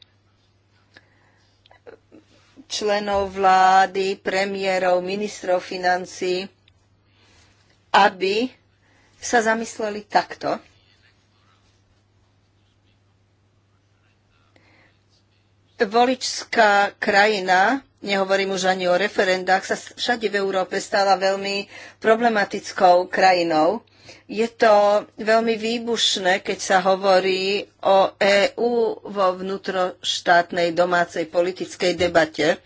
členov vlády, premiérov, ministrov financí, aby sa zamysleli takto. Voličská krajina, nehovorím už ani o referendách, sa všade v Európe stala veľmi problematickou krajinou je to veľmi výbušné, keď sa hovorí o EÚ vo vnútroštátnej domácej politickej debate.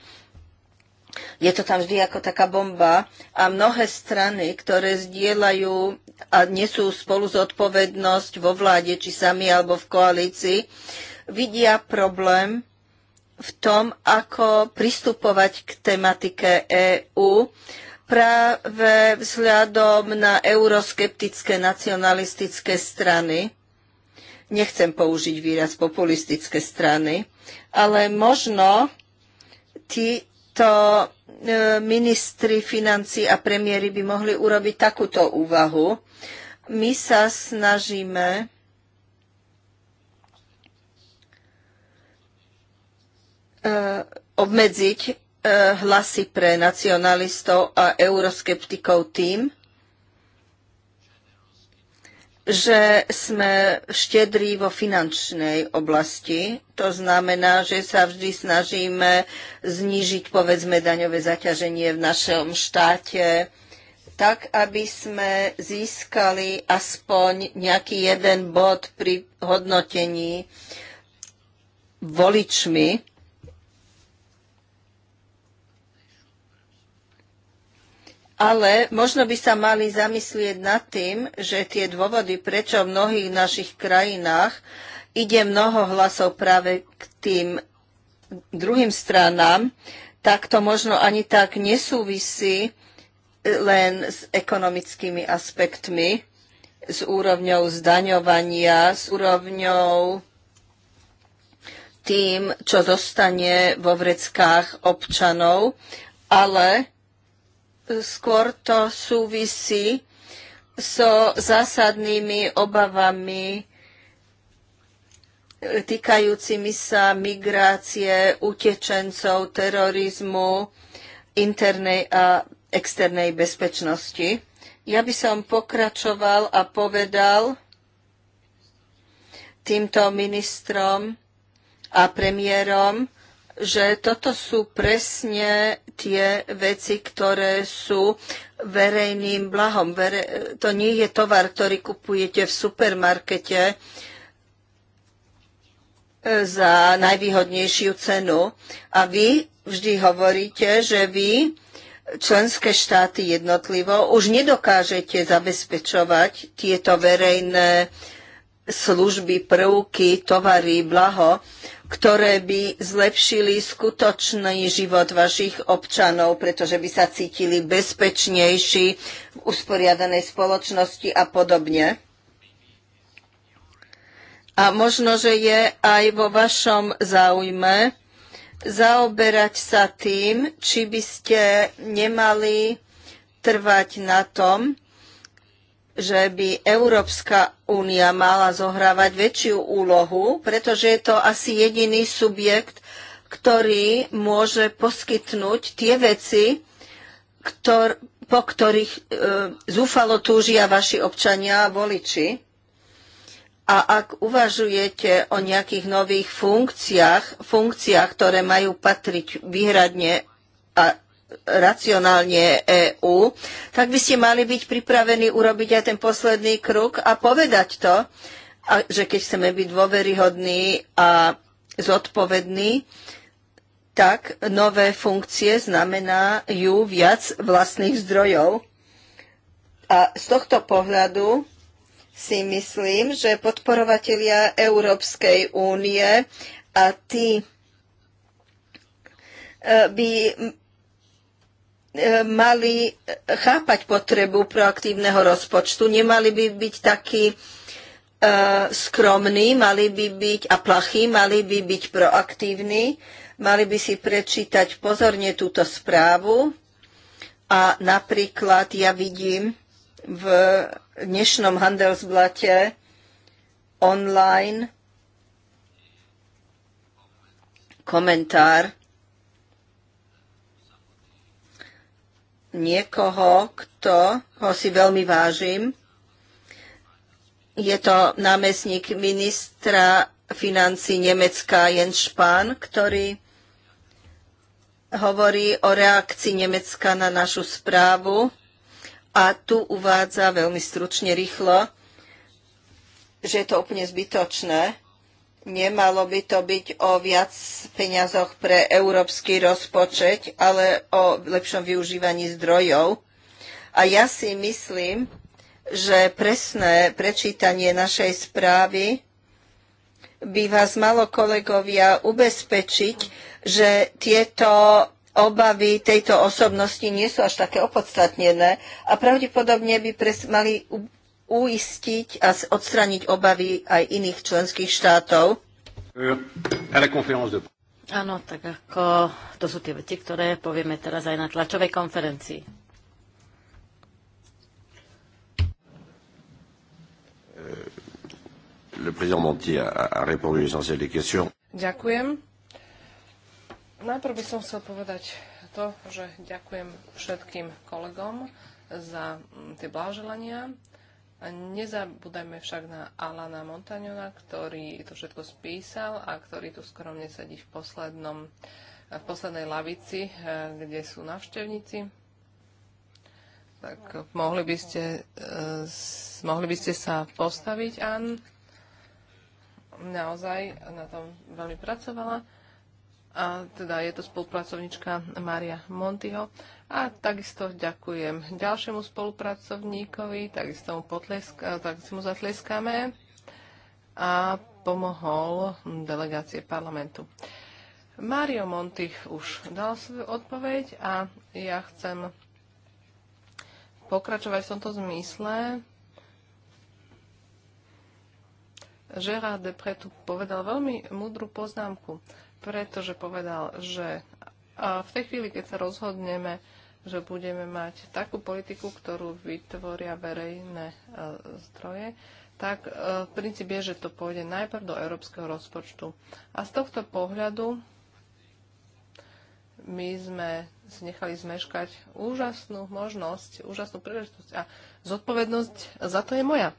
Je to tam vždy ako taká bomba a mnohé strany, ktoré zdieľajú a nesú spolu zodpovednosť vo vláde, či sami alebo v koalícii, vidia problém v tom, ako pristupovať k tematike EÚ práve vzhľadom na euroskeptické nacionalistické strany. Nechcem použiť výraz populistické strany, ale možno títo e, ministri financí a premiéry by mohli urobiť takúto úvahu. My sa snažíme e, obmedziť E, hlasy pre nacionalistov a euroskeptikov tým, že sme štedrí vo finančnej oblasti. To znamená, že sa vždy snažíme znížiť, povedzme, daňové zaťaženie v našom štáte, tak, aby sme získali aspoň nejaký jeden bod pri hodnotení voličmi Ale možno by sa mali zamyslieť nad tým, že tie dôvody, prečo v mnohých našich krajinách ide mnoho hlasov práve k tým druhým stranám, tak to možno ani tak nesúvisí e, len s ekonomickými aspektmi, s úrovňou zdaňovania, s úrovňou tým, čo zostane vo vreckách občanov, ale skôr to súvisí so zásadnými obavami týkajúcimi sa migrácie, utečencov, terorizmu, internej a externej bezpečnosti. Ja by som pokračoval a povedal týmto ministrom a premiérom, že toto sú presne tie veci, ktoré sú verejným blahom. Vere, to nie je tovar, ktorý kupujete v supermarkete e, za najvýhodnejšiu cenu. A vy vždy hovoríte, že vy členské štáty jednotlivo už nedokážete zabezpečovať tieto verejné služby, prvky, tovary, blaho ktoré by zlepšili skutočný život vašich občanov, pretože by sa cítili bezpečnejší v usporiadanej spoločnosti a podobne. A možno, že je aj vo vašom záujme zaoberať sa tým, či by ste nemali trvať na tom, že by Európska únia mala zohrávať väčšiu úlohu, pretože je to asi jediný subjekt, ktorý môže poskytnúť tie veci, ktor, po ktorých e, zúfalo túžia vaši občania a voliči. A ak uvažujete o nejakých nových funkciách, funkciách, ktoré majú patriť výhradne a racionálne EÚ, tak by ste mali byť pripravení urobiť aj ten posledný krok a povedať to, a že keď chceme byť dôveryhodní a zodpovední, tak nové funkcie znamenajú viac vlastných zdrojov. A z tohto pohľadu si myslím, že podporovatelia Európskej únie a tí e, by E, mali e, chápať potrebu proaktívneho rozpočtu, nemali by byť takí e, skromní, mali by byť a plachí, mali by byť proaktívni, mali by si prečítať pozorne túto správu a napríklad ja vidím v dnešnom Handelsblate online komentár niekoho, kto ho si veľmi vážim. Je to námestník ministra financí Nemecka Jens Spahn, ktorý hovorí o reakcii Nemecka na našu správu a tu uvádza veľmi stručne rýchlo, že je to úplne zbytočné, Nemalo by to byť o viac peňazoch pre európsky rozpočet, ale o lepšom využívaní zdrojov. A ja si myslím, že presné prečítanie našej správy by vás malo kolegovia ubezpečiť, že tieto obavy tejto osobnosti nie sú až také opodstatnené a pravdepodobne by pres, mali uistiť a odstraniť obavy aj iných členských štátov. Áno, tak ako to sú tie veci, ktoré povieme teraz aj na tlačovej konferencii. Le président Monti a, a répondu l'essentiel des questions. Ďakujem. Najprv by som chcel povedať to, že ďakujem všetkým kolegom za mm, tie blahoželania Nezabúdajme však na Alana Montagnona, ktorý to všetko spísal a ktorý tu skromne sedí v, poslednom, v poslednej lavici, eh, kde sú navštevníci. Tak mohli by ste, eh, mohli by ste sa postaviť, Ann. Naozaj na tom veľmi pracovala a teda je to spolupracovnička Maria Montiho. A takisto ďakujem ďalšiemu spolupracovníkovi, takisto mu, potlesk, e, si mu zatleskáme a pomohol delegácie parlamentu. Mario Monti už dal svoju odpoveď a ja chcem pokračovať v tomto zmysle. Gerard Depre tu povedal veľmi múdru poznámku pretože povedal, že v tej chvíli, keď sa rozhodneme, že budeme mať takú politiku, ktorú vytvoria verejné e, zdroje, tak v e, princípe je, že to pôjde najprv do európskeho rozpočtu. A z tohto pohľadu my sme si nechali zmeškať úžasnú možnosť, úžasnú príležitosť a zodpovednosť za to je moja.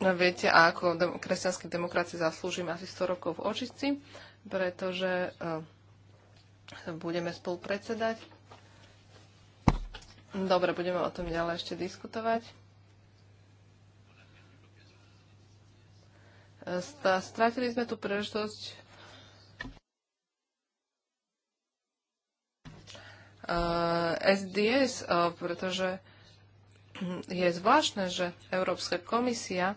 No, viete, a ako dem- kresťanskej demokracie zaslúžim asi 100 rokov v očici, pretože uh, budeme spolu predsedať. Dobre, budeme o tom ďalej ešte diskutovať. Eh, sta- stratili sme tu príležitosť uh, eh, SDS, uh, pretože je zvláštne, že Európska komisia e,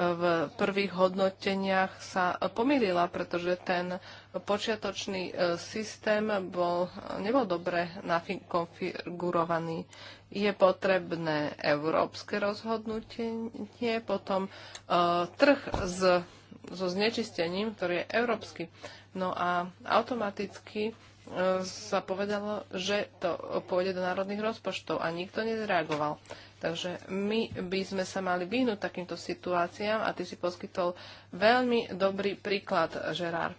v prvých hodnoteniach sa pomýlila, pretože ten počiatočný e, systém bol, nebol dobre nakonfigurovaný. Je potrebné európske rozhodnutie, potom uh, trh s, so znečistením, ktorý je európsky. No a automaticky uh, sa povedalo, že to pôjde do národných rozpočtov a nikto nezreagoval. Takže my by sme sa mali vyhnúť takýmto situáciám a ty si poskytol veľmi dobrý príklad, Žerár.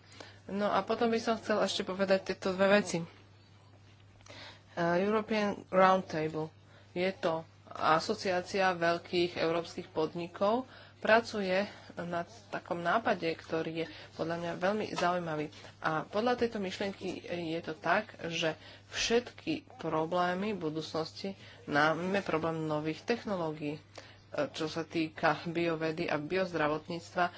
No a potom by som chcel ešte povedať tieto dve veci. Eh, European Roundtable je to asociácia veľkých európskych podnikov, pracuje na takom nápade, ktorý je podľa mňa veľmi zaujímavý. A podľa tejto myšlienky je to tak, že všetky problémy v budúcnosti No, máme problém nových technológií. E, čo sa týka biovedy a biozdravotníctva, e,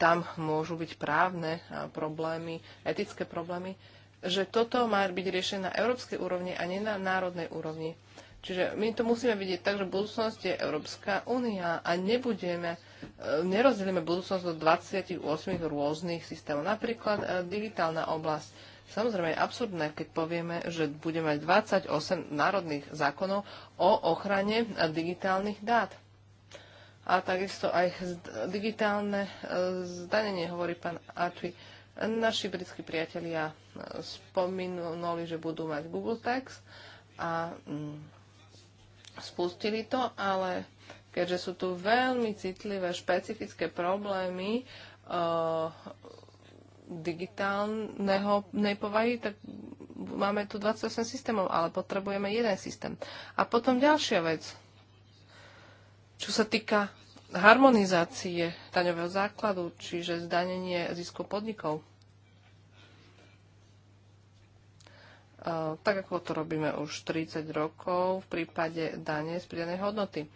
tam môžu byť právne e, problémy, etické problémy, že toto má byť riešené na európskej úrovni a nie na národnej úrovni. Čiže my to musíme vidieť tak, že budúcnosť je Európska únia a nebudeme, nerozdelíme budúcnosť do 28 rôznych systémov. Napríklad digitálna oblasť Samozrejme je absurdné, keď povieme, že budeme mať 28 národných zákonov o ochrane digitálnych dát. A takisto aj digitálne e, zdanenie, hovorí pán Archie. Naši britskí priatelia e, spomínali, že budú mať Google Tax a mm, spustili to, ale keďže sú tu veľmi citlivé špecifické problémy, e, digitálneho povahy, tak máme tu 28 systémov, ale potrebujeme jeden systém. A potom ďalšia vec, čo sa týka harmonizácie daňového základu, čiže zdanenie zisku podnikov. tak ako to robíme už 30 rokov v prípade dane z pridanej hodnoty.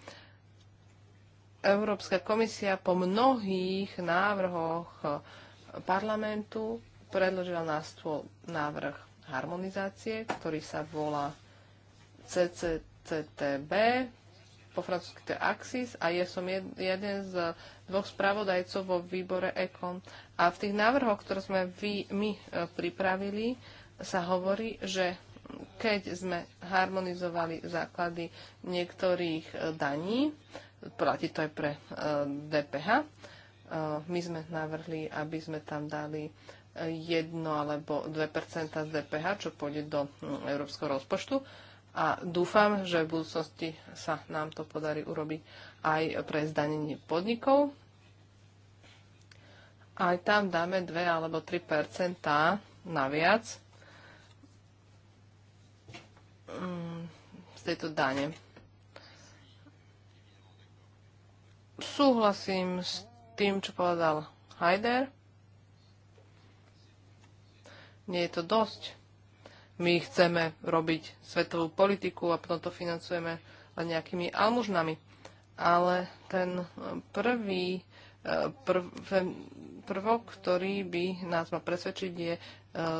Európska komisia po mnohých návrhoch parlamentu predložila na stôl návrh harmonizácie, ktorý sa volá CCCTB, po francúzsky to je Axis a je som jed, jeden z dvoch spravodajcov vo výbore ECOM. A v tých návrhoch, ktoré sme vy, my e, pripravili, sa hovorí, že keď sme harmonizovali základy niektorých e, daní, platí to aj pre e, DPH, Eh, my sme navrhli, aby sme tam dali 1 eh, alebo 2 z DPH, čo pôjde do hm, európskeho rozpočtu. A dúfam, že v budúcnosti sa nám to podarí urobiť aj pre zdanenie podnikov. Aj tam dáme 2 alebo 3 naviac hm, z tejto dane. Súhlasím s tým, čo povedal Heider. Nie je to dosť. My chceme robiť svetovú politiku a potom to financujeme len nejakými almužnami. Ale ten eh, prvý eh, prv, prvok, ktorý by nás mal presvedčiť, je eh,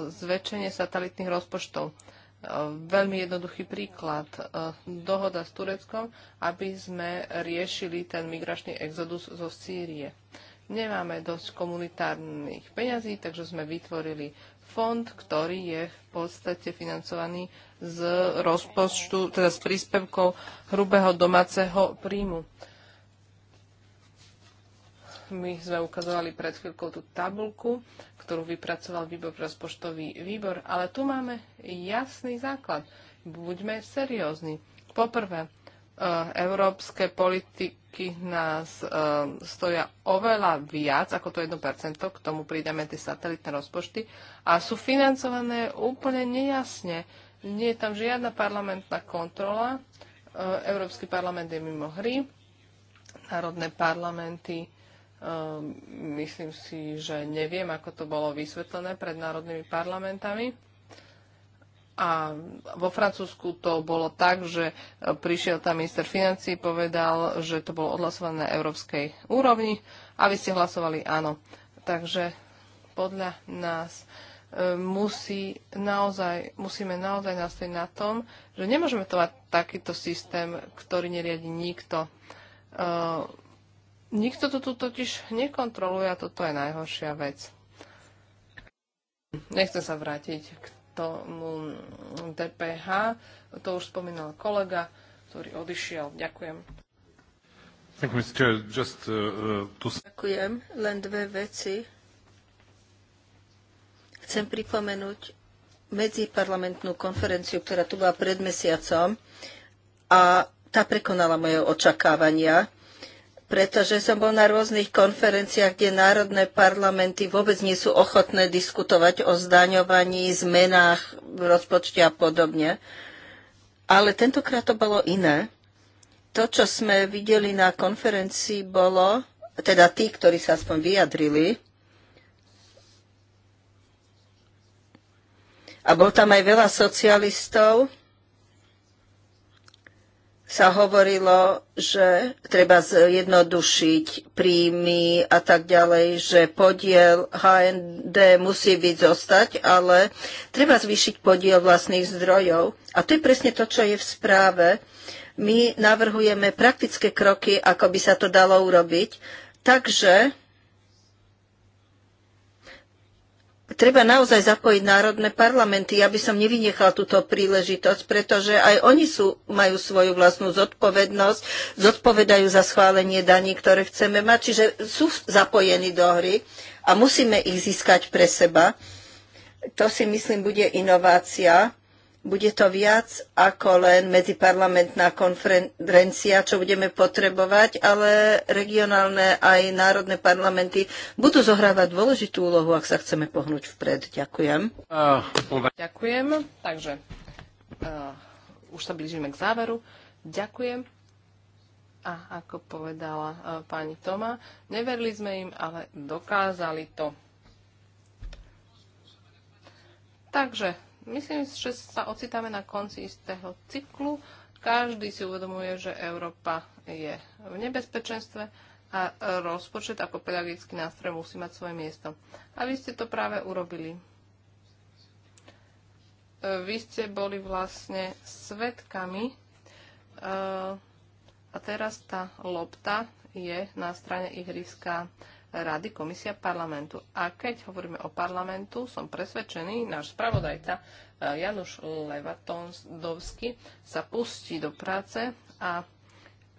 zväčšenie satelitných rozpočtov. Veľmi jednoduchý príklad. Eh, dohoda s Tureckom, aby sme riešili ten migračný exodus zo Sýrie. Nemáme dosť komunitárnych peňazí, takže sme vytvorili fond, ktorý je v podstate financovaný z rozpočtu, teda z príspevkov hrubého domáceho príjmu. My sme ukazovali pred chvíľkou tú tabulku, ktorú vypracoval výbor rozpočtový výbor, ale tu máme jasný základ. Buďme seriózni. Poprvé, e, európske politiky nás e, stoja oveľa viac ako to 1%, k tomu pridáme tie satelitné rozpočty a sú financované úplne nejasne. Nie je tam žiadna parlamentná kontrola. E, Európsky parlament je mimo hry, národné parlamenty Ehm, myslím si, že neviem, ako to bolo vysvetlené pred národnými parlamentami. A vo Francúzsku to bolo tak, že e, prišiel tam minister financí, povedal, že to bolo odhlasované na európskej úrovni a vy ste hlasovali áno. Takže podľa nás e, musí naozaj, musíme naozaj nastojiť na tom, že nemôžeme to mať takýto systém, ktorý neriadi nikto. E, Nikto to tu totiž nekontroluje a toto je najhoršia vec. Nechcem sa vrátiť k tomu DPH, to už spomínal kolega, ktorý odišiel. Ďakujem. Uh, uh, Ďakujem. Len dve veci. Chcem pripomenúť medziparlamentnú konferenciu, ktorá tu bola pred mesiacom a tá prekonala moje očakávania pretože som bol na rôznych konferenciách, kde národné parlamenty vôbec nie sú ochotné diskutovať o zdaňovaní, zmenách v rozpočte a podobne. Ale tentokrát to bolo iné. To, čo sme videli na konferencii, bolo, teda tí, ktorí sa aspoň vyjadrili, a bol tam aj veľa socialistov, sa hovorilo, že treba zjednodušiť príjmy a tak ďalej, že podiel HND musí byť zostať, ale treba zvýšiť podiel vlastných zdrojov. A to je presne to, čo je v správe. My navrhujeme praktické kroky, ako by sa to dalo urobiť. Takže treba naozaj zapojiť národné parlamenty. Ja by som nevynechal túto príležitosť, pretože aj oni sú, majú svoju vlastnú zodpovednosť, zodpovedajú za schválenie daní, ktoré chceme mať, čiže sú zapojení do hry a musíme ich získať pre seba. To si myslím bude inovácia bude to viac ako len medziparlamentná konferencia, čo budeme potrebovať, ale regionálne aj národné parlamenty budú zohrávať dôležitú úlohu, ak sa chceme pohnúť vpred. Ďakujem. Ďakujem. Takže uh, už sa blížime k záveru. Ďakujem. A ako povedala uh, pani Toma, neverili sme im, ale dokázali to. Takže Myslím, že sa ocitáme na konci istého cyklu. Každý si uvedomuje, že Európa je v nebezpečenstve a rozpočet ako pedagogický nástroj musí mať svoje miesto. A vy ste to práve urobili. Vy ste boli vlastne svetkami eh, a teraz tá lopta je na strane ihriska. Rady, Komisia, Parlamentu. A keď hovoríme o parlamentu, som presvedčený, náš spravodajca eh, Januš Levatondovský sa pustí do práce a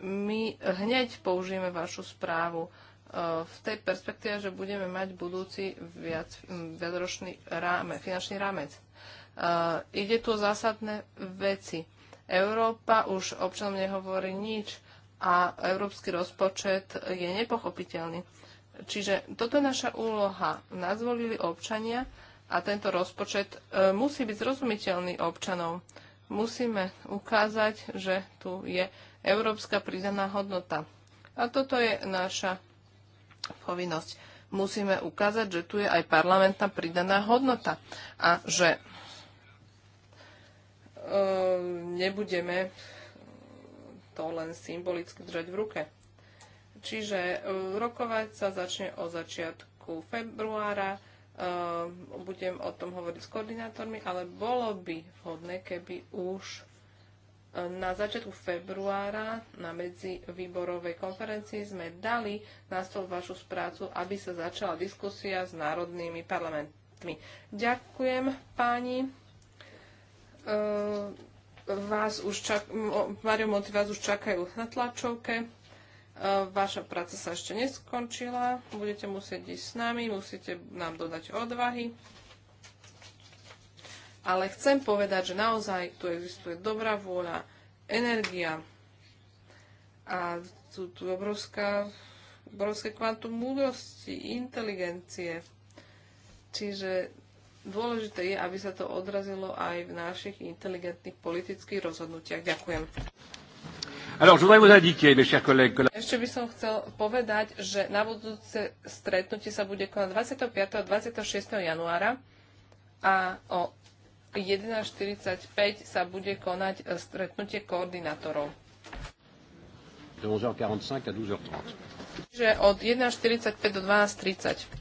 my hneď použijeme vašu správu eh, v tej perspektíve, že budeme mať budúci viac, hm, viacročný ráme, finančný rámec. Eh, ide tu o zásadné veci. Európa už občanom nehovorí nič a európsky rozpočet je nepochopiteľný Čiže toto je naša úloha. Nazvolili občania a tento rozpočet e, musí byť zrozumiteľný občanov. Musíme ukázať, že tu je európska pridaná hodnota. A toto je naša povinnosť. Musíme ukázať, že tu je aj parlamentná pridaná hodnota a že e, nebudeme to len symbolicky držať v ruke. Čiže e, rokovať sa začne o začiatku februára. E, budem o tom hovoriť s koordinátormi, ale bolo by vhodné, keby už e, na začiatku februára na medzivýborovej konferencii sme dali na stôl vašu sprácu, aby sa začala diskusia s národnými parlamentmi. Ďakujem páni. vás už čak, Mario Monti vás už čakajú na tlačovke. E, vaša práca sa ešte neskončila, budete musieť ísť s nami, musíte nám dodať odvahy. Ale chcem povedať, že naozaj tu existuje dobrá vôľa, energia a tu, tu obrovská, obrovské kvantum múdrosti, inteligencie. Čiže dôležité je, aby sa to odrazilo aj v našich inteligentných politických rozhodnutiach. Ďakujem. Ešte by som chcel povedať, že na budúce stretnutie sa bude konať 25. a 26. januára a o 11.45 sa bude konať e, stretnutie koordinátorov. Čiže od 1.45 do 12.30.